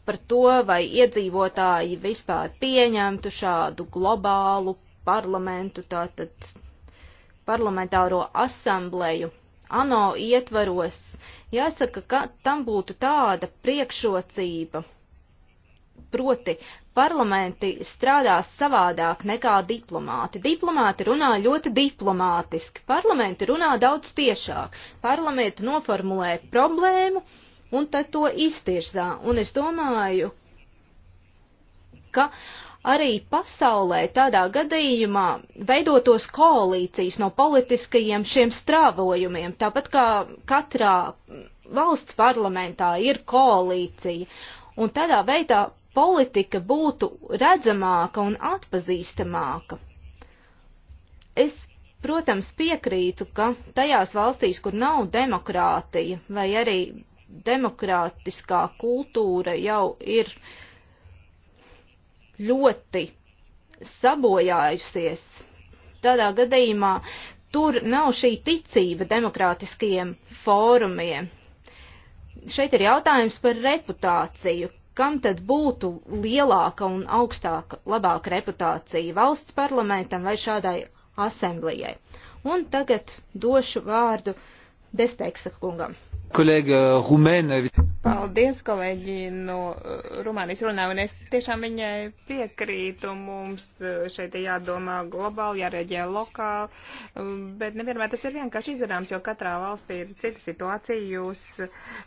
par to, vai iedzīvotāji vispār pieņemtu šādu globālu parlamentu, tātad parlamentāro asambleju ANO ietvaros. Jāsaka, ka tam būtu tāda priekšrocība. Proti, parlamenti strādās savādāk nekā diplomāti. Diplomāti runā ļoti diplomātiski, parlamenti runā daudz tiešāk. Parlamenti noformulē problēmu un tad to iztirzā. Un es domāju, ka uh, arī pasaulē tādā gadījumā veidotos koalīcijas no politiskajiem šiem strāvojumiem, tāpat kā katrā valsts parlamentā ir koalīcija, un tādā veidā politika būtu redzamāka un atpazīstamāka. Es, protams, piekrītu, ka tajās valstīs, kur nav demokrātija vai arī demokrātiskā kultūra jau ir uh, ļoti sabojājusies. Tādā gadījumā tur nav šī ticība demokrātiskajiem fórumiem. Šeit ir jautājums par reputāciju. Kam tad būtu lielāka un augstāka, labāka reputācija - valsts parlamentam vai šādai asemblējai? Un tagad došu vārdu Desteiksa kungam kolēģi uh, Rumēna. Paldies, kolēģi no uh, Rumānijas runā, un es tiešām viņai piekrītu. Mums uh, šeit ir jādomā globāli, jārēģē lokāli, um, bet nevienmēr tas ir vienkārši izdarāms, jo katrā valstī ir cita situācija. Jūs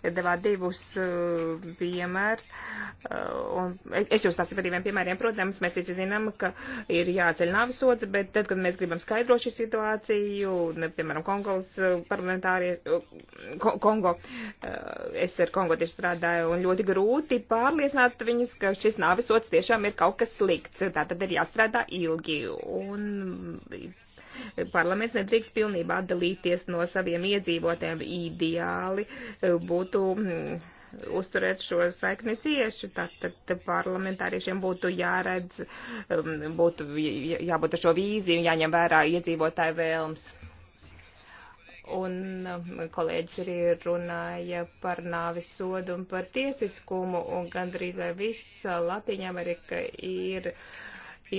devāt divus piemērus, un es, es jūs stāstu par diviem piemēriem. Protams, mēs visi zinām, ka ir jāceļ navisots, bet tad, kad mēs gribam skaidrot šo situāciju, ne, piemēram, Kongolas parlamentārieši, Kongo Kongo. Eh, es ar Kongo tieši strādāju un ļoti grūti pārliecināt viņus, ka šis nāvisots tiešām ir kaut kas slikts. Tā tad ir jāstrādā ilgi. Un parlaments nedrīkst pilnībā atdalīties no saviem iedzīvotēm. Ideāli eh, būtu mm, uzturēt šo saikni cieši, tad parlamentāriešiem būtu jāredz, mm, būtu jābūt ar šo vīziju, jāņem vērā iedzīvotāju vēlms. Un um, kolēģis arī runāja par nāvis sodu un par tiesiskumu, un gandrīz visa Latīņa Amerika ir,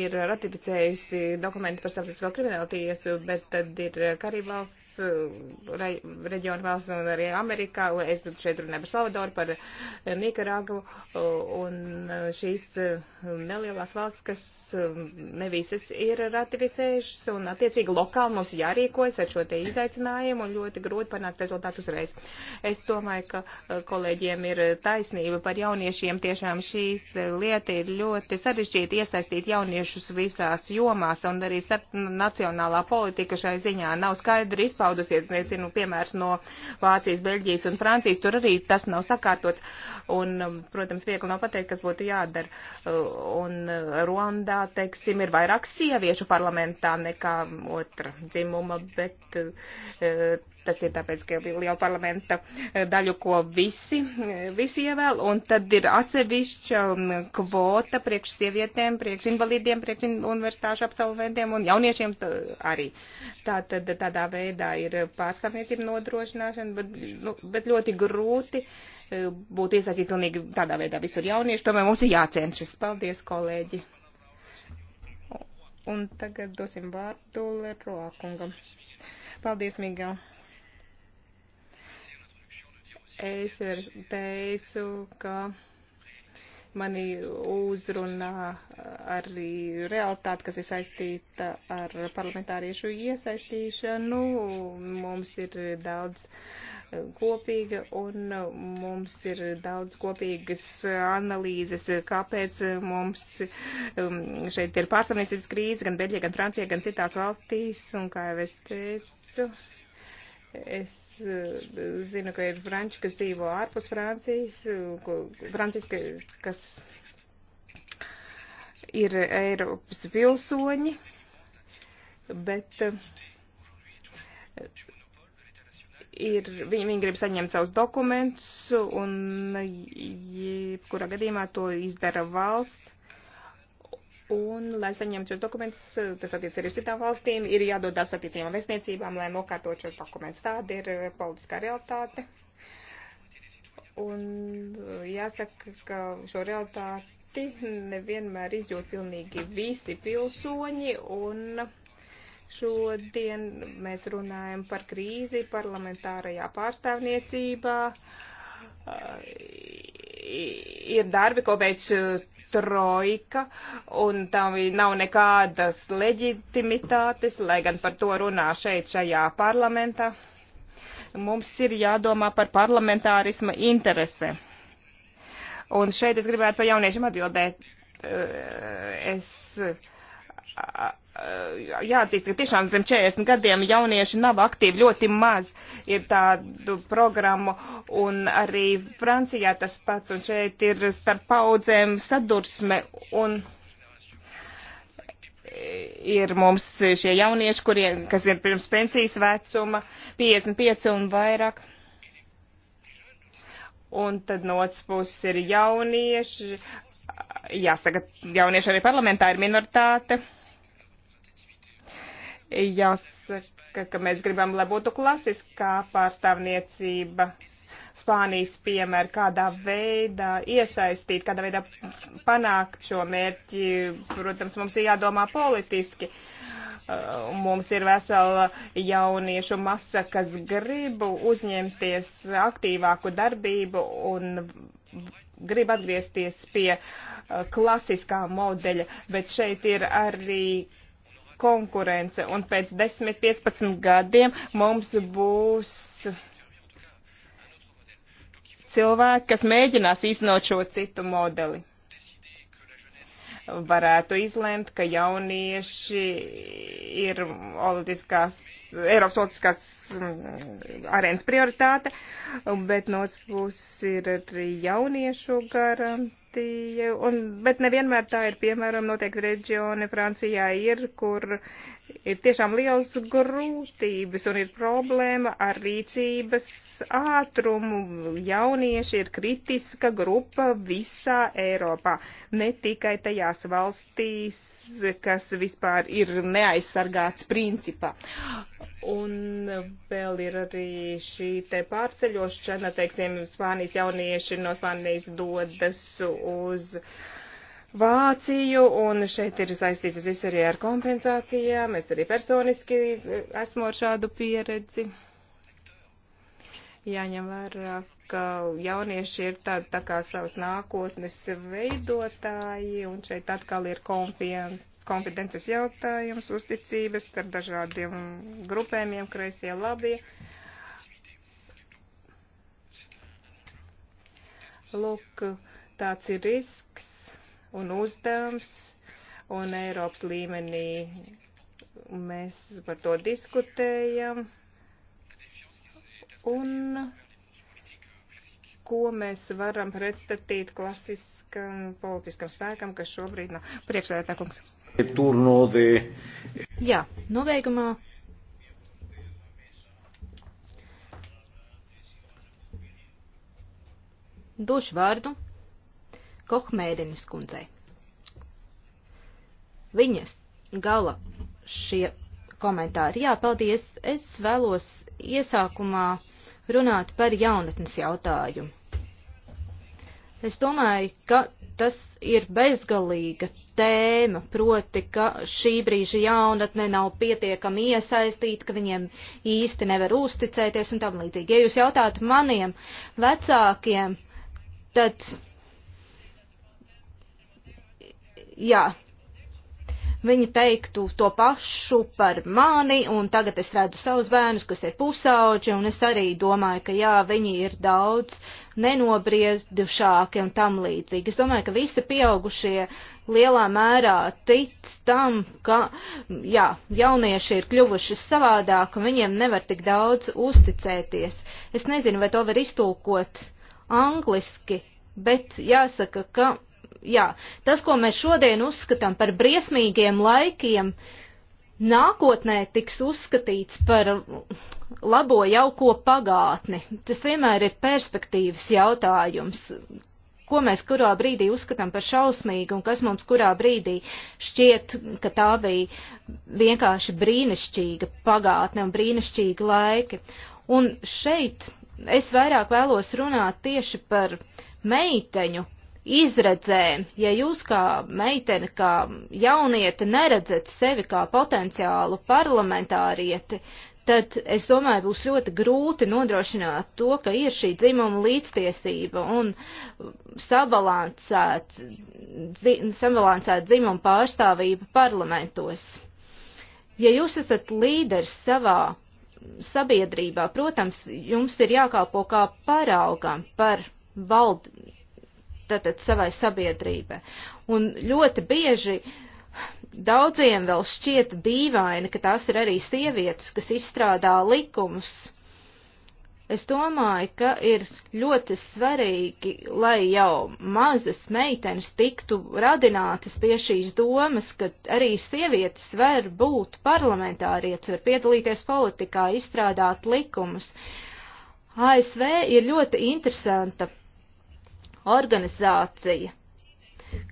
ir ratificējusi dokumentu par starptautisko kriminālu tiesu, bet tad ir Karību valsts, um, re, reģionu valsts un arī Amerikā, un es šeit runāju par Salvadoru, par Nikaragu, un um, šīs nelielās valsts, kas Um, ne visas ir ratificējušas, un attiecīgi lokāli mums jārīkojas ar šo te izaicinājumu, un ļoti grūti panākt rezultātu uzreiz. Es domāju, ka uh, kolēģiem ir taisnība par jauniešiem. Tiešām šī uh, lieta ir ļoti sarežģīta iesaistīt jauniešus visās jomās, un arī nacionālā politika šai ziņā nav skaidri izpaudusies. Nezinu, piemērs no Vācijas, Beļģijas un Francijas, tur arī tas nav sakārtots, un, um, protams, viegli nav pateikt, kas būtu jādara. Uh, un Ruandā parlamentā, teiksim, ir vairāk sieviešu parlamentā nekā otra dzimuma, bet e, tas ir tāpēc, ka ir liela parlamenta daļu, ko visi, visi ievēl, un tad ir atsevišķa um, kvota priekš sievietēm, priekš invalīdiem, priekš universitāšu absolventiem un jauniešiem arī. Tā tad tādā veidā ir pārstāvniecība nodrošināšana, bet, nu, bet ļoti grūti e, būtu iesaistīt pilnīgi tādā veidā visur jaunieši, tomēr mums ir jācenšas. Paldies, kolēģi! Un tagad dosim vārdu Leroā kungam. Paldies, Migā. Es teicu, ka mani uzrunā arī realitāte, kas ir saistīta ar parlamentāriešu iesaistīšanu. Mums ir daudz uh, kopīga un uh, mums ir daudz kopīgas analīzes, kāpēc uh, mums um, šeit ir pārstāvniecības krīze gan Beļģijā, gan Francijā, gan citās valstīs. Un kā jau es teicu, es uh, zinu, ka ir franči, kas dzīvo ārpus Francijas, Francijas, kas ir Eiropas pilsoņi, bet ir, viņi, viņi grib saņemt savus dokumentus, un jebkurā gadījumā to izdara valsts. Un, lai saņemtu šos dokumentus, tas attiec arī uz citām valstīm, ir jādodas attiecīgām vēstniecībām, lai nokārtot šos dokumentus. Tāda ir politiskā realitāte. Un jāsaka, ka šo realitāti nevienmēr izjūt pilnīgi visi pilsoņi, un Šodien mēs runājam par krīzi parlamentārajā pārstāvniecībā. Ir darbi, ko veic uh, trojka, un tam nav nekādas leģitimitātes, lai gan par to runā šeit šajā parlamentā. Mums ir jādomā par parlamentārisma interese. Un šeit es gribētu par jauniešiem atbildēt. Uh, es jāatzīst, ka tiešām zem 40 gadiem jaunieši nav aktīvi, ļoti maz ir tādu programmu, un arī Francijā tas pats, un šeit ir starp paudzēm sadursme, un ir mums šie jaunieši, kuriem, kas ir pirms pensijas vecuma, 55 un vairāk. Un tad no otras puses ir jaunieši, jāsaka, jaunieši arī parlamentā ir minoritāte Jāsaka, ka mēs gribam, lai būtu klasiskā pārstāvniecība. Spānijas piemēra, kādā veidā iesaistīt, kādā veidā panākt šo mērķi. Protams, mums ir jādomā politiski. Uh, mums ir vesela jauniešu masa, kas grib uzņemties aktīvāku darbību un grib atgriezties pie uh, klasiskā modeļa, bet šeit ir arī konkurence, un pēc 10-15 gadiem mums būs cilvēki, kas mēģinās iznot šo citu modeli. Varētu izlemt, ka jaunieši ir politiskās, Eiropas politiskās mm, arēnas prioritāte, bet no otras puses ir arī jauniešu garantija Vācija, un, bet nevienmēr tā ir, piemēram, noteikti reģioni Francijā ir, kur ir tiešām liels grūtības un ir problēma ar rīcības ātrumu. Jaunieši ir kritiska grupa visā Eiropā, ne tikai tajās valstīs, kas vispār ir neaizsargāts principā. Un vēl ir arī šī te pārceļošana, teiksim, Spānijas jaunieši no Spānijas dodas uz. Uh, Vāciju, un šeit ir saistīts viss arī ar kompensācijām. Es arī personiski e, esmu ar šādu pieredzi. Jāņem vērā, ka jaunieši ir tādi tā kā savas nākotnes veidotāji, un šeit atkal ir konfidences jautājums, uzticības starp dažādiem grupējumiem, kreisie labie. Lūk, tāds ir risks un uzdevums, un Eiropas līmenī mēs par to diskutējam. Un ko mēs varam pretstatīt klasiskam politiskam spēkam, kas šobrīd nav priekšsēdētā kungs. E Jā, nobeigumā. Došu vārdu Kohmērinis kundzei. Viņas gala šie komentāri. Jā, paldies. Es vēlos iesākumā runāt par jaunatnes jautājumu. Es domāju, ka tas ir bezgalīga tēma, proti, ka šī brīža jaunatne nav pietiekami iesaistīta, ka viņiem īsti nevar uzticēties un tam līdzīgi. Ja jūs jautātu maniem vecākiem, tad jā, viņi teiktu to pašu par mani, un tagad es redzu savus bērnus, kas ir pusauģi, un es arī domāju, ka jā, viņi ir daudz nenobriedušāki un tam līdzīgi. Es domāju, ka visi pieaugušie lielā mērā tic tam, ka, jā, jaunieši ir kļuvuši savādāk, un viņiem nevar tik daudz uzticēties. Es nezinu, vai to var iztulkot angliski, bet jāsaka, ka jā, tas, ko mēs šodien uzskatām par briesmīgiem laikiem, nākotnē tiks uzskatīts par labo jauko pagātni. Tas vienmēr ir perspektīvas jautājums, ko mēs kurā brīdī uzskatām par šausmīgu un kas mums kurā brīdī šķiet, ka tā bija vienkārši brīnišķīga pagātne un brīnišķīgi laiki. Un šeit es vairāk vēlos runāt tieši par meiteņu izredzēm, ja jūs kā meitene, kā jauniete neredzat sevi kā potenciālu parlamentārieti, tad es domāju, būs ļoti grūti nodrošināt to, ka ir šī dzimuma līdztiesība un sabalansēta dzi, sabalansēt dzimuma pārstāvība parlamentos. Ja jūs esat līderis savā sabiedrībā, protams, jums ir jākalpo kā paraugam par valdību tātad savai sabiedrībai. Un ļoti bieži daudziem vēl šķiet dīvaini, ka tās ir arī sievietes, kas izstrādā likumus. Es domāju, ka ir ļoti svarīgi, lai jau mazas meitenes tiktu radinātas pie šīs domas, ka arī sievietes var būt parlamentārietes, var piedalīties politikā, izstrādāt likumus. ASV ir ļoti interesanta organizācija,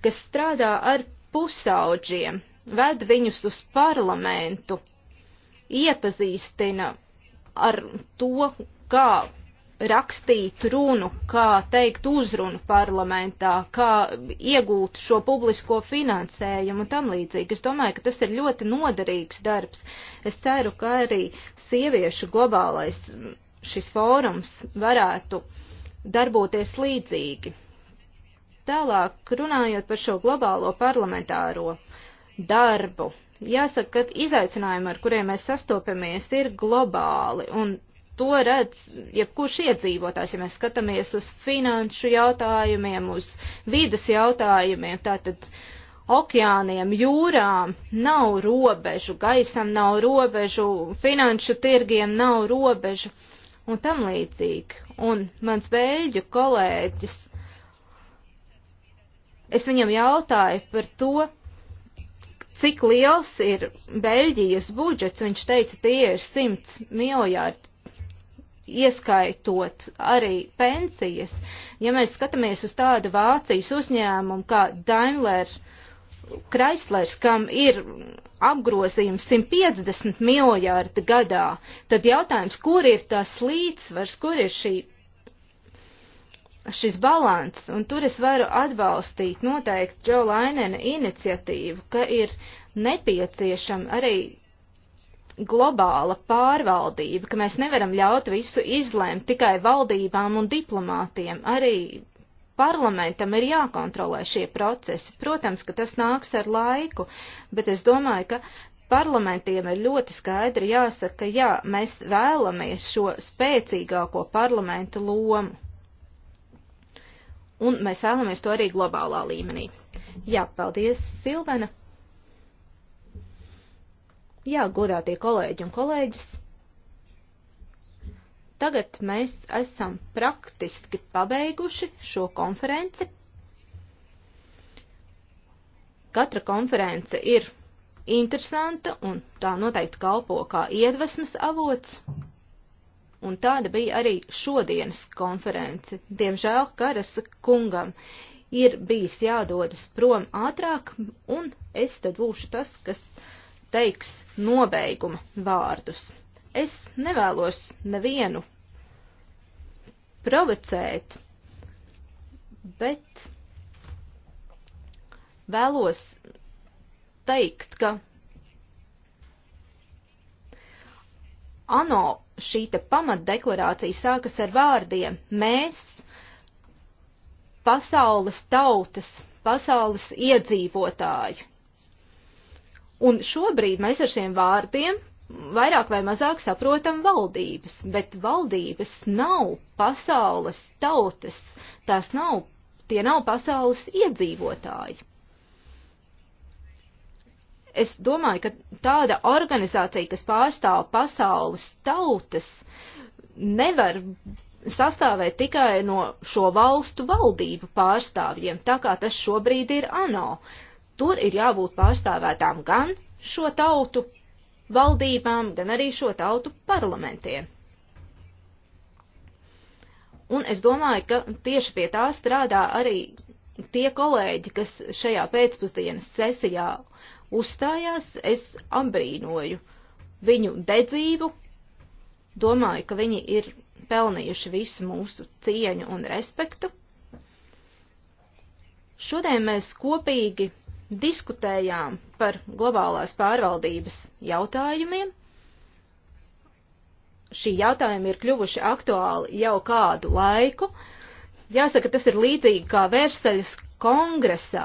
kas strādā ar pusauģiem, ved viņus uz parlamentu, iepazīstina ar to, kā rakstīt runu, kā teikt uzrunu parlamentā, kā iegūt šo publisko finansējumu un tam līdzīgi. Es domāju, ka tas ir ļoti noderīgs darbs. Es ceru, ka arī sieviešu globālais šis fórums varētu uh, darboties līdzīgi. Tālāk, runājot par šo globālo parlamentāro darbu, jāsaka, ka izaicinājumi, ar kuriem mēs sastopamies, ir globāli, un to redz jebkurš iedzīvotājs, ja mēs skatāmies uz finanšu jautājumiem, uz vidas jautājumiem, tātad okeāniem, jūrām nav robežu, gaisam nav robežu, finanšu tirgiem nav robežu. Uh, un tam līdzīgi. Un mans beļģu kolēģis, es viņam jautāju par to, cik liels ir Beļģijas budžets, viņš teica, tie ir 100 miljārdi, ieskaitot arī pensijas. Ja mēs skatāmies uz tādu Vācijas uzņēmumu kā Daimler, uh, Kreislers, kam ir apgrozījums 150 miljārdi gadā, tad jautājums, kur ir tas līdzsvars, kur ir šī, šis balans, un tur es varu atbalstīt noteikti Džo Lainena iniciatīvu, ka ir nepieciešama arī globāla pārvaldība, ka mēs nevaram ļaut visu izlēmt tikai valdībām un diplomātiem, arī parlamentam ir jākontrolē šie procesi. Protams, ka tas nāks ar laiku, bet es domāju, ka parlamentiem ir ļoti skaidri jāsaka, ka jā, mēs vēlamies šo spēcīgāko parlamenta lomu. Un mēs vēlamies to arī globālā līmenī. Jā, paldies, Silvana. Jā, godātie kolēģi un kolēģis. Tagad mēs esam praktiski pabeiguši šo konferenci. Katra konference ir interesanta un tā noteikti kalpo kā iedvesmas avots. Un tāda bija arī šodienas konference. Diemžēl Karasa kungam ir bijis jādodas prom ātrāk, un es tad būšu tas, kas teiks nobeiguma vārdus. Es nevēlos nevienu provocēt, bet vēlos teikt, ka ANO šī te pamatdeklarācija sākas ar vārdiem mēs, pasaules tautas, pasaules iedzīvotāji. Un šobrīd mēs ar šiem vārdiem vairāk vai mazāk saprotam valdības, bet valdības nav pasaules tautas, tās nav, tie nav pasaules iedzīvotāji. Es domāju, ka tāda organizācija, kas pārstāv pasaules tautas, nevar sastāvēt tikai no šo valstu valdību pārstāvjiem, tā kā tas šobrīd ir ANO. Tur ir jābūt pārstāvētām gan šo tautu, valdībām, gan arī šo tautu parlamentiem. Un es domāju, ka tieši pie tā strādā arī tie kolēģi, kas šajā pēcpusdienas sesijā uzstājās. Es ambrīnoju viņu dedzību, domāju, ka viņi ir pelnījuši visu mūsu cieņu un respektu. Šodien mēs kopīgi diskutējām par globālās pārvaldības jautājumiem. Šī jautājuma ir kļuvuši aktuāli jau kādu laiku. Jāsaka, tas ir līdzīgi kā Versaļas kongresā.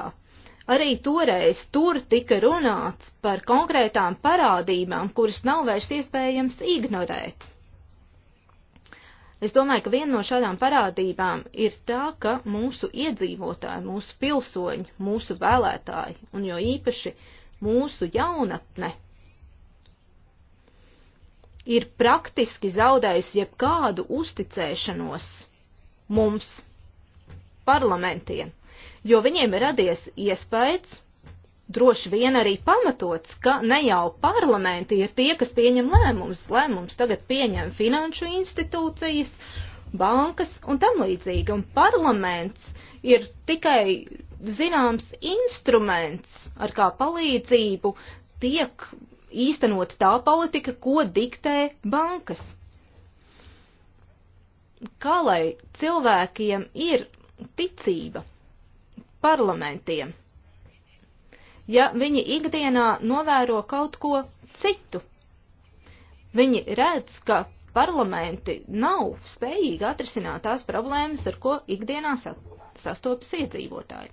Arī toreiz tur tika runāts par konkrētām parādībām, kuras nav vairs iespējams ignorēt. Es domāju, ka viena no šādām parādībām ir tā, ka mūsu iedzīvotāji, mūsu pilsoņi, mūsu vēlētāji un jo īpaši mūsu jaunatne ir praktiski zaudējusi jebkādu uzticēšanos mums, parlamentiem, jo viņiem ir radies iespējas, droši vien arī pamatots, ka ne jau parlamenti ir tie, kas pieņem lēmumus. Lēmumus tagad pieņem finanšu institūcijas, bankas un tam līdzīgi. Un parlaments ir tikai zināms instruments, ar kā palīdzību tiek īstenot tā politika, ko diktē bankas. Kā lai cilvēkiem ir ticība parlamentiem? ja viņi ikdienā novēro kaut ko citu. Viņi redz, ka parlamenti nav spējīgi atrisināt tās problēmas, ar ko ikdienā sastopas iedzīvotāji.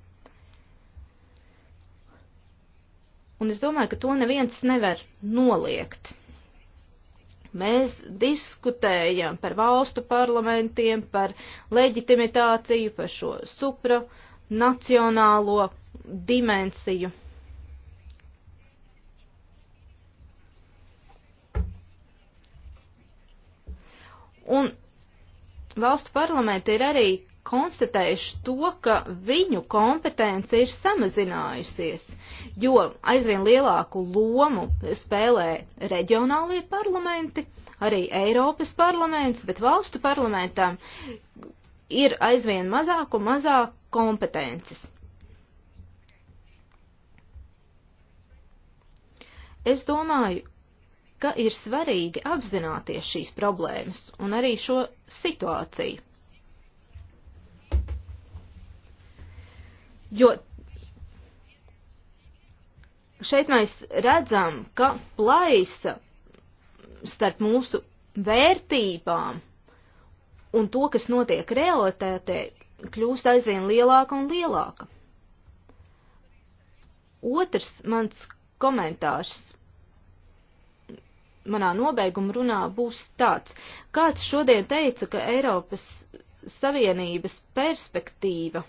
Un es domāju, ka to neviens nevar noliegt. Mēs diskutējam par valstu parlamentiem, par leģitimitāciju, par šo supranacionālo dimensiju. Un valstu parlamenti ir arī konstatējuši to, ka viņu kompetence ir samazinājusies, jo aizvien lielāku lomu spēlē reģionālie parlamenti, arī Eiropas parlaments, bet valstu parlamentam ir aizvien mazāk un mazāk kompetences. Es domāju, ka ir svarīgi apzināties šīs problēmas un arī šo situāciju. Jo šeit mēs redzam, ka plaisa starp mūsu vērtībām un to, kas notiek realitātē, kļūst aizvien lielāka un lielāka. Otrs mans komentārs manā nobeiguma runā būs tāds. Kāds šodien teica, ka Eiropas Savienības perspektīva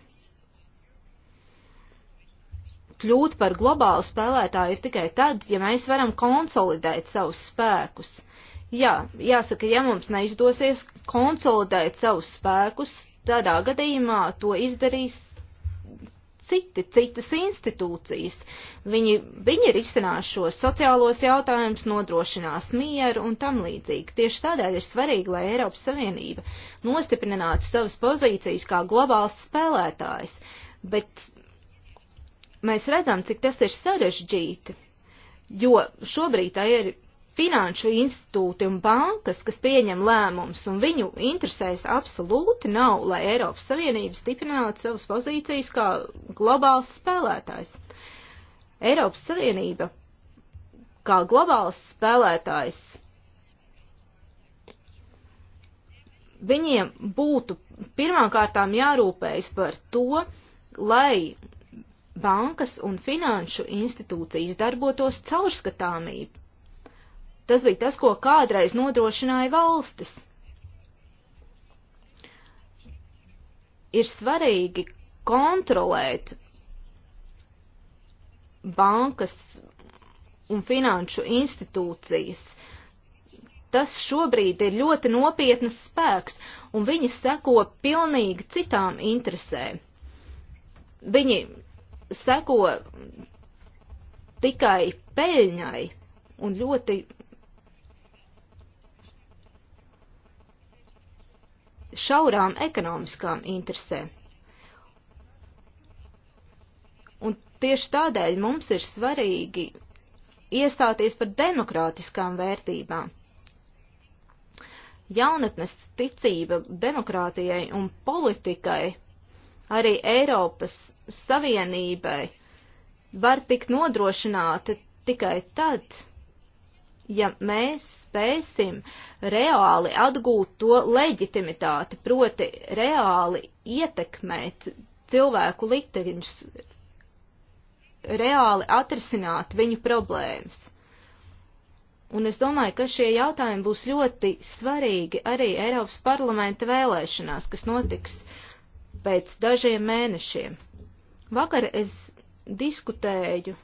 kļūt par globālu spēlētāju ir tikai tad, ja mēs varam konsolidēt savus spēkus. Jā, jāsaka, ja mums neizdosies konsolidēt savus spēkus, tādā gadījumā to izdarīs citi, citas institūcijas. Viņi, viņi ir izcinās šos sociālos jautājumus, nodrošinās mieru un tam līdzīgi. Tieši tādēļ ir svarīgi, lai Eiropas Savienība nostiprinātu savas pozīcijas kā globāls spēlētājs, bet mēs redzam, cik tas ir sarežģīti, jo šobrīd tā ir finanšu institūti un bankas, kas pieņem lēmumus, un viņu interesēs absolūti nav, lai Eiropas Savienība stiprinātu savas pozīcijas kā globāls spēlētājs. Eiropas Savienība kā globāls spēlētājs viņiem būtu pirmkārtām jārūpējas par to, lai bankas un finanšu institūcijas darbotos caurskatāmību Tas bija tas, ko kādreiz nodrošināja valstis. Ir svarīgi kontrolēt bankas un finanšu institūcijas. Tas šobrīd ir ļoti nopietnas spēks, un viņi seko pilnīgi citām interesēm. Viņi seko tikai peļņai un ļoti šaurām ekonomiskām interesēm. Un tieši tādēļ mums ir svarīgi iestāties par demokrātiskām vērtībām. Jaunatnes ticība demokrātijai un politikai, arī Eiropas Savienībai, var tikt nodrošināta tikai tad, ja mēs spēsim reāli atgūt to leģitimitāti, proti reāli ietekmēt cilvēku likteņus, reāli atrisināt viņu problēmas. Un es domāju, ka šie jautājumi būs ļoti svarīgi arī Eiropas parlamenta vēlēšanās, kas notiks pēc dažiem mēnešiem. Vakar es diskutēju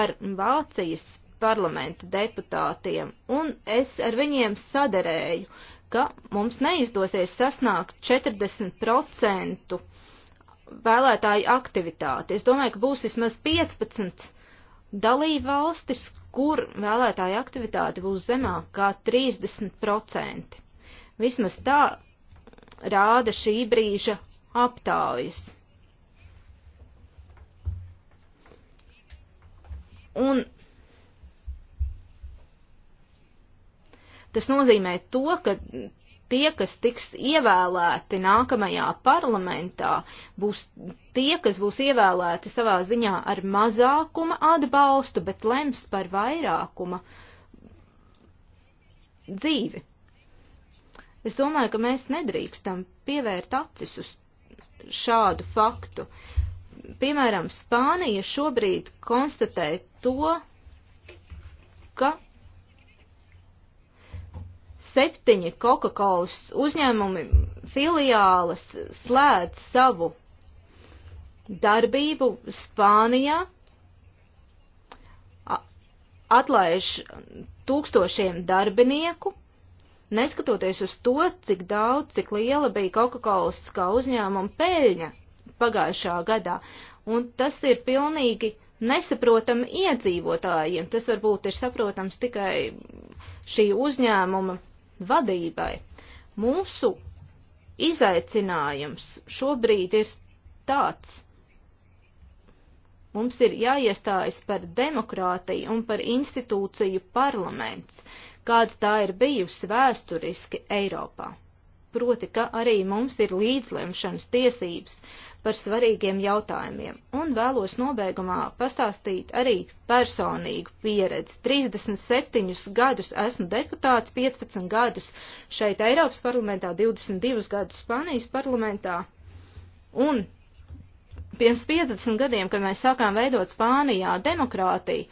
ar Vācijas parlamenta deputātiem, un es ar viņiem saderēju, ka mums neizdosies sasnākt 40% vēlētāju aktivitāti. Es domāju, ka būs vismaz 15 dalību valstis, kur vēlētāju aktivitāte būs zemāk kā 30%. Vismaz tā rāda šī brīža aptaujas. Un Tas nozīmē to, ka tie, kas tiks ievēlēti nākamajā parlamentā, būs tie, kas būs ievēlēti savā ziņā ar mazākuma atbalstu, bet lems par vairākuma dzīvi. Es domāju, ka mēs nedrīkstam pievērt acis uz šādu faktu. Piemēram, Spānija šobrīd konstatē to, ka septiņi Coca-Colas uzņēmumi filiāles slēdz savu darbību Spānijā, atlaiž tūkstošiem darbinieku, neskatoties uz to, cik daudz, cik liela bija Coca-Colas kā uzņēmuma peļņa pagājušā gadā. Un tas ir pilnīgi nesaprotami iedzīvotājiem. Tas varbūt ir saprotams tikai šī uzņēmuma vadībai. Mūsu izaicinājums šobrīd ir tāds. Mums ir jāiestājas par demokrātiju un par institūciju parlaments, kāda tā ir bijusi vēsturiski Eiropā proti, ka arī mums ir līdzlemšanas tiesības par svarīgiem jautājumiem, un vēlos nobeigumā pastāstīt arī personīgu pieredzi. 37 gadus esmu deputāts, 15 gadus šeit Eiropas parlamentā, 22 gadus Spānijas parlamentā, un pirms 50 gadiem, kad mēs sākām veidot Spānijā demokrātiju,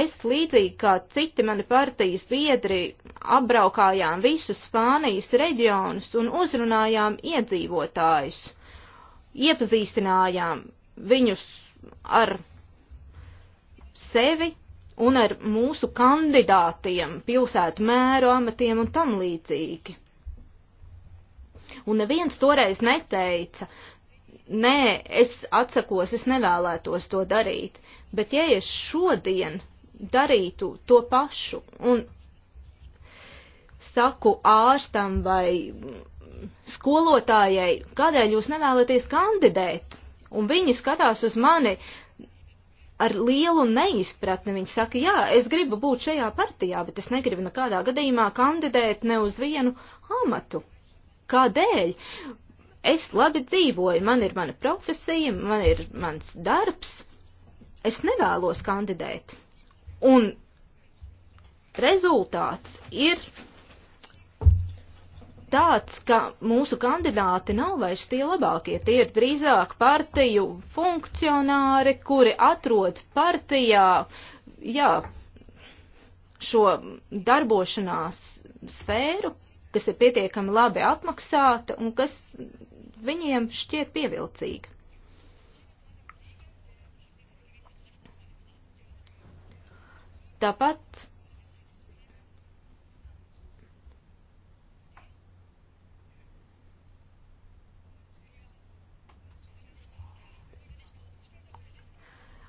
Es līdzīgi kā citi mani partijas biedri apbraukājām visus Spānijas reģionus un uzrunājām iedzīvotājus. Iepazīstinājām viņus ar sevi un ar mūsu kandidātiem, pilsētu mēru amatiem un tam līdzīgi. Un neviens toreiz neteica, nē, es atsakos, es nevēlētos to darīt, bet ja es šodien darītu to pašu un saku ārstam vai skolotājai, kādēļ jūs nevēlaties kandidēt? Un viņi skatās uz mani ar lielu neizpratni. Viņi saka, jā, es gribu būt šajā partijā, bet es negribu nekādā gadījumā kandidēt ne uz vienu amatu. Kādēļ? Es labi dzīvoju, man ir mana profesija, man ir mans darbs. Es nevēlos kandidēt. Un rezultāts ir tāds, ka mūsu kandidāti nav vairs tie labākie. Tie ir drīzāk partiju funkcionāri, kuri atrod partijā, jā, šo darbošanās sfēru, kas ir pietiekami labi apmaksāta un kas viņiem šķiet pievilcīga. Tāpat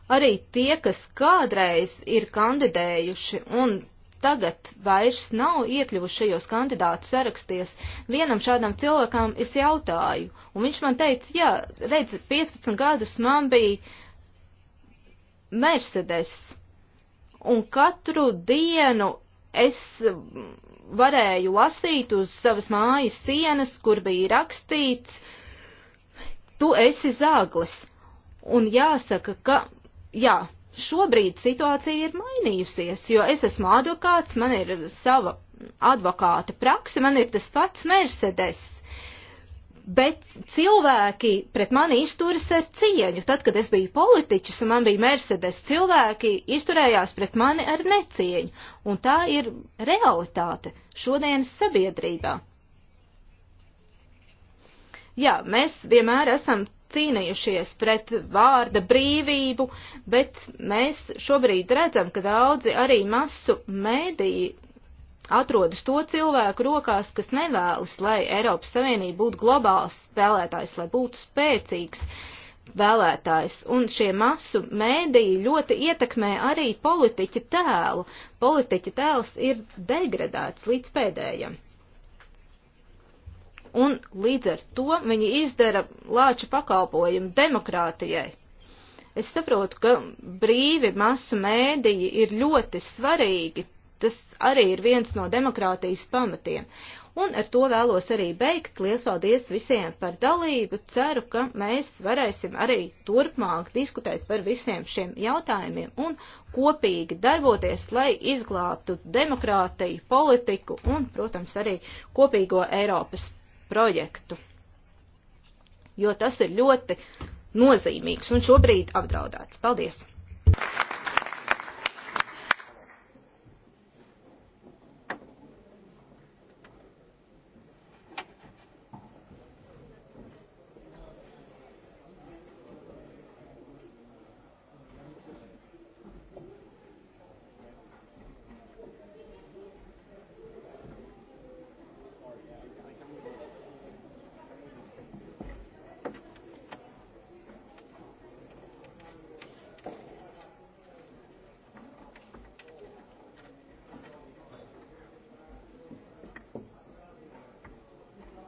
arī tie, kas kādreiz ir kandidējuši un tagad vairs nav iekļuvuši šajos kandidātu saraksties, vienam šādam cilvēkam es jautāju, un viņš man teica, jā, redz, 15 gadus man bija Mercedes, un katru dienu es varēju lasīt uz savas mājas sienas, kur bija rakstīts, tu esi zāglis. Un jāsaka, ka, jā, šobrīd situācija ir mainījusies, jo es esmu advokāts, man ir sava advokāta praksa, man ir tas pats Mercedes bet cilvēki pret mani izturas ar cieņu. Tad, kad es biju politiķis un man bija Mercedes, cilvēki izturējās pret mani ar necieņu. Un tā ir realitāte šodienas sabiedrībā. Jā, mēs vienmēr esam cīnījušies pret vārda brīvību, bet mēs šobrīd redzam, ka daudzi arī masu mēdīji atrodas to cilvēku rokās, kas nevēlas, lai Eiropas Savienība būtu globāls spēlētājs, lai būtu spēcīgs vēlētājs. Un šie masu mēdīji ļoti ietekmē arī politiķa tēlu. Politiķa tēls ir degradēts līdz pēdējam. Un līdz ar to viņi izdara lāča pakalpojumu demokrātijai. Es saprotu, ka brīvi masu mēdīji ir ļoti svarīgi tas arī ir viens no demokrātijas pamatiem. Un ar to vēlos arī beigt. Lielas paldies visiem par dalību. Ceru, ka mēs varēsim arī turpmāk diskutēt par visiem šiem jautājumiem un kopīgi darboties, lai izglābtu demokrātiju, politiku un, protams, arī kopīgo Eiropas projektu. Jo tas ir ļoti nozīmīgs un šobrīd apdraudēts. Paldies!